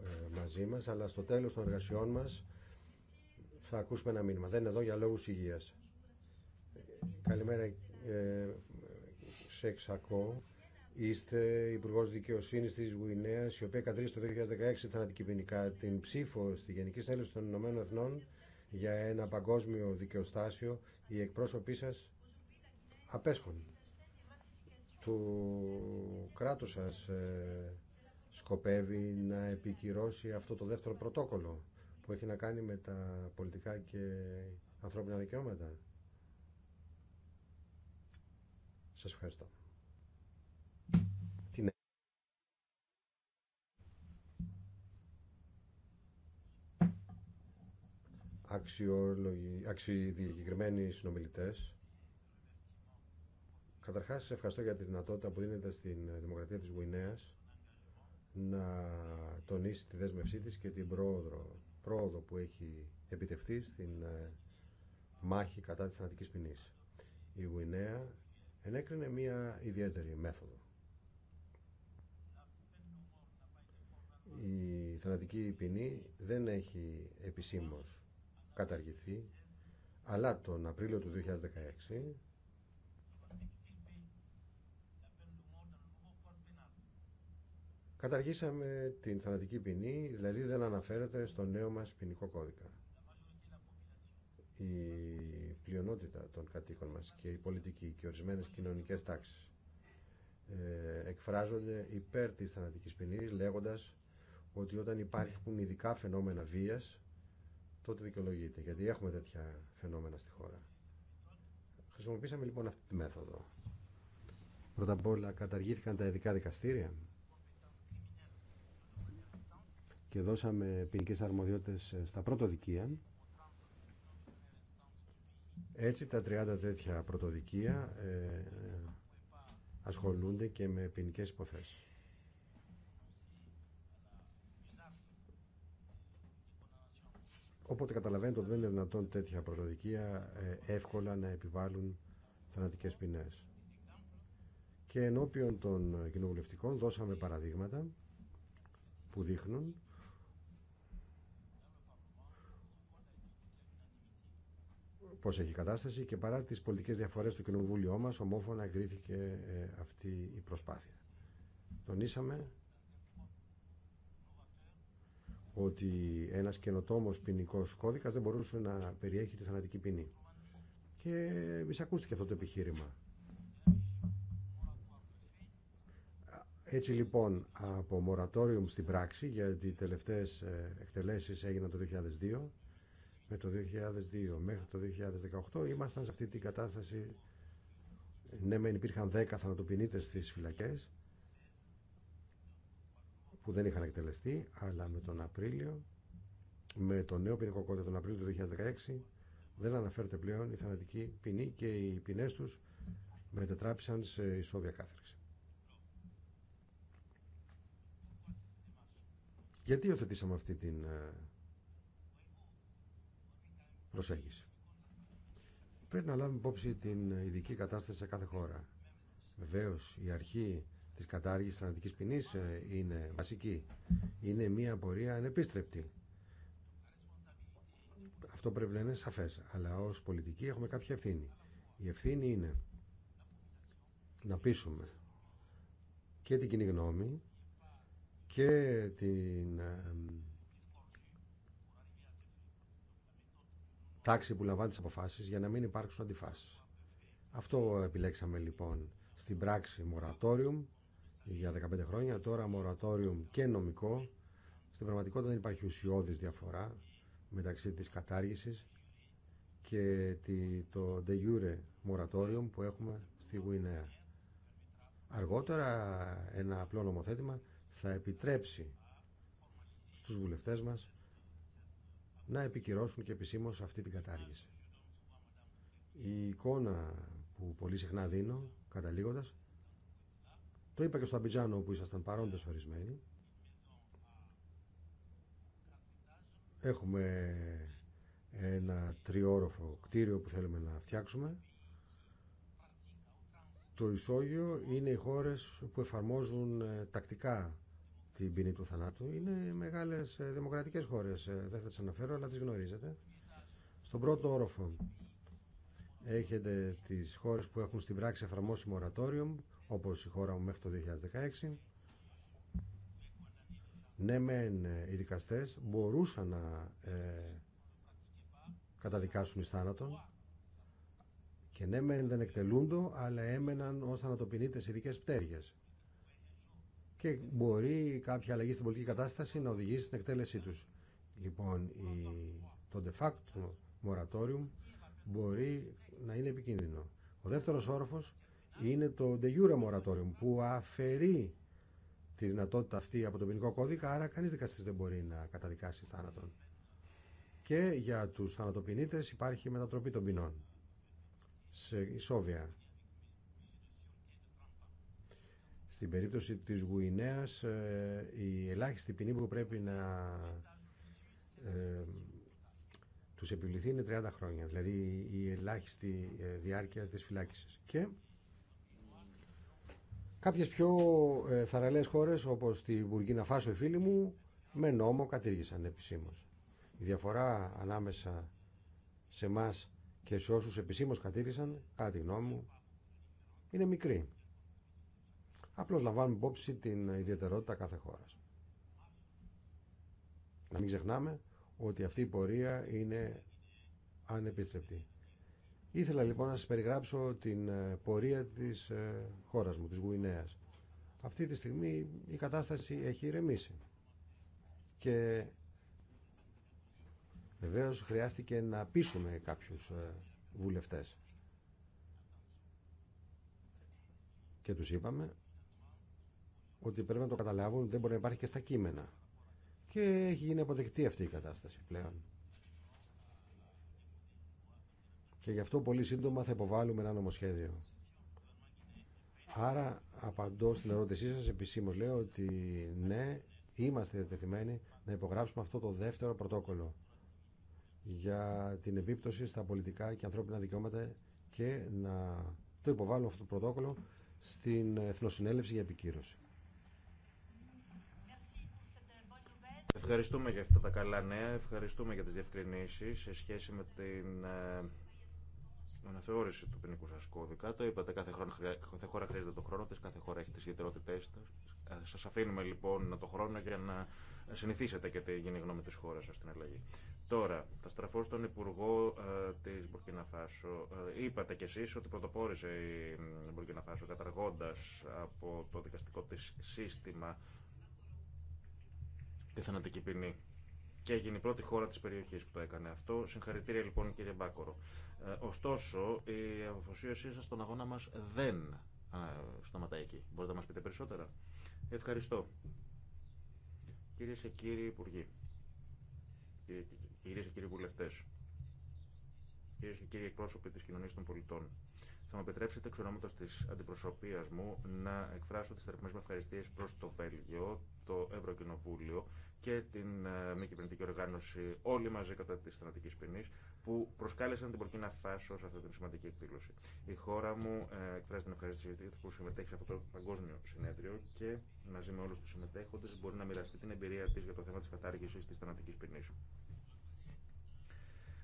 [SPEAKER 4] ε, μαζί μας, αλλά στο τέλος των εργασιών μας θα ακούσουμε ένα μήνυμα. Δεν είναι εδώ για λόγους υγείας. Καλημέρα σε ε, εξακό. Είστε Υπουργό Δικαιοσύνη τη Γουινέα, η οποία κατρίσει το 2016 θανατική ποινικά την ψήφο στη Γενική Σέλευση των Ηνωμένων Εθνών για ένα παγκόσμιο δικαιοστάσιο. Οι εκπρόσωποι σα απέσχουν. Του κράτου σα ε, σκοπεύει να επικυρώσει αυτό το δεύτερο πρωτόκολλο που έχει να κάνει με τα πολιτικά και ανθρώπινα δικαιώματα. Σας ευχαριστώ. αξιολογικοί συνομιλητές. Καταρχάς, σα ευχαριστώ για τη δυνατότητα που δίνεται στην Δημοκρατία της Γουινέα να τονίσει τη δέσμευσή τη και την πρόοδο, πρόοδο που έχει επιτευχθεί στην ε, μάχη κατά της θανατική ποινής. Η Γουινέα ενέκρινε μία ιδιαίτερη μέθοδο. Η θανατική ποινή δεν έχει επισήμως καταργηθεί, αλλά τον Απρίλιο του 2016 Καταργήσαμε την θανατική ποινή, δηλαδή δεν αναφέρεται στο νέο μας ποινικό κώδικα. Η πλειονότητα των κατοίκων μας και η πολιτική και ορισμένες κοινωνικές τάξεις ε, εκφράζονται υπέρ της θανατικής ποινής λέγοντας ότι όταν υπάρχουν ειδικά φαινόμενα βίας τότε δικαιολογείται, γιατί έχουμε τέτοια φαινόμενα στη χώρα. Χρησιμοποίησαμε λοιπόν αυτή τη μέθοδο. Πρώτα απ' όλα καταργήθηκαν τα ειδικά δικαστήρια και δώσαμε ποινικέ αρμοδιότητες ε, στα πρωτοδικεία. Έτσι τα 30 τέτοια πρωτοδικεία ε, ασχολούνται και με ποινικέ υποθέσεις. Οπότε καταλαβαίνετε ότι δεν είναι δυνατόν τέτοια προδικεία ε, εύκολα να επιβάλλουν θανατικές ποινές. Και ενώπιον των κοινοβουλευτικών δώσαμε παραδείγματα που δείχνουν πώς έχει η κατάσταση και παρά τις πολιτικές διαφορές του κοινοβούλιο μας ομόφωνα εγκρίθηκε ε, αυτή η προσπάθεια. Τονίσαμε ότι ένας καινοτόμος ποινικό κώδικας δεν μπορούσε να περιέχει τη θανατική ποινή. Και εισακούστηκε αυτό το επιχείρημα. Έτσι λοιπόν από μορατόριουμ στην πράξη, γιατί οι τελευταίες ε, εκτελέσεις έγιναν το 2002, με το 2002 μέχρι το 2018 ήμασταν σε αυτή την κατάσταση, ναι μεν υπήρχαν 10 θανατοποιητέ στι φυλακέ δεν είχαν εκτελεστεί, αλλά με τον Απρίλιο, με το νέο ποινικό κώδικα τον Απρίλιο του 2016, δεν αναφέρεται πλέον η θανατική ποινή και οι ποινέ του μετετράπησαν σε ισόβια κάθριξη. Γιατί υιοθετήσαμε αυτή την ε, προσέγγιση. Πρέπει να λάβουμε υπόψη την ειδική κατάσταση σε κάθε χώρα. Βεβαίω, η αρχή της κατάργησης θανατικής ποινής ε, είναι βασική. Είναι μια πορεία ανεπίστρεπτη. Αυτό πρέπει να είναι σαφές. Αλλά ως πολιτικοί έχουμε κάποια ευθύνη. Η ευθύνη είναι να πείσουμε και την κοινή γνώμη και την ε, τάξη που λαμβάνει τις αποφάσεις για να μην υπάρξουν αντιφάσεις. Αυτό επιλέξαμε λοιπόν στην πράξη Μορατόριουμ για 15 χρόνια, τώρα μορατόριουμ και νομικό. Στην πραγματικότητα δεν υπάρχει ουσιώδης διαφορά μεταξύ της κατάργησης και το de jure moratorium που έχουμε στη Γουινέα. Αργότερα ένα απλό νομοθέτημα θα επιτρέψει στους βουλευτές μας να επικυρώσουν και επισήμως αυτή την κατάργηση. Η εικόνα που πολύ συχνά δίνω, καταλήγοντας, το είπα και στο Αμπιτζάνο που ήσασταν παρόντες ορισμένοι. Έχουμε ένα τριόροφο κτίριο που θέλουμε να φτιάξουμε. Το ισόγειο είναι οι χώρες που εφαρμόζουν ε, τακτικά την ποινή του θανάτου. Είναι μεγάλες ε, δημοκρατικές χώρες, ε, δεν θα τις αναφέρω, αλλά τις γνωρίζετε. Στον πρώτο όροφο έχετε τις χώρες που έχουν στην πράξη εφαρμόσει μορατόριο όπως η χώρα μου μέχρι το 2016 ναι μεν ε, οι δικαστές μπορούσαν να ε, καταδικάσουν εις θάνατον και ναι μεν δεν εκτελούντο αλλά έμεναν ως θανατοποιητές ειδικές πτέρυγες και μπορεί κάποια αλλαγή στην πολιτική κατάσταση να οδηγήσει στην εκτέλεσή τους. Λοιπόν, η, το de facto moratorium μπορεί να είναι επικίνδυνο. Ο δεύτερος όροφος είναι το de jure moratorium που αφαιρεί τη δυνατότητα αυτή από τον ποινικό κώδικα, άρα κανείς δικαστής δεν μπορεί να καταδικάσει θάνατον. Και για τους θανατοποινήτες υπάρχει μετατροπή των ποινών σε ισόβια. Στην περίπτωση της Γουινέας ε, η ελάχιστη ποινή που πρέπει να ε, τους επιβληθεί είναι 30 χρόνια, δηλαδή η ελάχιστη ε, διάρκεια της φυλάκισης. Και Κάποιες πιο ε, θαραλές χώρες όπως τη Μπουργκίνα Φάσο οι φίλοι μου με νόμο κατήργησαν επισήμως. Η διαφορά ανάμεσα σε εμά και σε όσους επισήμως κατήργησαν, κατά τη γνώμη μου, είναι μικρή. Απλώς λαμβάνουμε υπόψη την ιδιαιτερότητα κάθε χώρας. Να μην ξεχνάμε ότι αυτή η πορεία είναι ανεπιστρεπτή. Ήθελα λοιπόν να σας περιγράψω την ε, πορεία της ε, χώρας μου, της Γουινέας. Αυτή τη στιγμή η κατάσταση έχει ηρεμήσει. Και βεβαίως χρειάστηκε να πείσουμε κάποιους ε, βουλευτές. Και τους είπαμε ότι πρέπει να το καταλάβουν, δεν μπορεί να υπάρχει και στα κείμενα. Και έχει γίνει αποδεκτή αυτή η κατάσταση πλέον. και γι' αυτό πολύ σύντομα θα υποβάλουμε ένα νομοσχέδιο. Άρα απαντώ στην ερώτησή σας επισήμως λέω ότι ναι είμαστε διατεθειμένοι να υπογράψουμε αυτό το δεύτερο πρωτόκολλο για την επίπτωση στα πολιτικά και ανθρώπινα δικαιώματα και να το υποβάλουμε αυτό το πρωτόκολλο στην Εθνοσυνέλευση για επικύρωση.
[SPEAKER 3] Ευχαριστούμε για αυτά τα καλά νέα, ευχαριστούμε για τις διευκρινήσεις σε σχέση με την ε, αναθεώρηση του ποινικού σα κώδικα. Το είπατε, κάθε, χρόνο, κάθε χώρα χρειάζεται τον χρόνο τη, κάθε χώρα έχει τι ιδιαιτερότητέ τη. Ε, σα αφήνουμε λοιπόν το χρόνο για να συνηθίσετε και τη γενική γνώμη τη χώρα σα στην αλλαγή. Τώρα, θα στραφώ στον Υπουργό ε, τη Μπουρκίνα Φάσο. Ε, είπατε κι εσεί ότι πρωτοπόρησε η ε, Μπουρκίνα Φάσο καταργώντα από το δικαστικό τη σύστημα τη θανατική ποινή. Και έγινε η πρώτη χώρα τη περιοχή που το έκανε αυτό. Συγχαρητήρια λοιπόν κύριε Μπάκορο. Ε, ωστόσο, η αφοσίωσή σα στον αγώνα μα δεν ε, σταματάει εκεί. Μπορείτε να μα πείτε περισσότερα. Ευχαριστώ. Κυρίε και κύριοι Υπουργοί, κυρίε και κύριοι βουλευτέ, κυρίε και κύριοι εκπρόσωποι τη κοινωνία των πολιτών, θα μου επιτρέψετε εξ ονόματο τη αντιπροσωπεία μου να εκφράσω τι θερμέ μου ευχαριστίε προ το Βέλγιο, το Ευρωκοινοβούλιο και την ε, μη κυβερνητική οργάνωση όλοι μαζί κατά τη θανατική ποινή που προσκάλεσαν την Πορκίνα Φάσο σε αυτή την σημαντική εκδήλωση. Η χώρα μου ε, εκφράζει την ευχαρίστηση που συμμετέχει σε αυτό το παγκόσμιο συνέδριο και μαζί με όλου του συμμετέχοντε μπορεί να μοιραστεί την εμπειρία τη για το θέμα τη κατάργηση τη θανατική ποινή.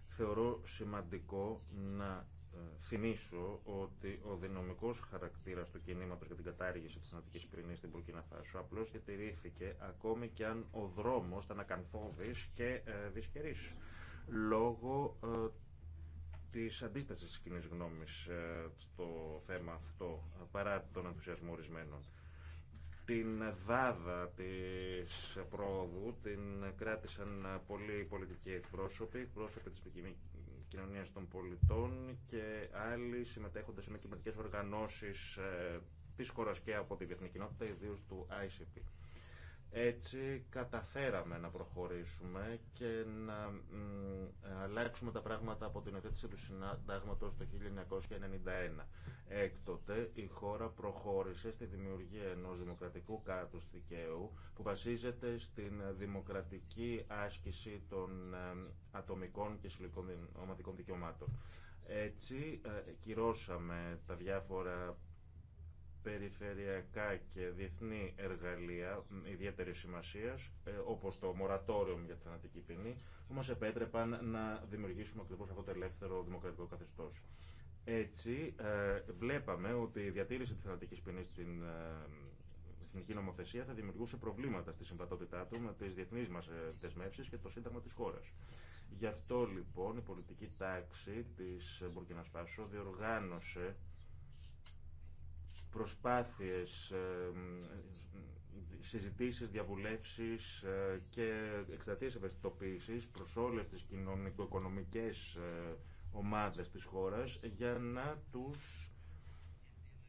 [SPEAKER 3] Θεωρώ σημαντικό να ε, θυμίσω ότι ο δυναμικό χαρακτήρα του κινήματο για την κατάργηση τη θανατική ποινή στην Πορκίνα Φάσο απλώ διατηρήθηκε ακόμη και αν ο δρόμο ήταν και ε, δυσχερή λόγω ε, της αντίστασης της κοινής γνώμης ε, στο θέμα αυτό, παρά τον ενθουσιασμό ορισμένων την δάδα της πρόοδου την κράτησαν πολλοί πολιτικοί εκπρόσωποι, εκπρόσωποι της κοινωνίας των πολιτών και άλλοι συμμετέχοντες σε μη οργανώσεις ε, της χώρας και από τη διεθνή κοινότητα, ιδίως του ICP. Έτσι καταφέραμε να προχωρήσουμε και να αλλάξουμε τα πράγματα από την οθέτηση του συντάγματος το 1991. Έκτοτε η χώρα προχώρησε στη δημιουργία ενός δημοκρατικού κράτους δικαίου που βασίζεται στην δημοκρατική άσκηση των ε, ατομικών και συλλογικών ομαδικών δικαιωμάτων. Έτσι ε, κυρώσαμε τα διάφορα περιφερειακά και διεθνή εργαλεία ιδιαίτερη σημασία, ε, όπω το μορατόριο για τη θανατική ποινή, που μα επέτρεπαν να δημιουργήσουμε ακριβώ αυτό το ελεύθερο δημοκρατικό καθεστώ. Έτσι, ε, βλέπαμε ότι η διατήρηση τη θανατική ποινή στην ε, εθνική νομοθεσία θα δημιουργούσε προβλήματα στη συμβατότητά του με τι διεθνεί μα δεσμεύσει και το σύνταγμα τη χώρα. Γι' αυτό λοιπόν η πολιτική τάξη τη Μπουρκινας Φάσο διοργάνωσε προσπάθειες, συζητήσεις, διαβουλεύσεις ε, και εκστατείες ευαισθητοποίησης προς όλες τις κοινωνικο-οικονομικές ε, ομάδες της χώρας για να τους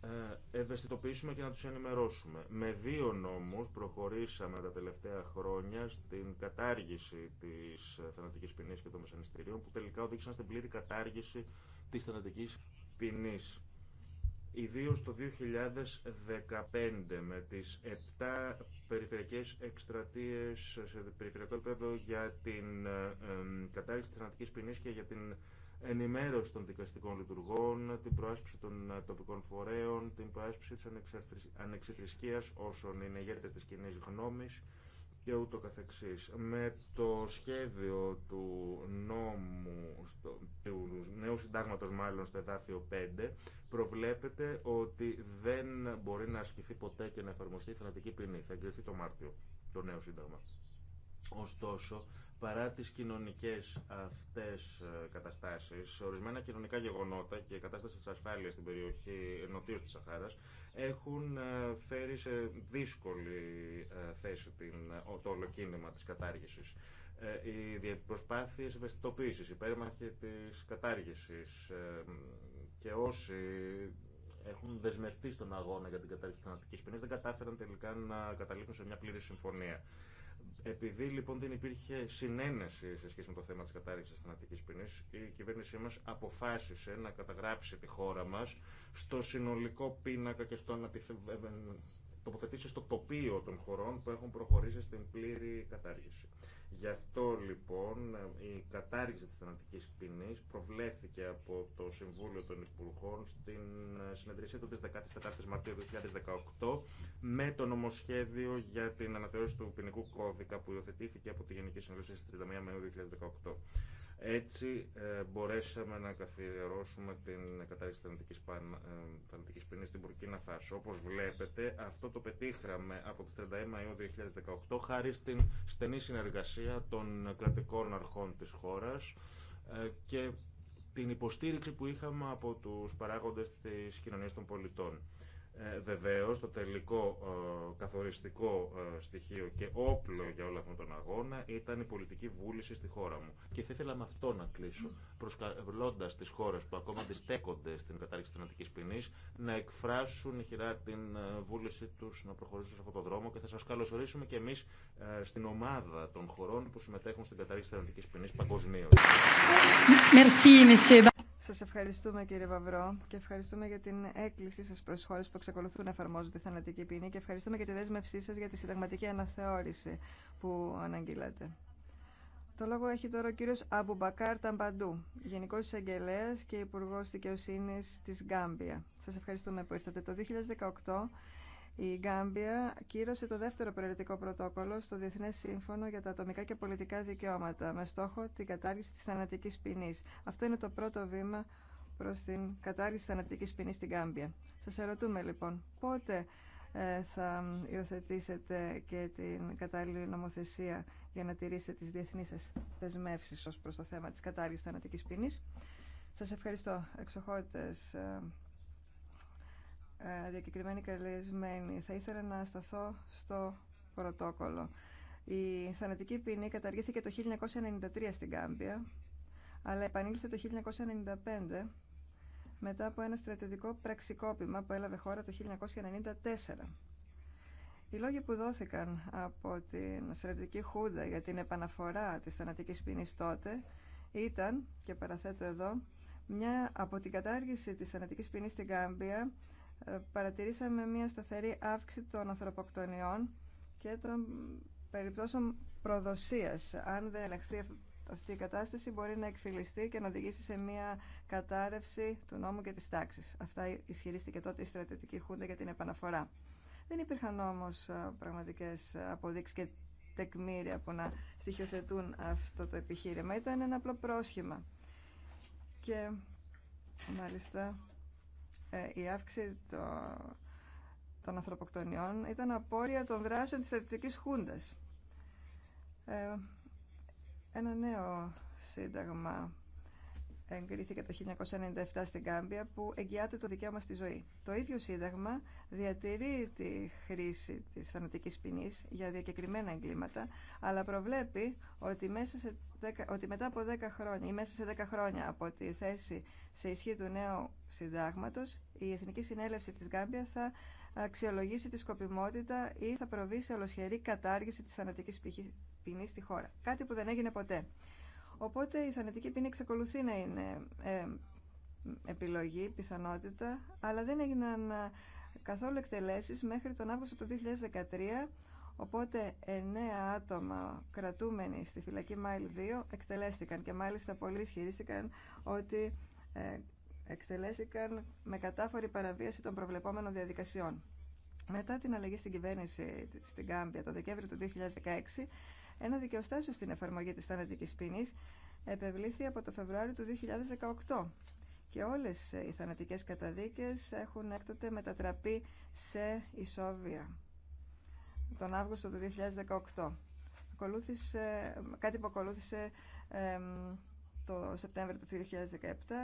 [SPEAKER 3] ε, ευαισθητοποιήσουμε και να τους ενημερώσουμε. Με δύο νόμους προχωρήσαμε τα τελευταία χρόνια στην κατάργηση της θανατικής ποινής και των μεσανιστήριων που τελικά οδήγησαν στην πλήρη κατάργηση της θανατικής ποινής ιδίως το 2015 με τις 7 περιφερειακές εκστρατείες σε περιφερειακό επίπεδο για την ε, ε, κατάληξη της θανατικής ποινής και για την ενημέρωση των δικαστικών λειτουργών, την προάσπιση των ε, τοπικών φορέων, την προάσπιση της ανεξιθρησκείας όσων είναι ηγέτες της κοινή γνώμης, και ούτω καθεξής. Με το σχέδιο του νόμου, του νέου συντάγματος μάλλον στο εδάφιο 5, προβλέπεται ότι δεν μπορεί να ασκηθεί ποτέ και να εφαρμοστεί η θανατική ποινή. Θα εγκριθεί το Μάρτιο το νέο σύνταγμα. Ωστόσο, παρά τις κοινωνικές αυτές ε, καταστάσεις, ορισμένα κοινωνικά γεγονότα και κατάσταση της ασφάλειας στην περιοχή νοτίως της Σαχάρας έχουν ε, φέρει σε δύσκολη ε, θέση την, ε, το ολοκίνημα της κατάργησης. Οι προσπάθειες ευαισθητοποίησης, πέρμαχοι της κατάργησης και όσοι έχουν δεσμευτεί στον αγώνα για την κατάργηση της θανατικής ποινής δεν κατάφεραν τελικά να καταλήξουν σε μια πλήρη συμφωνία. Επειδή λοιπόν δεν υπήρχε συνένεση σε σχέση με το θέμα τη κατάρριξη τη θανατική ποινή, η κυβέρνησή μα αποφάσισε να καταγράψει τη χώρα μα στο συνολικό πίνακα και στο να ε, ε, τοποθετήσει στο τοπίο των χωρών που έχουν προχωρήσει στην πλήρη κατάργηση. Γι' αυτό λοιπόν η κατάργηση της θανατικής ποινής προβλέφθηκε από το Συμβούλιο των Υπουργών στην συνεδρίασή του 14 Μαρτίου 2018 με το νομοσχέδιο για την αναθεώρηση του ποινικού κώδικα που υιοθετήθηκε από τη Γενική Συνέλευση στις 31 Μαΐου 2018. Έτσι ε, μπορέσαμε να καθιερώσουμε την κατάρριξη της θανατικής ε, ποινή στην πουρκινα Φάσο. Όπως βλέπετε αυτό το πετύχαμε από τις 31 Μαΐου 2018 χάρη στην στενή συνεργασία των κρατικών αρχών της χώρας ε, και την υποστήριξη που είχαμε από τους παράγοντες της κοινωνίας των πολιτών. Ε, Βεβαίω, το τελικό ε, καθοριστικό ε, στοιχείο και όπλο για όλο αυτόν τον αγώνα ήταν η πολιτική βούληση στη χώρα μου. Και θα ήθελα με αυτό να κλείσω, προσκαλώντα τι χώρε που ακόμα αντιστέκονται στην κατάρριξη τη θανατική ποινή να εκφράσουν χειρά την βούλησή του να προχωρήσουν σε αυτόν τον δρόμο και θα σα καλωσορίσουμε και εμεί στην ομάδα των χωρών που συμμετέχουν στην κατάρριξη τη θανατική ποινή παγκοσμίω.
[SPEAKER 2] Σας ευχαριστούμε κύριε Βαυρό και ευχαριστούμε για την έκκληση σας προς χώρες που εξακολουθούν να εφαρμόζουν τη θανατική ποινή και ευχαριστούμε και τη δέσμευσή σας για τη συνταγματική αναθεώρηση που αναγγείλατε. Το λόγο έχει τώρα ο κύριος Αμπουμπακάρ Ταμπαντού, Γενικός Εισαγγελέας και Υπουργός Δικαιοσύνης της Γκάμπια. Σας ευχαριστούμε που ήρθατε. Το 2018 η Γκάμπια κύρωσε το δεύτερο προαιρετικό πρωτόκολλο στο Διεθνές Σύμφωνο για τα Ατομικά και Πολιτικά Δικαιώματα με στόχο την κατάργηση της θανατικής ποινή. Αυτό είναι το πρώτο βήμα προς την κατάργηση της θανατικής ποινή στην Γκάμπια. Σας ερωτούμε λοιπόν πότε ε, θα υιοθετήσετε και την κατάλληλη νομοθεσία για να τηρήσετε τις διεθνείς σας δεσμεύσεις ως προς το θέμα της κατάργησης θανατικής ποινή. Σας ευχαριστώ, εξοχότητες ε, ε, διακεκριμένη καλεσμένη, Θα ήθελα να σταθώ στο πρωτόκολλο. Η θανατική ποινή καταργήθηκε το 1993 στην Κάμπια, αλλά επανήλθε το 1995 μετά από ένα στρατιωτικό πραξικόπημα που έλαβε χώρα το 1994. Οι λόγοι που δόθηκαν από την στρατιωτική χούντα για την επαναφορά της θανατικής ποινής τότε ήταν, και παραθέτω εδώ, μια από την κατάργηση της θανατικής ποινής στην Κάμπια ε, παρατηρήσαμε μια σταθερή αύξηση των ανθρωποκτονιών και των περιπτώσεων προδοσίας. Αν δεν ελεγχθεί αυτή η κατάσταση μπορεί να εκφυλιστεί και να οδηγήσει σε μια κατάρρευση του νόμου και της τάξης. Αυτά ισχυρίστηκε τότε η στρατιωτική χούντα για την επαναφορά. Δεν υπήρχαν όμως ε, πραγματικές αποδείξεις και τεκμήρια που να στοιχειοθετούν αυτό το επιχείρημα. Ήταν ένα απλό πρόσχημα. Και μάλιστα ε, η αύξηση των ανθρωποκτονιών ήταν απόρρια των δράσεων της στρατιωτικής χούντας. Ε, ένα νέο σύνταγμα εγκρίθηκε το 1997 στην Κάμπια που εγγυάται το δικαίωμα στη ζωή. Το ίδιο Σύνταγμα διατηρεί τη χρήση της θανατικής ποινή για διακεκριμένα εγκλήματα, αλλά προβλέπει ότι, μέσα σε 10, ότι μετά από 10 χρόνια ή μέσα σε 10 χρόνια από τη θέση σε ισχύ του νέου συντάγματος, η Εθνική Συνέλευση της Γκάμπια θα αξιολογήσει τη σκοπιμότητα ή θα προβεί σε ολοσχερή κατάργηση της θανατικής ποινής στη χώρα. Κάτι που δεν έγινε ποτέ. Οπότε η θανατική ποινή εξακολουθεί να είναι ε, επιλογή, πιθανότητα, αλλά δεν έγιναν ε, καθόλου εκτελέσεις μέχρι τον Αύγουστο του 2013, οπότε εννέα άτομα κρατούμενοι στη φυλακή Μάιλ 2 εκτελέστηκαν και μάλιστα πολλοί ισχυρίστηκαν ότι ε, εκτελέστηκαν με κατάφορη παραβίαση των προβλεπόμενων διαδικασιών. Μετά την αλλαγή στην κυβέρνηση στην Κάμπια το Δεκέμβριο του 2016, ένα δικαιοστάσιο στην εφαρμογή της θανατικής ποινής επευλήθη από το Φεβρουάριο του 2018 και όλες οι θανατικές καταδίκες έχουν έκτοτε μετατραπεί σε ισόβια τον Αύγουστο του 2018. Ακολούθησε, ε, κάτι που ακολούθησε ε, το Σεπτέμβριο του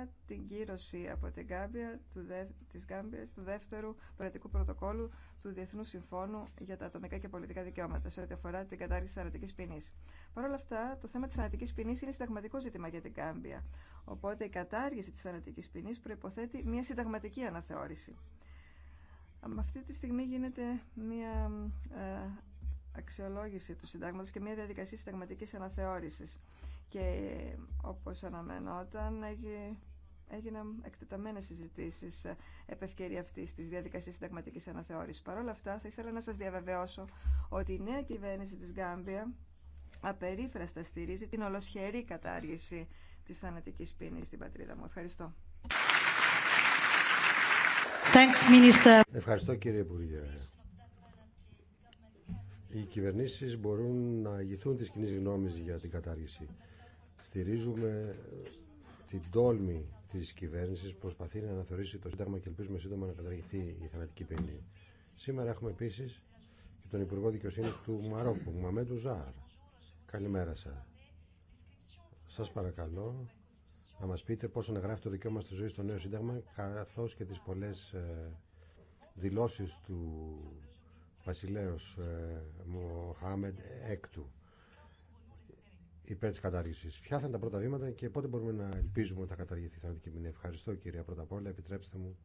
[SPEAKER 2] 2017 την κύρωση από την Γκάμπια του δε, της Γκάμπιας του δεύτερου Πρακτικού πρωτοκόλου του Διεθνού Συμφώνου για τα ατομικά και πολιτικά δικαιώματα σε ό,τι αφορά την κατάργηση θανατικής ποινή. Παρ' όλα αυτά, το θέμα της θανατικής ποινή είναι συνταγματικό ζήτημα για την Γκάμπια. Οπότε η κατάργηση της θανατικής ποινή προϋποθέτει μια συνταγματική αναθεώρηση. Αυτή τη στιγμή γίνεται μια ε, αξιολόγηση του συντάγματος και μια διαδικασία συνταγματικής αναθεώρησης και όπως αναμενόταν έγιναν εκτεταμένες συζητήσει επ' ευκαιρία αυτής της διαδικασίας συνταγματικής αναθεώρησης. Παρ' όλα αυτά θα ήθελα να σας διαβεβαιώσω ότι η νέα κυβέρνηση της Γκάμπια απερίφραστα στηρίζει την ολοσχερή κατάργηση της θανατική ποινή στην πατρίδα μου. Ευχαριστώ.
[SPEAKER 1] Thanks,
[SPEAKER 4] Ευχαριστώ κύριε Υπουργέ. Οι κυβερνήσει μπορούν να ηγηθούν τη κοινή γνώμη για την κατάργηση Στηρίζουμε ε, την τόλμη τη κυβέρνηση προσπαθεί να αναθεωρήσει το Σύνταγμα και ελπίζουμε σύντομα να καταργηθεί η θανατική ποινή. Σήμερα έχουμε επίση και τον Υπουργό Δικαιοσύνη του Μαρόκου, Μαμέντου Ζάρ. Καλημέρα σα. Σα παρακαλώ να μα πείτε πώ αναγράφει το δικαίωμα στη ζωή στο νέο Σύνταγμα, καθώ και τι πολλέ ε, δηλώσει του βασιλέως ε, Μοχάμεντ Έκτου υπέρ τη κατάργηση. Ποια θα είναι τα πρώτα βήματα και πότε μπορούμε να ελπίζουμε ότι θα καταργηθεί η θανατική ποινή. Ευχαριστώ κυρία πρώτα Επιτρέψτε μου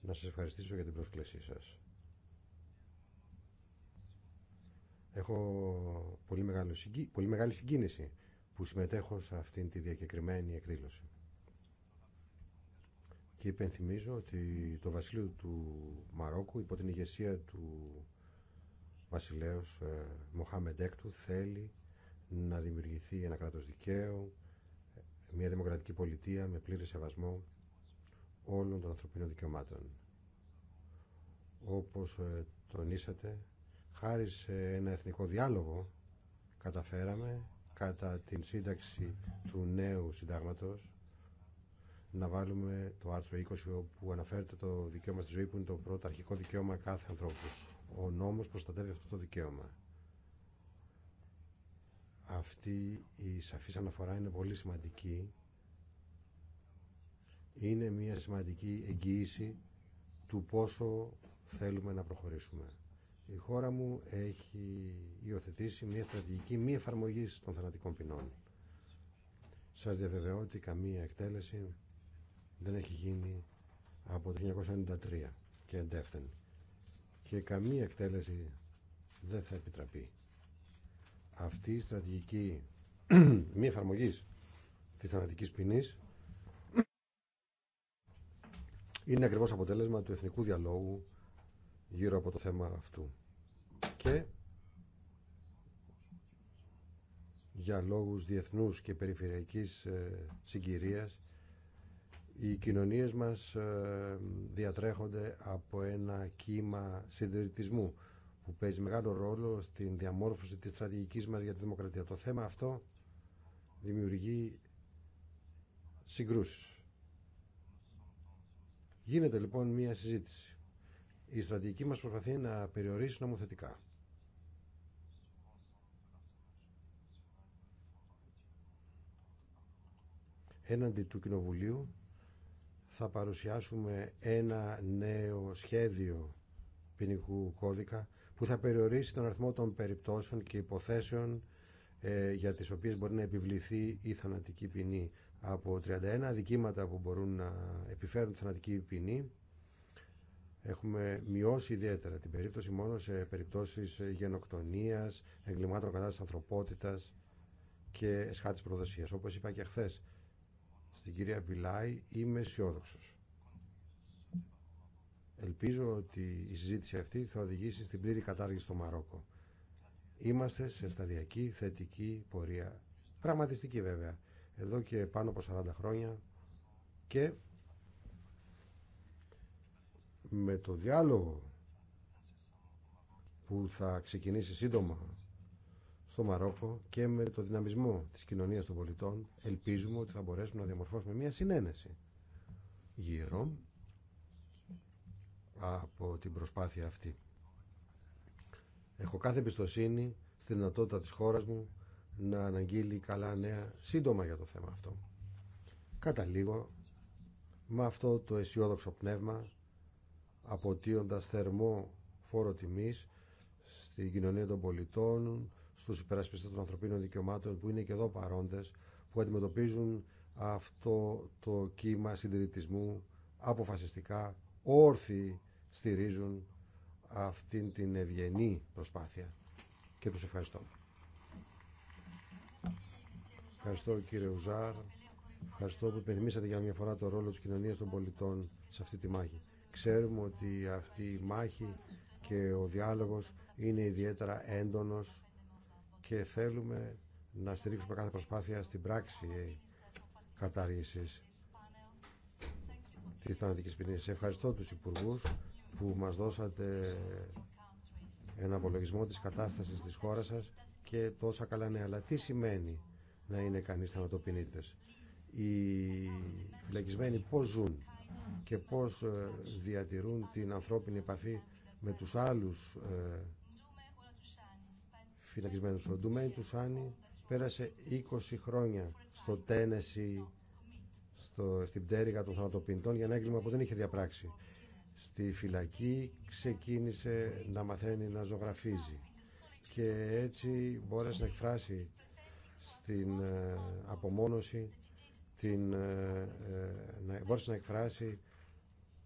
[SPEAKER 4] να σας ευχαριστήσω για την πρόσκλησή σας. Έχω πολύ, μεγάλο, πολύ μεγάλη συγκίνηση που συμμετέχω σε αυτήν τη διακεκριμένη εκδήλωση. Και υπενθυμίζω ότι το βασίλειο του Μαρόκου υπό την ηγεσία του βασιλέως ε, Μοχάμεντ Έκτου θέλει να δημιουργηθεί ένα κράτος δικαίου, μια δημοκρατική πολιτεία με πλήρη σεβασμό όλων των ανθρωπίνων δικαιωμάτων. Όπως ε, τονίσατε, χάρη σε ένα εθνικό διάλογο καταφέραμε κατά την σύνταξη του νέου συντάγματος να βάλουμε το άρθρο 20 που αναφέρεται το δικαίωμα στη ζωή που είναι το πρώτο αρχικό δικαίωμα κάθε ανθρώπου. Ο νόμος προστατεύει αυτό το δικαίωμα αυτή η σαφής αναφορά είναι πολύ σημαντική. Είναι μια σημαντική εγγύηση του πόσο θέλουμε να προχωρήσουμε. Η χώρα μου έχει υιοθετήσει μια στρατηγική μη εφαρμογή των θανατικών ποινών. Σας διαβεβαιώ ότι καμία εκτέλεση δεν έχει γίνει από το 1993 και εντεύθεν. Και καμία εκτέλεση δεν θα επιτραπεί αυτή η στρατηγική (clears throat) μη εφαρμογή της θανατική ποινή είναι ακριβώ αποτέλεσμα του εθνικού διαλόγου γύρω από το θέμα αυτού. Και για λόγους διεθνούς και περιφερειακής ε, συγκυρίας οι κοινωνίες μας ε, διατρέχονται από ένα κύμα συντηρητισμού που παίζει μεγάλο ρόλο στην διαμόρφωση της στρατηγικής μας για τη δημοκρατία. Το θέμα αυτό δημιουργεί συγκρούσεις. Γίνεται λοιπόν μία συζήτηση. Η στρατηγική μας προσπαθεί να περιορίσει νομοθετικά. Έναντι του Κοινοβουλίου θα παρουσιάσουμε ένα νέο σχέδιο ποινικού κώδικα που θα περιορίσει τον αριθμό των περιπτώσεων και υποθέσεων ε, για τις οποίες μπορεί να επιβληθεί η θανατική ποινή. Από 31 αδικήματα που μπορούν να επιφέρουν τη θανατική ποινή, έχουμε μειώσει ιδιαίτερα την περίπτωση μόνο σε περιπτώσεις ε, γενοκτονίας, εγκλημάτων κατά της ανθρωπότητας και εσχάτης προδοσίας. Όπως είπα και χθε στην κυρία Πιλάη, είμαι αισιόδοξο. Ελπίζω ότι η συζήτηση αυτή θα οδηγήσει στην πλήρη κατάργηση στο Μαρόκο. Είμαστε σε σταδιακή θετική πορεία. Πραγματιστική βέβαια. Εδώ και πάνω από 40 χρόνια και με το διάλογο που θα ξεκινήσει σύντομα στο Μαρόκο και με το δυναμισμό της κοινωνίας των πολιτών ελπίζουμε ότι θα μπορέσουμε να διαμορφώσουμε μια συνένεση γύρω από την προσπάθεια αυτή. Έχω κάθε εμπιστοσύνη στη δυνατότητα της χώρας μου να αναγγείλει καλά νέα σύντομα για το θέμα αυτό. Καταλήγω με αυτό το αισιόδοξο πνεύμα αποτείοντας θερμό φόρο τιμής στην κοινωνία των πολιτών, στους υπερασπιστές των ανθρωπίνων δικαιωμάτων που είναι και εδώ παρόντες, που αντιμετωπίζουν αυτό το κύμα συντηρητισμού αποφασιστικά, όρθιοι στηρίζουν αυτήν την ευγενή προσπάθεια και τους ευχαριστώ. Ευχαριστώ κύριε Ουζάρ, ευχαριστώ που υπενθυμίσατε για μια φορά το ρόλο της κοινωνίας των πολιτών σε αυτή τη μάχη. Ξέρουμε ότι αυτή η μάχη και ο διάλογος είναι ιδιαίτερα έντονος και θέλουμε να στηρίξουμε κάθε προσπάθεια στην πράξη κατάργησης της θανατικής ποινής. Ευχαριστώ τους Υπουργούς που μας δώσατε ένα απολογισμό της κατάστασης της χώρας σας και τόσα καλά νέα. Αλλά τι σημαίνει να είναι κανείς θανατοπινίτες. Οι φυλακισμένοι πώς ζουν και πώς ε, διατηρούν την ανθρώπινη επαφή με τους άλλους ε, φυλακισμένους. Ο Ντουμέι Τουσάνι πέρασε 20 χρόνια στο Τένεση, στο, στην πτέρυγα των θανατοποιητών για ένα έγκλημα που δεν είχε διαπράξει στη φυλακή ξεκίνησε να μαθαίνει να ζωγραφίζει και έτσι μπόρεσε να εκφράσει στην ε, απομόνωση την, ε, ε, να, να εκφράσει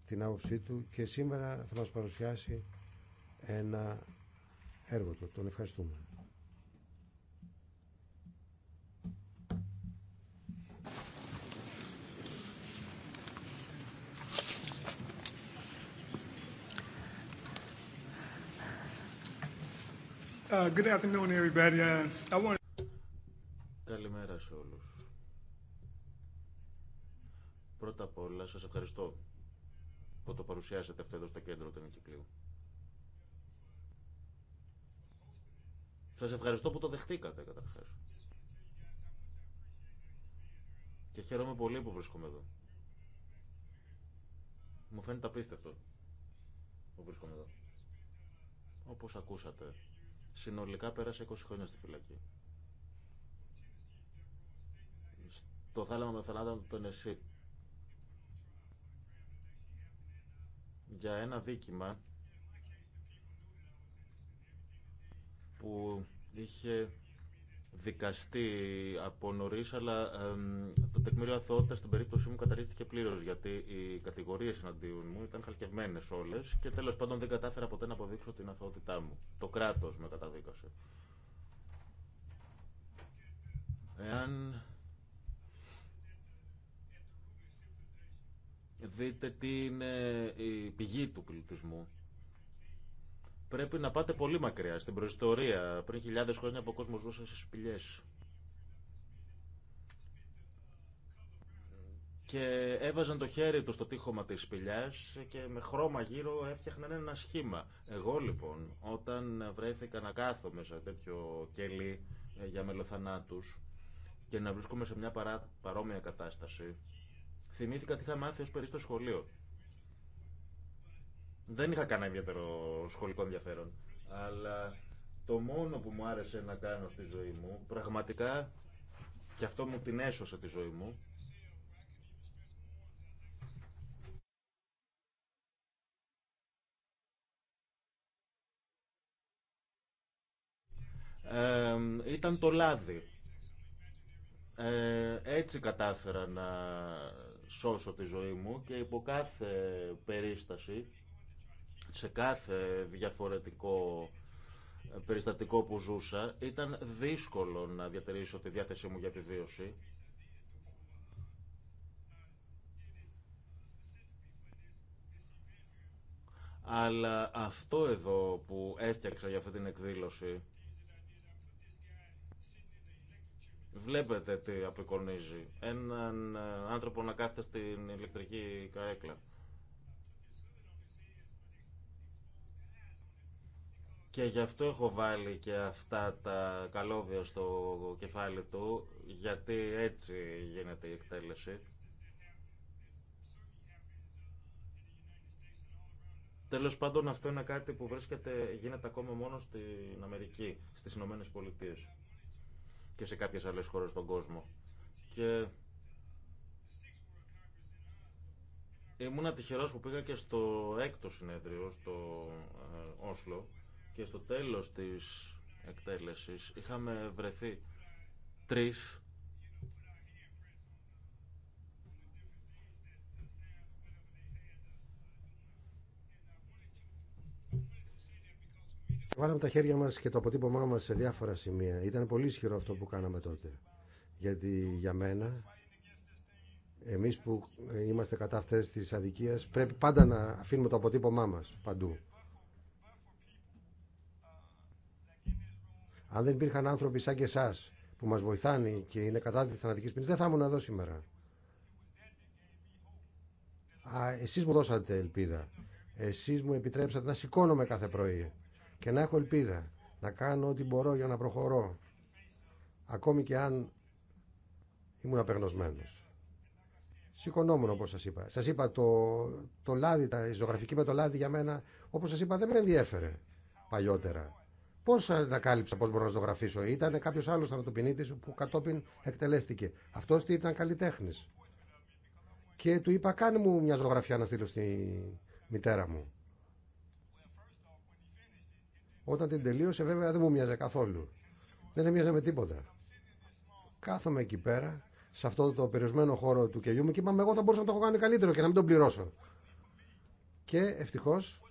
[SPEAKER 4] την άποψή του και σήμερα θα μας παρουσιάσει ένα έργο του. Τον ευχαριστούμε.
[SPEAKER 3] Uh, uh, Καλημέρα σε όλους. Πρώτα απ' όλα σας ευχαριστώ που το παρουσιάσατε αυτό εδώ στο κέντρο του Εμικυκλίου. Σας ευχαριστώ που το δεχτήκατε καταρχάς. Και χαίρομαι πολύ που βρίσκομαι εδώ. Μου φαίνεται απίστευτο που βρίσκομαι εδώ. Όπως ακούσατε, Συνολικά πέρασε 20 χρόνια στη φυλακή. Στο θάλαμα με θανάτων του Τενεσί. Για ένα δίκημα που είχε δικαστή από νωρί, αλλά το τεκμήριο αθωότητα στην περίπτωσή μου καταρρίφθηκε πλήρω, γιατί οι κατηγορίε εναντίον μου ήταν χαλκευμένε όλε και τέλο πάντων δεν κατάφερα ποτέ να αποδείξω την αθωότητά μου. Το κράτο με καταδίκασε. Εάν δείτε τι είναι η πηγή του πολιτισμού, Πρέπει να πάτε πολύ μακριά, στην προϊστορία, πριν χιλιάδες χρόνια από κόσμο ζούσαν στις σπηλιές. και έβαζαν το χέρι του στο τείχομα της σπηλιάς και με χρώμα γύρω έφτιαχναν ένα σχήμα. Εγώ λοιπόν, όταν βρέθηκα να κάθομαι σε τέτοιο κελί ε, για μελοθανάτους και να βρίσκομαι σε μια παρόμοια κατάσταση, θυμήθηκα τι είχα μάθει ως σχολείο. Δεν είχα κανένα ιδιαίτερο σχολικό ενδιαφέρον. Αλλά το μόνο που μου άρεσε να κάνω στη ζωή μου, πραγματικά, και αυτό μου την έσωσε τη ζωή μου, ήταν το λάδι. Ε, έτσι κατάφερα να σώσω τη ζωή μου και υπό κάθε περίσταση σε κάθε διαφορετικό ε, περιστατικό που ζούσα, ήταν δύσκολο να διατηρήσω τη διάθεσή μου για επιβίωση. Αλλά αυτό εδώ που έφτιαξα για αυτή την εκδήλωση, βλέπετε τι απεικονίζει. Έναν ε, άνθρωπο να κάθεται στην ηλεκτρική καρέκλα. Και γι' αυτό έχω βάλει και αυτά τα καλώδια στο κεφάλι του, γιατί έτσι γίνεται η εκτέλεση. Τέλος πάντων αυτό είναι κάτι που βρίσκεται, γίνεται ακόμα μόνο στην Αμερική, στις Ηνωμένες Πολιτείες και σε κάποιες άλλες χώρες στον κόσμο. Και ήμουν τυχερός που πήγα και στο έκτο συνέδριο, στο Όσλο, ε, και στο τέλος της εκτέλεσης είχαμε βρεθεί τρεις
[SPEAKER 4] Βάλαμε τα χέρια μας και το αποτύπωμά μας σε διάφορα σημεία. Ήταν πολύ ισχυρό αυτό που κάναμε τότε. Γιατί για μένα, εμείς που είμαστε κατά αυτές της αδικίας, πρέπει πάντα να αφήνουμε το αποτύπωμά μας παντού. Αν δεν υπήρχαν άνθρωποι σαν και εσά που μα βοηθάνε και είναι κατά τη θανατική ποινή, δεν θα ήμουν εδώ σήμερα. Α, εσείς μου δώσατε ελπίδα. Εσείς μου επιτρέψατε να σηκώνομαι κάθε πρωί και να έχω ελπίδα. Να κάνω ό,τι μπορώ για να προχωρώ. Ακόμη και αν ήμουν απεγνωσμένος. Σηκωνόμουν όπως σας είπα. Σας είπα το, το λάδι, τα, η ζωγραφική με το λάδι για μένα, όπως σας είπα δεν με ενδιέφερε παλιότερα. Πώ τα κάλυψα, πώ μπορώ να ζωγραφίσω. Ήταν κάποιο άλλο θανατοποιητή που κατόπιν εκτελέστηκε. Αυτό τι ήταν καλλιτέχνη. Και του είπα, κάνε μου μια ζωγραφιά να στείλω στη μητέρα μου. Όταν την τελείωσε, βέβαια δεν μου μοιάζε καθόλου. Δεν έμοιαζε με τίποτα. Κάθομαι εκεί πέρα, σε αυτό το περιορισμένο χώρο του κελιού μου και είπαμε, εγώ θα μπορούσα να το έχω κάνει καλύτερο και να μην τον πληρώσω. Και ευτυχώς...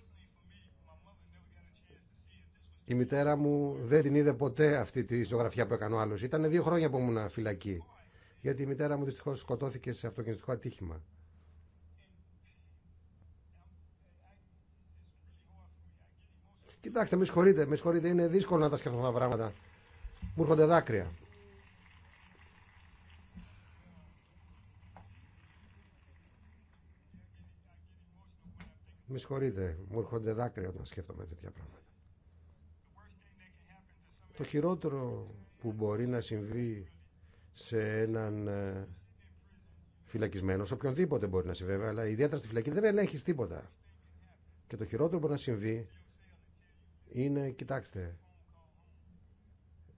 [SPEAKER 4] Η μητέρα μου δεν την είδε ποτέ αυτή τη ζωγραφιά που έκανε ο άλλο. Ήταν δύο χρόνια που ήμουν φυλακή. Γιατί η μητέρα μου δυστυχώ σκοτώθηκε σε αυτοκινητικό ατύχημα. Κοιτάξτε, με συγχωρείτε, με συγχωρείτε, είναι δύσκολο να τα σκεφτώ τα πράγματα. Μου έρχονται δάκρυα. Με συγχωρείτε, μου έρχονται δάκρυα όταν σκέφτομαι τέτοια πράγματα. Το χειρότερο που μπορεί να συμβεί σε έναν ε, φυλακισμένο, σε οποιονδήποτε μπορεί να συμβεί, αλλά ιδιαίτερα στη φυλακή δεν ελέγχει τίποτα. Και το χειρότερο που μπορεί να συμβεί είναι, κοιτάξτε,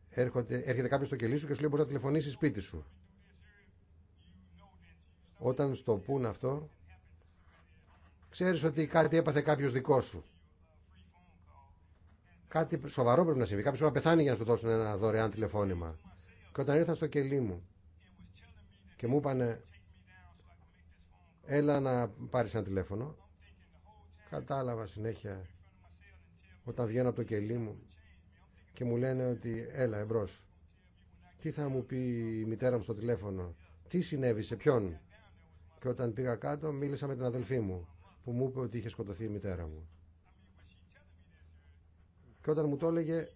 [SPEAKER 4] έρχεται, έρχεται κάποιο στο κελί σου και σου λέει μπορεί να τηλεφωνήσει σπίτι σου. Όταν στο πούν αυτό, ξέρει ότι κάτι έπαθε κάποιο δικό σου. Κάτι σοβαρό πρέπει να συμβεί. Κάποιο πρέπει να πεθάνει για να σου δώσουν ένα δωρεάν τηλεφώνημα. Και όταν ήρθα στο κελί μου και μου είπανε έλα να πάρεις ένα τηλέφωνο κατάλαβα συνέχεια όταν βγαίνω από το κελί μου και μου λένε ότι έλα εμπρό, τι θα μου πει η μητέρα μου στο τηλέφωνο τι συνέβη σε ποιον και όταν πήγα κάτω μίλησα με την αδελφή μου που μου είπε ότι είχε σκοτωθεί η μητέρα μου και όταν μου το έλεγε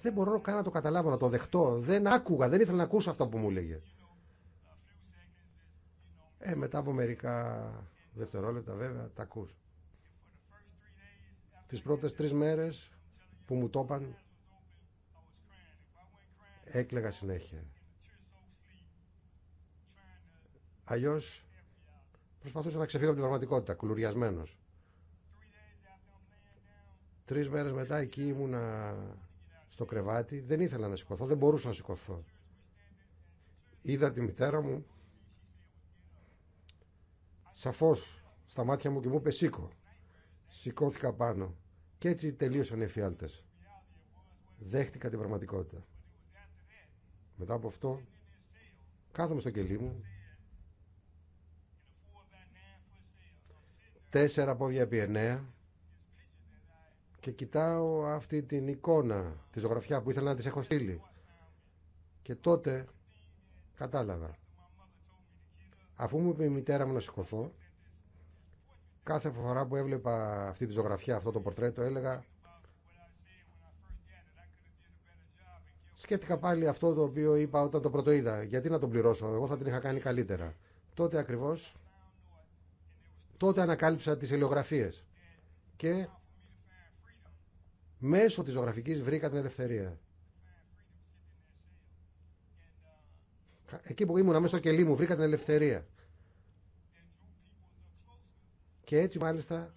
[SPEAKER 4] δεν μπορώ καν να το καταλάβω, να το δεχτώ. Δεν άκουγα, δεν ήθελα να ακούσω αυτό που μου έλεγε. Ε, μετά από μερικά δευτερόλεπτα βέβαια τα ακούς. Τις πρώτες τρεις μέρες που μου το είπαν έκλαιγα συνέχεια. Αλλιώς προσπαθούσα να ξεφύγω από την πραγματικότητα, κουλουριασμένος. Τρει μέρες μετά εκεί ήμουνα στο κρεβάτι, δεν ήθελα να σηκωθώ, δεν μπορούσα να σηκωθώ. Είδα τη μητέρα μου, σαφώς στα μάτια μου και μου είπε σήκω. Σηκώθηκα πάνω και έτσι τελείωσαν οι εφιάλτε. Δέχτηκα την πραγματικότητα. Μετά από αυτό κάθομαι στο κελί μου, τέσσερα πόδια επί εννέα, και κοιτάω αυτή την εικόνα, τη ζωγραφιά που ήθελα να της έχω στείλει. Και τότε κατάλαβα. Αφού μου είπε η μητέρα μου να σηκωθώ, κάθε φορά που έβλεπα αυτή τη ζωγραφιά, αυτό το πορτρέτο, έλεγα Σκέφτηκα πάλι αυτό το οποίο είπα όταν το πρώτο είδα. Γιατί να τον πληρώσω, εγώ θα την είχα κάνει καλύτερα. Τότε ακριβώς, τότε ανακάλυψα τις ελαιογραφίες. Και Μέσω της ζωγραφικής βρήκα την ελευθερία. Εκεί που ήμουν μέσα στο κελί μου βρήκα την ελευθερία. Και έτσι μάλιστα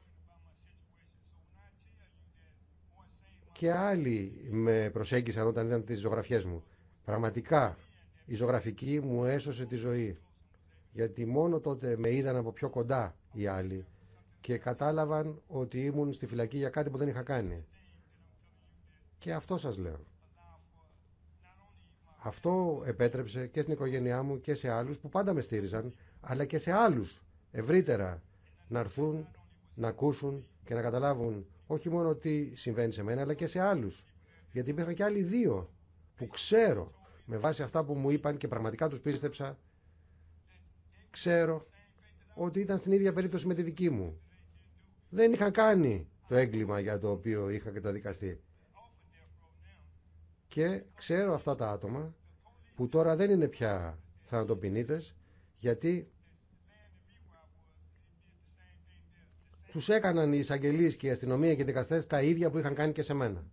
[SPEAKER 4] και άλλοι με προσέγγισαν όταν ήταν τις ζωγραφιές μου. Πραγματικά η ζωγραφική μου έσωσε τη ζωή. Γιατί μόνο τότε με είδαν από πιο κοντά οι άλλοι και κατάλαβαν ότι ήμουν στη φυλακή για κάτι που δεν είχα κάνει. Και αυτό σας λέω. Αυτό επέτρεψε και στην οικογένειά μου και σε άλλους που πάντα με στήριζαν, αλλά και σε άλλους ευρύτερα να έρθουν, να ακούσουν και να καταλάβουν όχι μόνο τι συμβαίνει σε μένα, αλλά και σε άλλους. Γιατί υπήρχαν και άλλοι δύο που ξέρω με βάση αυτά που μου είπαν και πραγματικά τους πίστεψα, ξέρω ότι ήταν στην ίδια περίπτωση με τη δική μου. Δεν είχαν κάνει το έγκλημα για το οποίο είχα καταδικαστεί. Και ξέρω αυτά τα άτομα που τώρα δεν είναι πια θανατοποινήτες γιατί τους έκαναν οι εισαγγελίες και η αστυνομία και οι δικαστές τα ίδια που είχαν κάνει και σε μένα.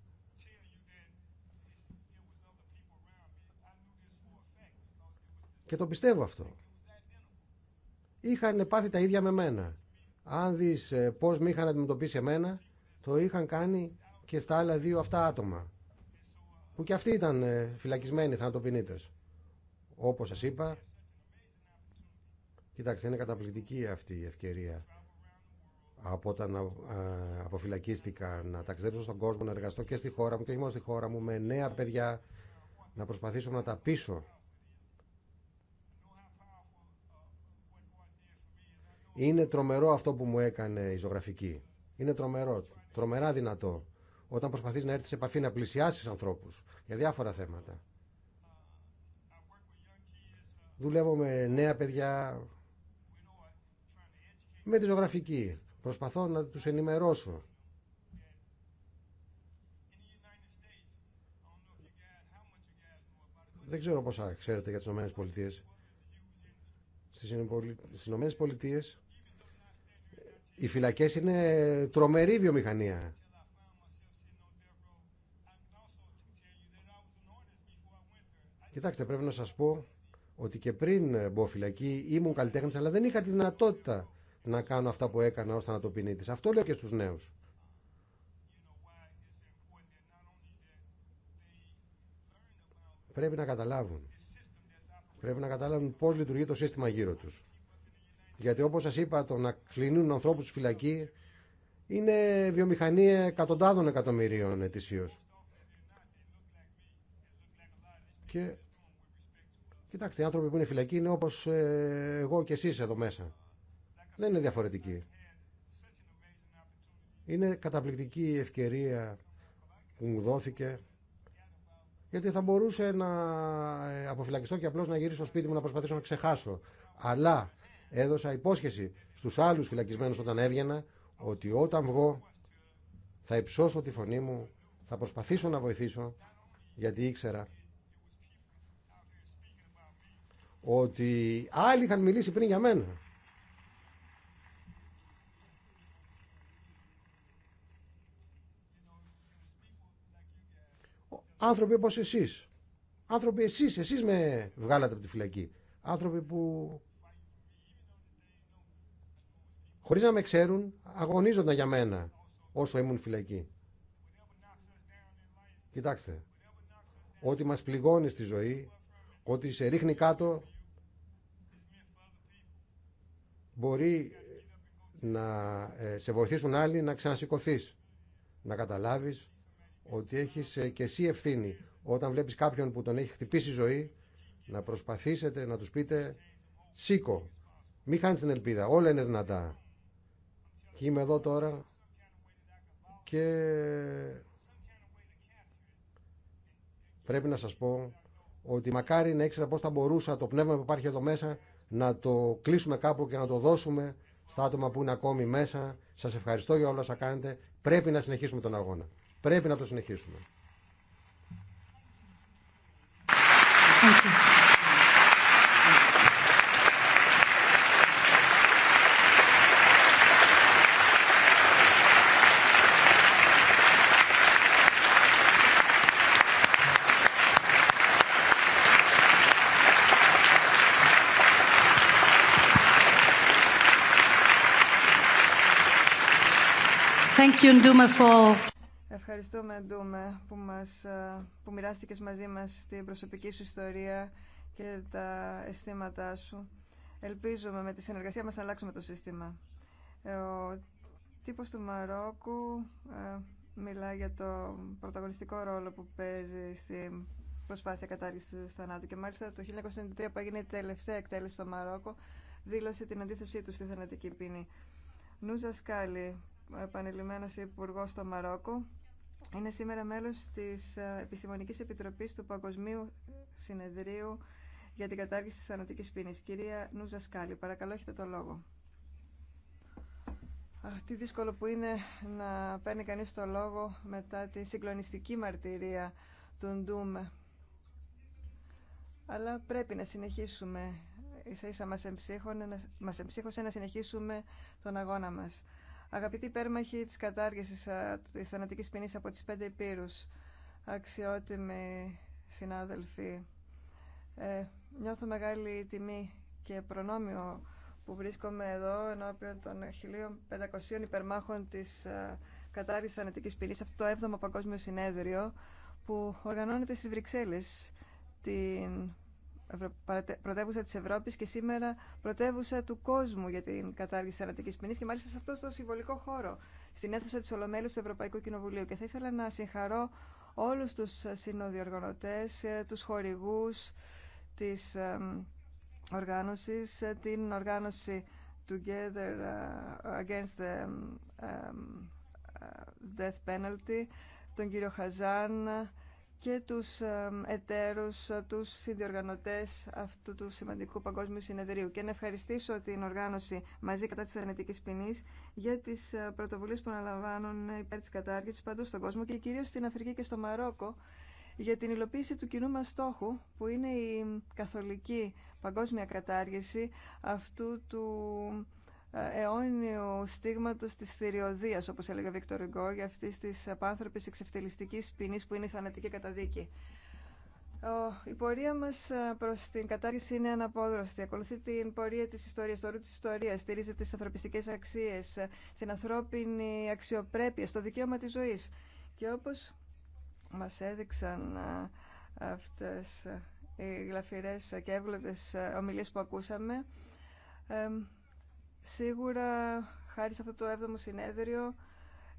[SPEAKER 4] Και το πιστεύω αυτό. Είχαν πάθει τα ίδια με μένα. Αν δεις ε, πώς με είχαν αντιμετωπίσει εμένα, το είχαν κάνει και στα άλλα δύο αυτά άτομα που και αυτοί ήταν ε, φυλακισμένοι θανατοποινήτες. Όπως σας είπα, κοιτάξτε, είναι καταπληκτική αυτή η ευκαιρία από όταν ε, αποφυλακίστηκα να ταξιδέψω στον κόσμο, να εργαστώ και στη χώρα μου και όχι μόνο στη χώρα μου με νέα παιδιά, να προσπαθήσω να τα πείσω. Είναι τρομερό αυτό που μου έκανε η ζωγραφική. Είναι τρομερό, τρομερά δυνατό όταν προσπαθείς να έρθεις σε επαφή να πλησιάσεις ανθρώπους για διάφορα θέματα. Δουλεύω με νέα παιδιά, με τη ζωγραφική. Προσπαθώ να τους ενημερώσω. Δεν ξέρω πόσα ξέρετε για τις Ηνωμένες Πολιτείες. Στις Ηνωμένες Πολιτείες οι φυλακές είναι τρομερή βιομηχανία. Κοιτάξτε, πρέπει να σας πω ότι και πριν μπω φυλακή ήμουν καλλιτέχνη, αλλά δεν είχα τη δυνατότητα να κάνω αυτά που έκανα ω θανατοπινίτης. Αυτό λέω και στους νέους. Πρέπει να καταλάβουν. Πρέπει να καταλάβουν πώς λειτουργεί το σύστημα γύρω τους. Γιατί όπω σας είπα, το να κλείνουν ανθρώπου στη φυλακή είναι βιομηχανία εκατοντάδων εκατομμυρίων ετησίω. Και κοιτάξτε, οι άνθρωποι που είναι φυλακοί είναι όπως ε, εγώ και εσείς εδώ μέσα. Δεν είναι διαφορετικοί. Είναι καταπληκτική η ευκαιρία που μου δόθηκε γιατί θα μπορούσε να ε, αποφυλακιστώ και απλώς να γυρίσω στο σπίτι μου να προσπαθήσω να ξεχάσω. Αλλά έδωσα υπόσχεση στους άλλους φυλακισμένους όταν έβγαινα ότι όταν βγω θα υψώσω τη φωνή μου, θα προσπαθήσω να βοηθήσω γιατί ήξερα ότι άλλοι είχαν μιλήσει πριν για μένα. Άνθρωποι όπως εσείς. Άνθρωποι εσείς, εσείς με βγάλατε από τη φυλακή. Άνθρωποι που χωρίς να με ξέρουν αγωνίζονταν για μένα όσο ήμουν φυλακή. Κοιτάξτε, ό,τι μας πληγώνει στη ζωή ότι σε ρίχνει κάτω μπορεί να ε, σε βοηθήσουν άλλοι να ξανασηκωθείς να καταλάβεις ότι έχεις ε, και εσύ ευθύνη όταν βλέπεις κάποιον που τον έχει χτυπήσει η ζωή να προσπαθήσετε να τους πείτε σήκω μην χάνεις την ελπίδα όλα είναι δυνατά είμαι εδώ τώρα και πρέπει να σας πω ότι μακάρι να ήξερα πώς θα μπορούσα το πνεύμα που υπάρχει εδώ μέσα να το κλείσουμε κάπου και να το δώσουμε στα άτομα που είναι ακόμη μέσα. Σας ευχαριστώ για όλα όσα κάνετε. Πρέπει να συνεχίσουμε τον αγώνα. Πρέπει να το συνεχίσουμε.
[SPEAKER 1] you,
[SPEAKER 2] Ευχαριστούμε, Ντούμε, που, μας, ε, που μοιράστηκες μαζί μας την προσωπική σου ιστορία και τα αισθήματά σου. Ελπίζουμε με τη συνεργασία μας να αλλάξουμε το σύστημα. Ε, ο τύπος του Μαρόκου ε, μιλά για το πρωταγωνιστικό ρόλο που παίζει στην προσπάθεια κατάργησης του θανάτου και μάλιστα το 1993 που έγινε η τελευταία εκτέλεση στο Μαρόκο δήλωσε την αντίθεσή του στη θανατική ποινή. Νούζα Σκάλι, επανειλημμένος υπουργό στο Μαρόκο, είναι σήμερα μέλος της ε, Επιστημονικής Επιτροπής του Παγκοσμίου Συνεδρίου για την κατάργηση της θανατικής ποινής. Κυρία Νούζα Σκάλι, παρακαλώ έχετε το λόγο. Τι δύσκολο που είναι να παίρνει κανείς το λόγο μετά τη συγκλονιστική μαρτυρία του Ντούμ. Αλλά πρέπει να συνεχίσουμε, ίσα ίσα μας εμψύχωσε να συνεχίσουμε τον αγώνα μας. Αγαπητοί υπέρμαχοι της κατάργησης της θανατικής Ποινή από τις πέντε υπήρους, αξιότιμοι συνάδελφοι, ε, νιώθω μεγάλη τιμή και προνόμιο που βρίσκομαι εδώ ενώπιον των 1500 υπερμάχων της κατάργησης θανατικής ποινής, αυτό το 7ο Παγκόσμιο Συνέδριο που οργανώνεται στις Βρυξέλλες την πρωτεύουσα της Ευρώπης και σήμερα πρωτεύουσα του κόσμου για την κατάργηση θανατικής ποινής και μάλιστα σε αυτό το συμβολικό χώρο, στην αίθουσα της Ολομέλους του Ευρωπαϊκού Κοινοβουλίου. Και θα ήθελα να συγχαρώ όλους τους συνοδιοργανωτές, τους χορηγούς της οργάνωσης, την οργάνωση Together ε, Against the ε, Death Penalty, τον κύριο Χαζάν, και τους εταίρους, ε, τους συνδιοργανωτές αυτού του σημαντικού παγκόσμιου συνεδρίου και να ευχαριστήσω την οργάνωση μαζί κατά της θανατικής ποινή για τις ε, πρωτοβουλίες που αναλαμβάνουν υπέρ της κατάργησης παντού στον κόσμο και κυρίως στην Αφρική και στο Μαρόκο για την υλοποίηση του κοινού μας στόχου που είναι η καθολική παγκόσμια κατάργηση αυτού του ε, αιώνιου στίγματο της θηριωδία, όπω έλεγε ο Βίκτορ Γκό, για αυτή τη απάνθρωπης εξευτελιστική ποινή που είναι η θανατική καταδίκη. Η πορεία μα ε, προ την κατάργηση είναι αναπόδραστη. Ακολουθεί την πορεία τη ιστορία, το ρου της ιστορίας, στηρίζεται στι ανθρωπιστικέ αξίες, ε, στην ανθρώπινη αξιοπρέπεια, στο δικαίωμα τη ζωή. Και όπω μα έδειξαν αυτέ οι γλαφυρέ και εύγλωτε ομιλίε που ακούσαμε, Σίγουρα, χάρη σε αυτό το 7ο συνέδριο,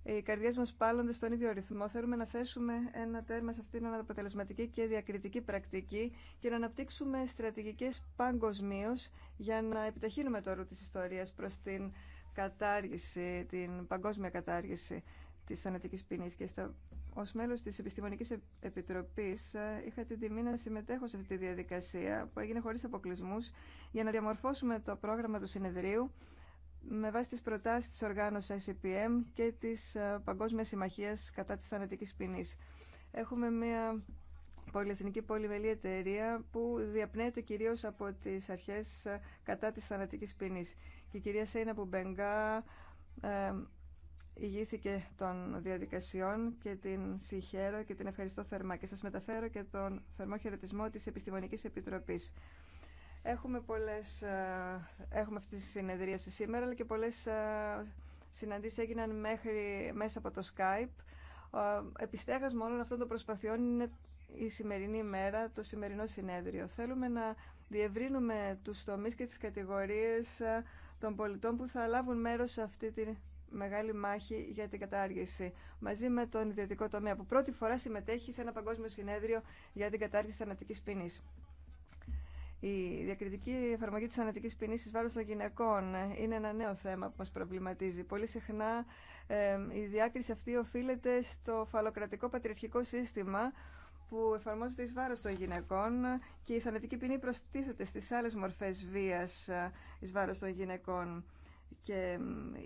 [SPEAKER 2] οι καρδιές μας πάλλονται στον ίδιο ρυθμό. Θέλουμε να θέσουμε ένα τέρμα σε αυτήν την αναποτελεσματική και διακριτική πρακτική και να αναπτύξουμε στρατηγικές παγκοσμίω για να επιταχύνουμε το ρου της ιστορίας προς την κατάργηση, την παγκόσμια κατάργηση της θανατικής ποινής και στα Ω μέλο τη Επιστημονική Επιτροπή, ε, είχα την τιμή να συμμετέχω σε αυτή τη διαδικασία που έγινε χωρί αποκλεισμού για να διαμορφώσουμε το πρόγραμμα του συνεδρίου με βάση τις προτάσεις τη οργάνωση ICPM και της ε, παγκόσμια Συμμαχίας κατά της θανατική ποινή. Έχουμε μια πολυεθνική πολυμελή εταιρεία που διαπνέεται κυρίως από τις αρχές ε, κατά της θανατική ποινής. Και η κυρία Σέινα ηγήθηκε των διαδικασιών και την συγχαίρω και την ευχαριστώ θερμά και σας μεταφέρω και τον θερμό χαιρετισμό της Επιστημονικής Επιτροπής. Έχουμε, πολλές, ε, έχουμε αυτή τη συνεδρία σήμερα, αλλά και πολλές ε, συναντήσεις έγιναν μέχρι, μέσα από το Skype. Επιστέχασμα όλων αυτών των προσπαθειών είναι η σημερινή ημέρα, το σημερινό συνέδριο. Θέλουμε να διευρύνουμε τους τομείς και τις κατηγορίες ε, των πολιτών που θα λάβουν μέρος αυτή τη μεγάλη μάχη για την κατάργηση μαζί με τον ιδιωτικό τομέα που πρώτη φορά συμμετέχει σε ένα παγκόσμιο συνέδριο για την κατάργηση θανατικής ποινής. Η διακριτική εφαρμογή της θανάτικης ποινής εις βάρος των γυναικών είναι ένα νέο θέμα που μας προβληματίζει. Πολύ συχνά η διάκριση αυτή οφείλεται στο φαλοκρατικό πατριαρχικό σύστημα που εφαρμόζεται εις βάρος των γυναικών και η θανατική ποινή προστίθεται στις άλλες μορφές βίας ε, εις βάρος των γυναικών και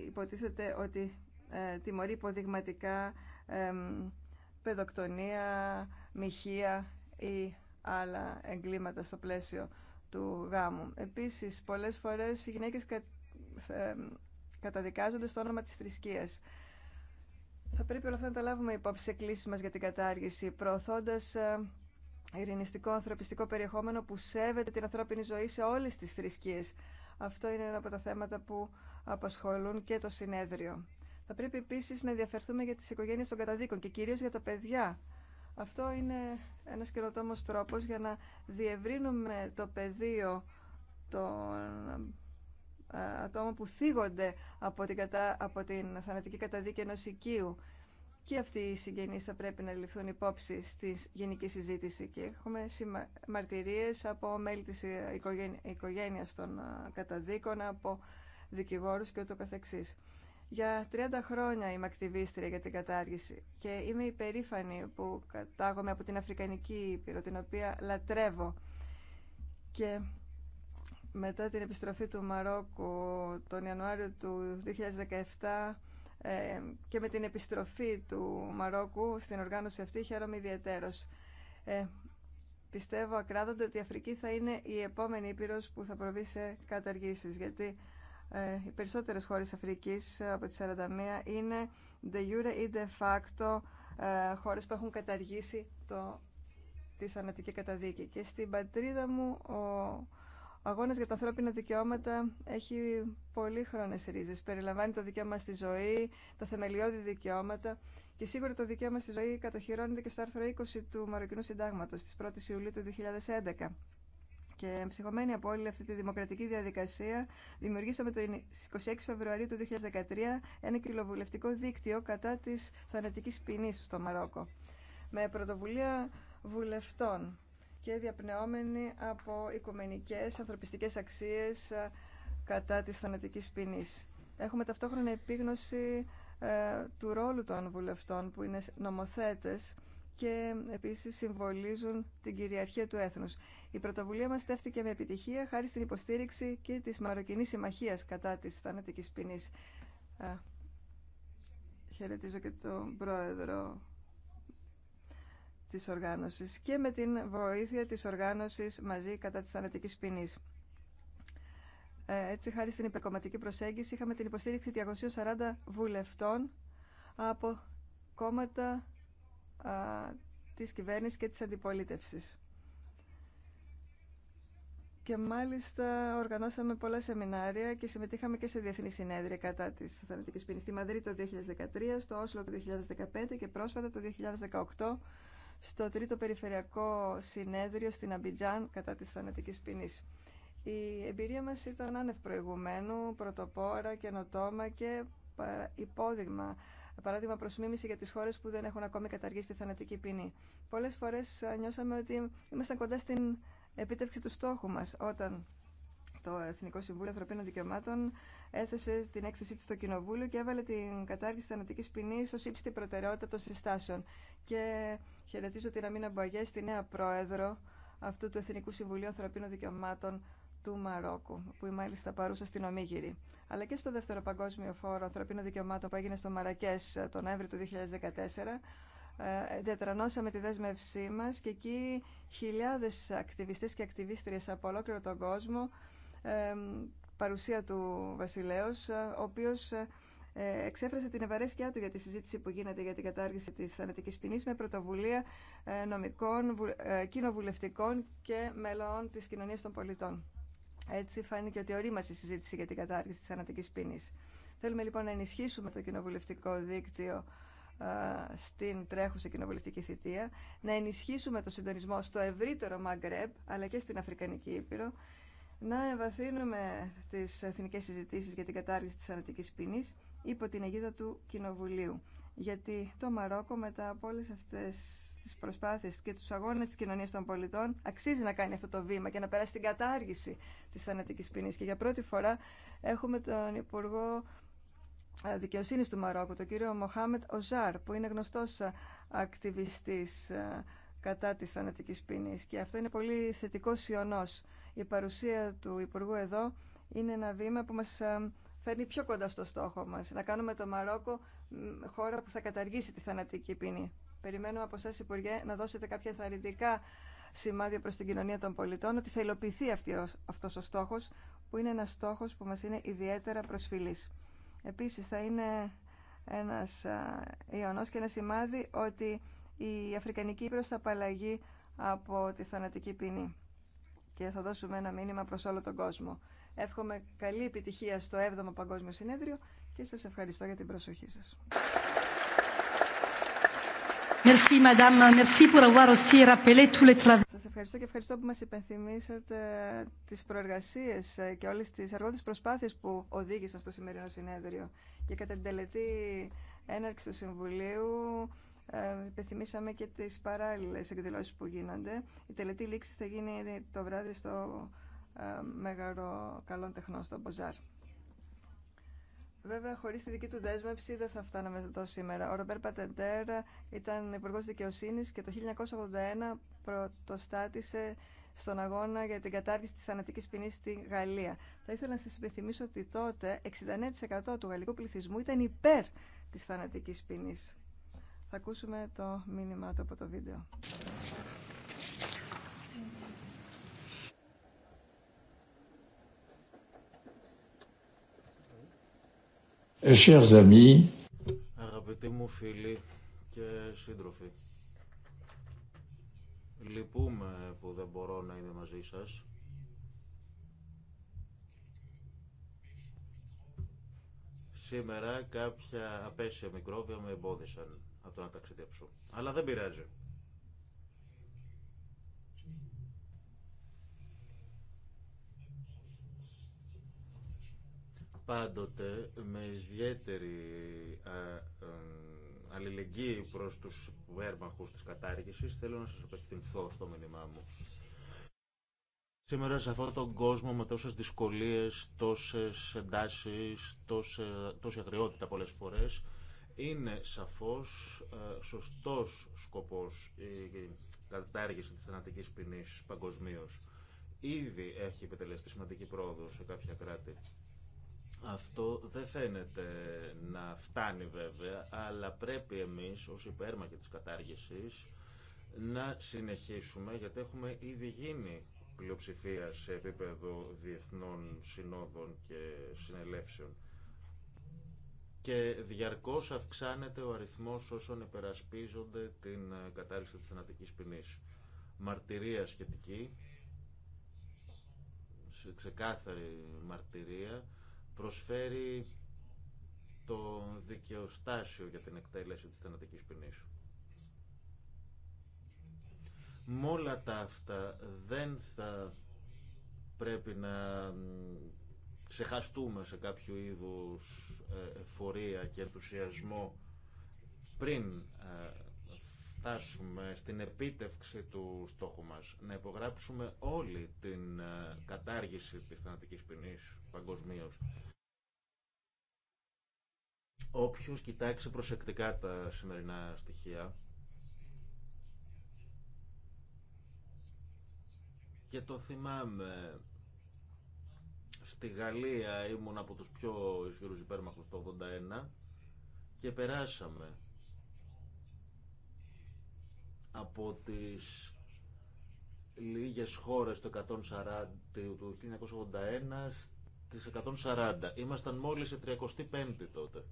[SPEAKER 2] υποτίθεται ότι ε, τιμωρεί υποδειγματικά ε, παιδοκτονία, μοιχεία ή άλλα εγκλήματα στο πλαίσιο του γάμου. Επίσης, πολλές φορές οι γυναίκες ε, καταδικάζονται στο όνομα της θρησκείας. Θα πρέπει όλα αυτά να τα λάβουμε υπόψη σε κλήσεις μας για την κατάργηση, προωθώντας ε, ειρηνιστικό ανθρωπιστικό περιεχόμενο που σέβεται την ανθρώπινη ζωή σε όλες τις θρησκείες. Αυτό είναι ένα από τα θέματα που απασχολούν και το συνέδριο. Θα πρέπει επίση να ενδιαφερθούμε για τις οικογένειες των καταδίκων και κυρίως για τα παιδιά. Αυτό είναι ένας καινοτόμο τρόπος για να διευρύνουμε το πεδίο των ε, ατόμων που θίγονται από την, κατα... από την θανατική καταδίκη ενό οικείου. Και αυτοί οι συγγενείς θα πρέπει να ληφθούν υπόψη στη γενική συζήτηση. Και έχουμε μαρτυρίες από μέλη της οικογένεια... οικογένειας των ε, καταδίκων, από δικηγόρους και ούτω καθεξής. Για 30 χρόνια είμαι ακτιβίστρια για την κατάργηση και είμαι υπερήφανη που κατάγομαι από την Αφρικανική Ήπειρο, την οποία λατρεύω. Και μετά την επιστροφή του Μαρόκου τον Ιανουάριο του 2017 ε, και με την επιστροφή του Μαρόκου στην οργάνωση αυτή χαίρομαι ιδιαίτερος. Ε, πιστεύω ακράδαντα ότι η Αφρική θα είναι η επόμενη ήπειρος που θα προβεί σε καταργήσεις, γιατί ε, οι περισσότερες χώρες Αφρικής ε, από τις 41 είναι de jure ή de facto ε, χώρες που έχουν καταργήσει το, τη θανατική καταδίκη. Και στην πατρίδα μου ο αγώνας για τα ανθρώπινα δικαιώματα έχει πολύ χρόνες ρίζες. Περιλαμβάνει το δικαίωμα στη ζωή, τα θεμελιώδη δικαιώματα και σίγουρα το δικαίωμα στη ζωή κατοχυρώνεται και στο άρθρο 20 του Μαροκινού Συντάγματος της 1 η Ιουλίου του 2011 και εμψυχωμένοι από όλη αυτή τη δημοκρατική διαδικασία, δημιουργήσαμε το 26 Φεβρουαρίου του 2013 ένα κοινοβουλευτικό δίκτυο κατά τη θανατική ποινή στο Μαρόκο. Με πρωτοβουλία βουλευτών και διαπνεόμενη από οικουμενικές ανθρωπιστικέ αξίες ε, κατά της θανατική ποινή. Έχουμε ταυτόχρονα επίγνωση ε, του ρόλου των βουλευτών που είναι νομοθέτες και επίσης συμβολίζουν την κυριαρχία του έθνους. Η πρωτοβουλία μας στέφθηκε με επιτυχία χάρη στην υποστήριξη και της Μαροκινής Συμμαχίας κατά της θανατικής ποινής. Χαιρετίζω και τον πρόεδρο της οργάνωσης και με την βοήθεια της οργάνωσης μαζί κατά της θανατικής ποινής. Ε, έτσι, χάρη στην υπερκομματική προσέγγιση, είχαμε την υποστήριξη 240 βουλευτών από κόμματα της κυβέρνησης και της αντιπολίτευσης. Και μάλιστα οργανώσαμε πολλά σεμινάρια και συμμετείχαμε και σε διεθνή συνέδρια κατά της θανατικής ποινής στη Μαδρίτη το 2013, στο Όσλο το 2015 και πρόσφατα το 2018 στο τρίτο περιφερειακό συνέδριο στην Αμπιτζάν κατά της θανατικής ποινής. Η εμπειρία μας ήταν άνευ προηγουμένου, πρωτοπόρα, καινοτόμα και υπόδειγμα παράδειγμα προ μίμηση για τι χώρε που δεν έχουν ακόμη καταργήσει τη θανατική ποινή. Πολλέ φορέ ε, νιώσαμε ότι ήμασταν κοντά στην επίτευξη του στόχου μα όταν το Εθνικό Συμβούλιο Ανθρωπίνων Δικαιωμάτων έθεσε την έκθεσή τη στο Κοινοβούλιο και έβαλε την κατάργηση θανατική ποινή ω ύψιστη προτεραιότητα των συστάσεων. Και χαιρετίζω την Αμήνα Μποαγέ, τη νέα πρόεδρο αυτού του Εθνικού Συμβουλίου Ανθρωπίνων Δικαιωμάτων του Μαρόκου, που μάλιστα παρούσα στην Ομίγυρη, αλλά και στο Δεύτερο Παγκόσμιο Φόρο Ανθρωπίνων Δικαιωμάτων που έγινε στο Μαρακέ ε, τον Νοέμβριο του 2014, ε, διατρανώσαμε τη δέσμευσή μα και εκεί χιλιάδε ακτιβιστέ και ακτιβίστριες από ολόκληρο τον κόσμο ε, παρουσία του βασιλέως ο οποίο εξέφρασε την ευαρέσκειά του για τη συζήτηση που γίνεται για την κατάργηση της θανατικής ποινής με πρωτοβουλία νομικών, κοινοβουλευτικών και μελών της κοινωνίας των πολιτών. Έτσι φάνηκε ότι ορίμασε η συζήτηση για την κατάργηση της θανατικής ποινής. Θέλουμε λοιπόν να ενισχύσουμε το κοινοβουλευτικό δίκτυο στην τρέχουσα κοινοβουλευτική θητεία, να ενισχύσουμε το συντονισμό στο ευρύτερο Μαγκρέπ, αλλά και στην Αφρικανική Ήπειρο, να εμβαθύνουμε τις εθνικές συζητήσεις για την κατάργηση της θανατικής ποινής υπό την αιγίδα του Κοινοβουλίου γιατί το Μαρόκο μετά από όλε αυτέ τι προσπάθειε και του αγώνε τη Κοινωνία των πολιτών αξίζει να κάνει αυτό το βήμα και να περάσει την κατάργηση τη θανατική ποινή. Και για πρώτη φορά έχουμε τον Υπουργό ε, δικαιοσύνη του Μαρόκου, τον κύριο Μοχάμετ Οζάρ, που είναι γνωστό ε, ακτιβιστή ε, κατά της θανατικής ποινής. Και αυτό είναι πολύ θετικό σιωνός. Η παρουσία του Υπουργού εδώ είναι ένα βήμα που μας φέρνει πιο κοντά στο στόχο μας. Να κάνουμε το Μαρόκο χώρα που θα καταργήσει τη θανατική ποινή. Περιμένουμε από εσάς, Υπουργέ, να δώσετε κάποια θαρρυντικά σημάδια προς την κοινωνία των πολιτών ότι θα υλοποιηθεί αυτός ο στόχος που είναι ένας στόχος που μας είναι ιδιαίτερα προσφυλής. Επίσης θα είναι ένας ιονός και ένα σημάδι ότι η Αφρικανική Ήπειρος θα απαλλαγεί από τη θανατική ποινή και θα δώσουμε ένα μήνυμα προς όλο τον κόσμο. Εύχομαι καλή επιτυχία στο 7ο Παγκόσμιο Συνέδριο και σας ευχαριστώ για την προσοχή σας.
[SPEAKER 1] Merci, Σας
[SPEAKER 2] ευχαριστώ και ευχαριστώ που μας υπενθυμίσατε τις προεργασίες ε, και όλες τις αργότερες προσπάθειες που οδήγησαν στο σημερινό συνέδριο. Και κατά την τελετή έναρξη του Συμβουλίου ε, υπενθυμίσαμε και τις παράλληλες εκδηλώσεις που γίνονται. Η τελετή λήξη θα γίνει το βράδυ στο ε, Μέγαρο Καλό Τεχνών, στο Μποζάρ. Βέβαια, χωρί τη δική του δέσμευση δεν θα φτάναμε εδώ σήμερα. Ο Ρομπέρ Πατεντέρα ήταν υπουργό δικαιοσύνη και το 1981 πρωτοστάτησε στον αγώνα για την κατάργηση τη θανατική ποινή στη Γαλλία. Θα ήθελα να σα υπενθυμίσω ότι τότε 69% του γαλλικού πληθυσμού ήταν υπέρ τη θανατική ποινή. Θα ακούσουμε το μήνυμα του από το βίντεο.
[SPEAKER 4] αγαπητοί
[SPEAKER 3] μου φίλοι και σύντροφοι, λυπούμε που δεν μπορώ να είμαι μαζί σας. Σήμερα κάποια απέσια μικρόβια με εμπόδισαν από το να ταξιδέψω. Αλλά δεν πειράζει. πάντοτε με ιδιαίτερη ε, ε, αλληλεγγύη προς τους έρμαχους της κατάργησης θέλω να σας απευθυνθώ στο μήνυμά μου. Σήμερα σε αυτόν τον κόσμο με τόσες δυσκολίες, τόσες εντάσεις, τόση, αγριότητα πολλές φορές είναι σαφώς ε, σωστός σκοπός η κατάργηση της θανατικής ποινής παγκοσμίω. Ήδη έχει επιτελέσει σημαντική πρόοδο σε κάποια κράτη αυτό δεν φαίνεται να φτάνει βέβαια, αλλά πρέπει εμείς ως υπέρμαχοι της κατάργησης να συνεχίσουμε, γιατί έχουμε ήδη γίνει πλειοψηφία σε επίπεδο διεθνών συνόδων και συνελεύσεων. Και διαρκώς αυξάνεται ο αριθμός όσων υπερασπίζονται την ε, κατάργηση της θανατικής ποινή. Μαρτυρία σχετική, ξεκάθαρη μαρτυρία, προσφέρει το δικαιοστάσιο για την εκτέλεση της θανατικής ποινής. Με όλα τα αυτά δεν θα πρέπει να ξεχαστούμε σε κάποιο είδους ε, εφορία και ενθουσιασμό πριν ε, στην επίτευξη του στόχου μας, να υπογράψουμε όλη την ε, κατάργηση της θανατικής ποινής παγκοσμίω. Όποιος κοιτάξει προσεκτικά τα σημερινά στοιχεία και το θυμάμαι στη Γαλλία ήμουν από τους πιο ισχυρούς υπέρμαχους το 81 και περάσαμε από τις λίγες χώρες το 140, του 1981 στις 140. Ήμασταν μόλις σε 35 τότε.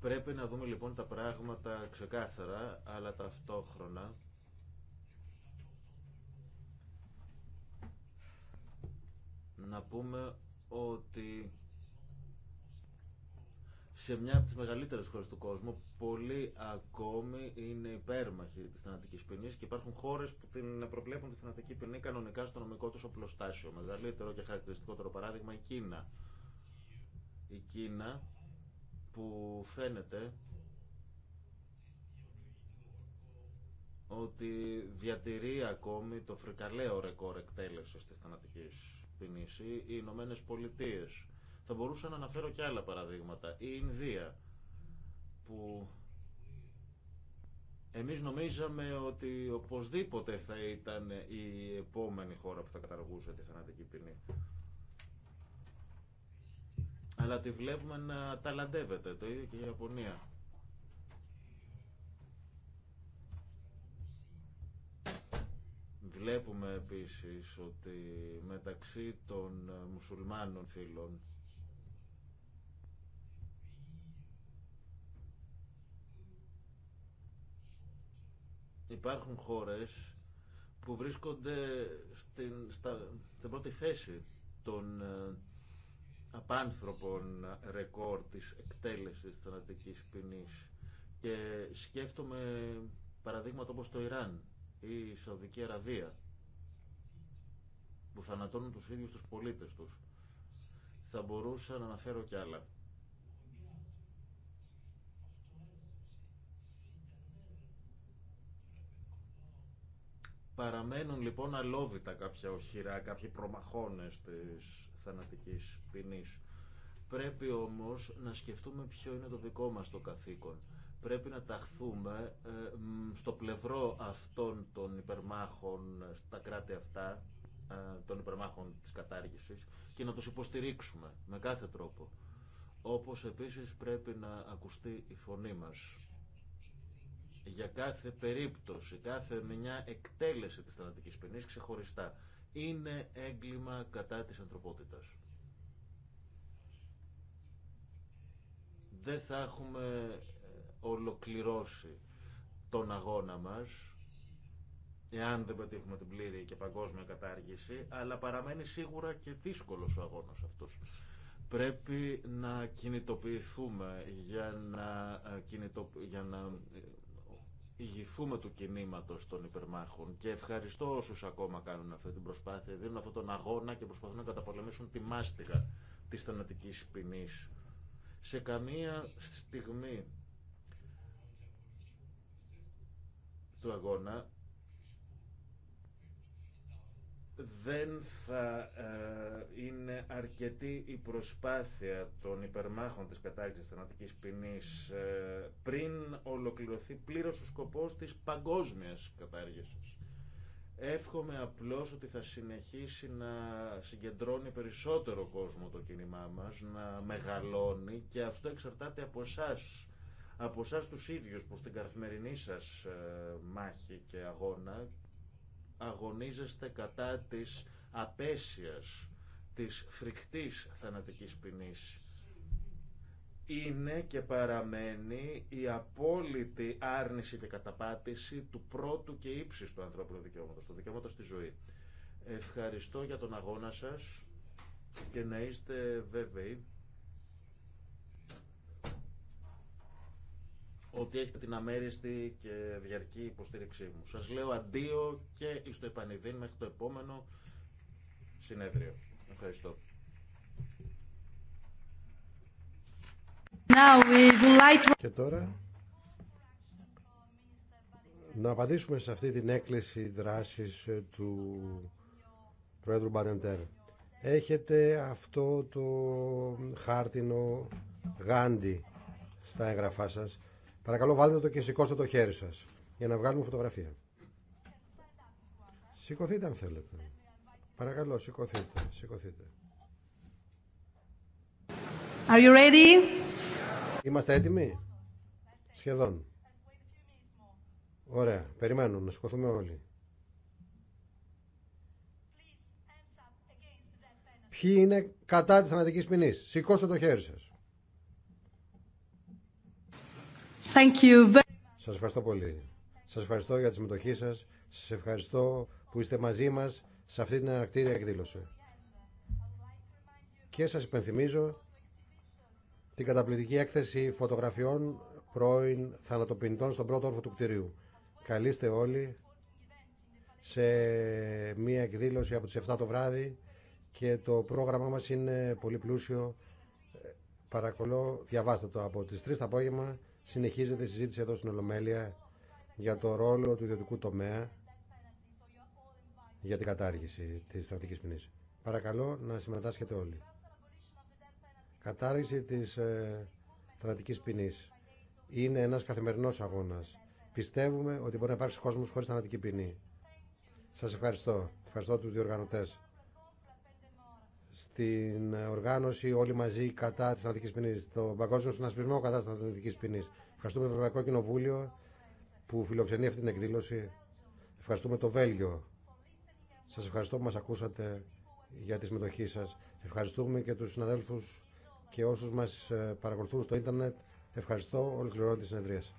[SPEAKER 3] Πρέπει να δούμε λοιπόν τα πράγματα ξεκάθαρα, αλλά ταυτόχρονα να πούμε ότι σε μια από τις μεγαλύτερες χώρες του κόσμου. Πολλοί ακόμη είναι υπέρμαχοι της θανατικής ποινής και υπάρχουν χώρες που την προβλέπουν τη θανατική ποινή κανονικά στο νομικό τους οπλοστάσιο. Μεγαλύτερο και χαρακτηριστικότερο παράδειγμα η Κίνα. Η Κίνα που φαίνεται ότι διατηρεί ακόμη το φρικαλαίο ρεκόρ εκτέλεσης της θανατικής ποινής. Οι Ηνωμένε Πολιτείε. Θα μπορούσα να αναφέρω και άλλα παραδείγματα. Η Ινδία, που εμείς νομίζαμε ότι οπωσδήποτε θα ήταν η επόμενη χώρα που θα καταργούσε τη θανατική ποινή. Αλλά τη βλέπουμε να ταλαντεύεται, το ίδιο και η Ιαπωνία. Βλέπουμε επίσης ότι μεταξύ των μουσουλμάνων φίλων Υπάρχουν χώρες που βρίσκονται στην, στα, πρώτη θέση των ε, απάνθρωπων ρεκόρ της εκτέλεσης θανατικής ποινής και σκέφτομαι παραδείγματα όπως το Ιράν ή η Σαουδική Αραβία που θανατώνουν τους ίδιους τους πολίτες τους. Θα μπορούσα να αναφέρω κι άλλα. Παραμένουν λοιπόν αλόβητα κάποια οχυρά, κάποιοι προμαχώνες της θανατικής ποινή. Πρέπει όμως να σκεφτούμε ποιο είναι το δικό μας το καθήκον. Πρέπει να ταχθούμε ε, στο πλευρό αυτών των υπερμάχων ε, στα κράτη αυτά, ε, των υπερμάχων της κατάργησης και να τους υποστηρίξουμε με κάθε τρόπο. Όπως επίσης πρέπει να ακουστεί η φωνή μας για κάθε περίπτωση, κάθε μια εκτέλεση της θανατικής ποινής ξεχωριστά. Είναι έγκλημα κατά της ανθρωπότητας. Δεν θα έχουμε ε, ολοκληρώσει τον αγώνα μας εάν δεν πετύχουμε την πλήρη και παγκόσμια κατάργηση, αλλά παραμένει σίγουρα και δύσκολος ο αγώνας αυτός. Πρέπει να κινητοποιηθούμε για να, ε, κινητο... για να ε, ηγηθούμε του κινήματος των υπερμάχων και ευχαριστώ όσους ακόμα κάνουν αυτή την προσπάθεια, δίνουν αυτόν τον αγώνα και προσπαθούν να καταπολεμήσουν τη μάστιγα της θανατικής ποινή. Σε καμία στιγμή του αγώνα δεν θα ε, είναι αρκετή η προσπάθεια των υπερμάχων της κατάργηση θανατικής ποινής ε, πριν ολοκληρωθεί πλήρως ο σκοπός της παγκόσμιας κατάργησης. Εύχομαι απλώς ότι θα συνεχίσει να συγκεντρώνει περισσότερο κόσμο το κίνημά μας, να μεγαλώνει και αυτό εξαρτάται από εσά από εσά τους ίδιους που στην καθημερινή σας ε, μάχη και αγώνα αγωνίζεστε κατά της απέσιας, της φρικτής θανατικής ποινής. Είναι και παραμένει η απόλυτη άρνηση και καταπάτηση του πρώτου και ύψης του ανθρώπινου δικαιώματος, του δικαιώματος στη ζωή. Ευχαριστώ για τον αγώνα σας και να είστε βέβαιοι ότι έχετε την αμέριστη και διαρκή υποστήριξή μου. Σας λέω αντίο και εις το επανειδήν μέχρι το επόμενο συνέδριο. Ευχαριστώ. Και τώρα
[SPEAKER 4] να απαντήσουμε σε αυτή την έκκληση δράσης ε, του Πρόεδρου Μπαρεντέρ. Έχετε αυτό το χάρτινο γάντι στα έγγραφά σας Παρακαλώ βάλτε το και σηκώστε το χέρι σας για να βγάλουμε φωτογραφία. Σηκωθείτε αν θέλετε. Παρακαλώ, σηκωθείτε. σηκωθείτε. Are you ready? Είμαστε έτοιμοι? Σχεδόν. Ωραία. Περιμένουμε να σηκωθούμε όλοι. Ποιοι είναι κατά της θανατικής ποινής. Σηκώστε το χέρι σας.
[SPEAKER 1] Thank you.
[SPEAKER 4] Σας ευχαριστώ πολύ. Σας ευχαριστώ για τη συμμετοχή σας. Σας ευχαριστώ που είστε μαζί μας σε αυτή την ανακτήρια εκδήλωση. Και σας υπενθυμίζω την καταπληκτική έκθεση φωτογραφιών πρώην θανατοποιητών στον πρώτο όρφο του κτηρίου. Καλείστε όλοι σε μία εκδήλωση από τις 7 το βράδυ και το πρόγραμμά μας είναι πολύ πλούσιο. Ε, Παρακαλώ, διαβάστε το από τις 3 το απόγευμα Συνεχίζεται η συζήτηση εδώ στην Ολομέλεια για το ρόλο του ιδιωτικού τομέα για την κατάργηση της στρατικής ποινή. Παρακαλώ να συμμετάσχετε όλοι. Κατάργηση της ε, θανατικής είναι ένας καθημερινός αγώνας. Πιστεύουμε ότι μπορεί να υπάρξει κόσμος χωρίς θανατική ποινή. Σας ευχαριστώ. Ευχαριστώ του διοργανωτέ στην οργάνωση όλοι μαζί κατά τη θανατική ποινή, στον Παγκόσμιο Συνασπισμό κατά τη θανατική ποινή. Ευχαριστούμε το Ευρωπαϊκό Κοινοβούλιο που φιλοξενεί αυτή την εκδήλωση. Ευχαριστούμε το Βέλγιο. Σα ευχαριστώ που μα ακούσατε για τη συμμετοχή σα. Ευχαριστούμε και του συναδέλφου και όσου μα ε, παρακολουθούν στο ίντερνετ. Ευχαριστώ. Ολοκληρώνω τη συνεδρίας.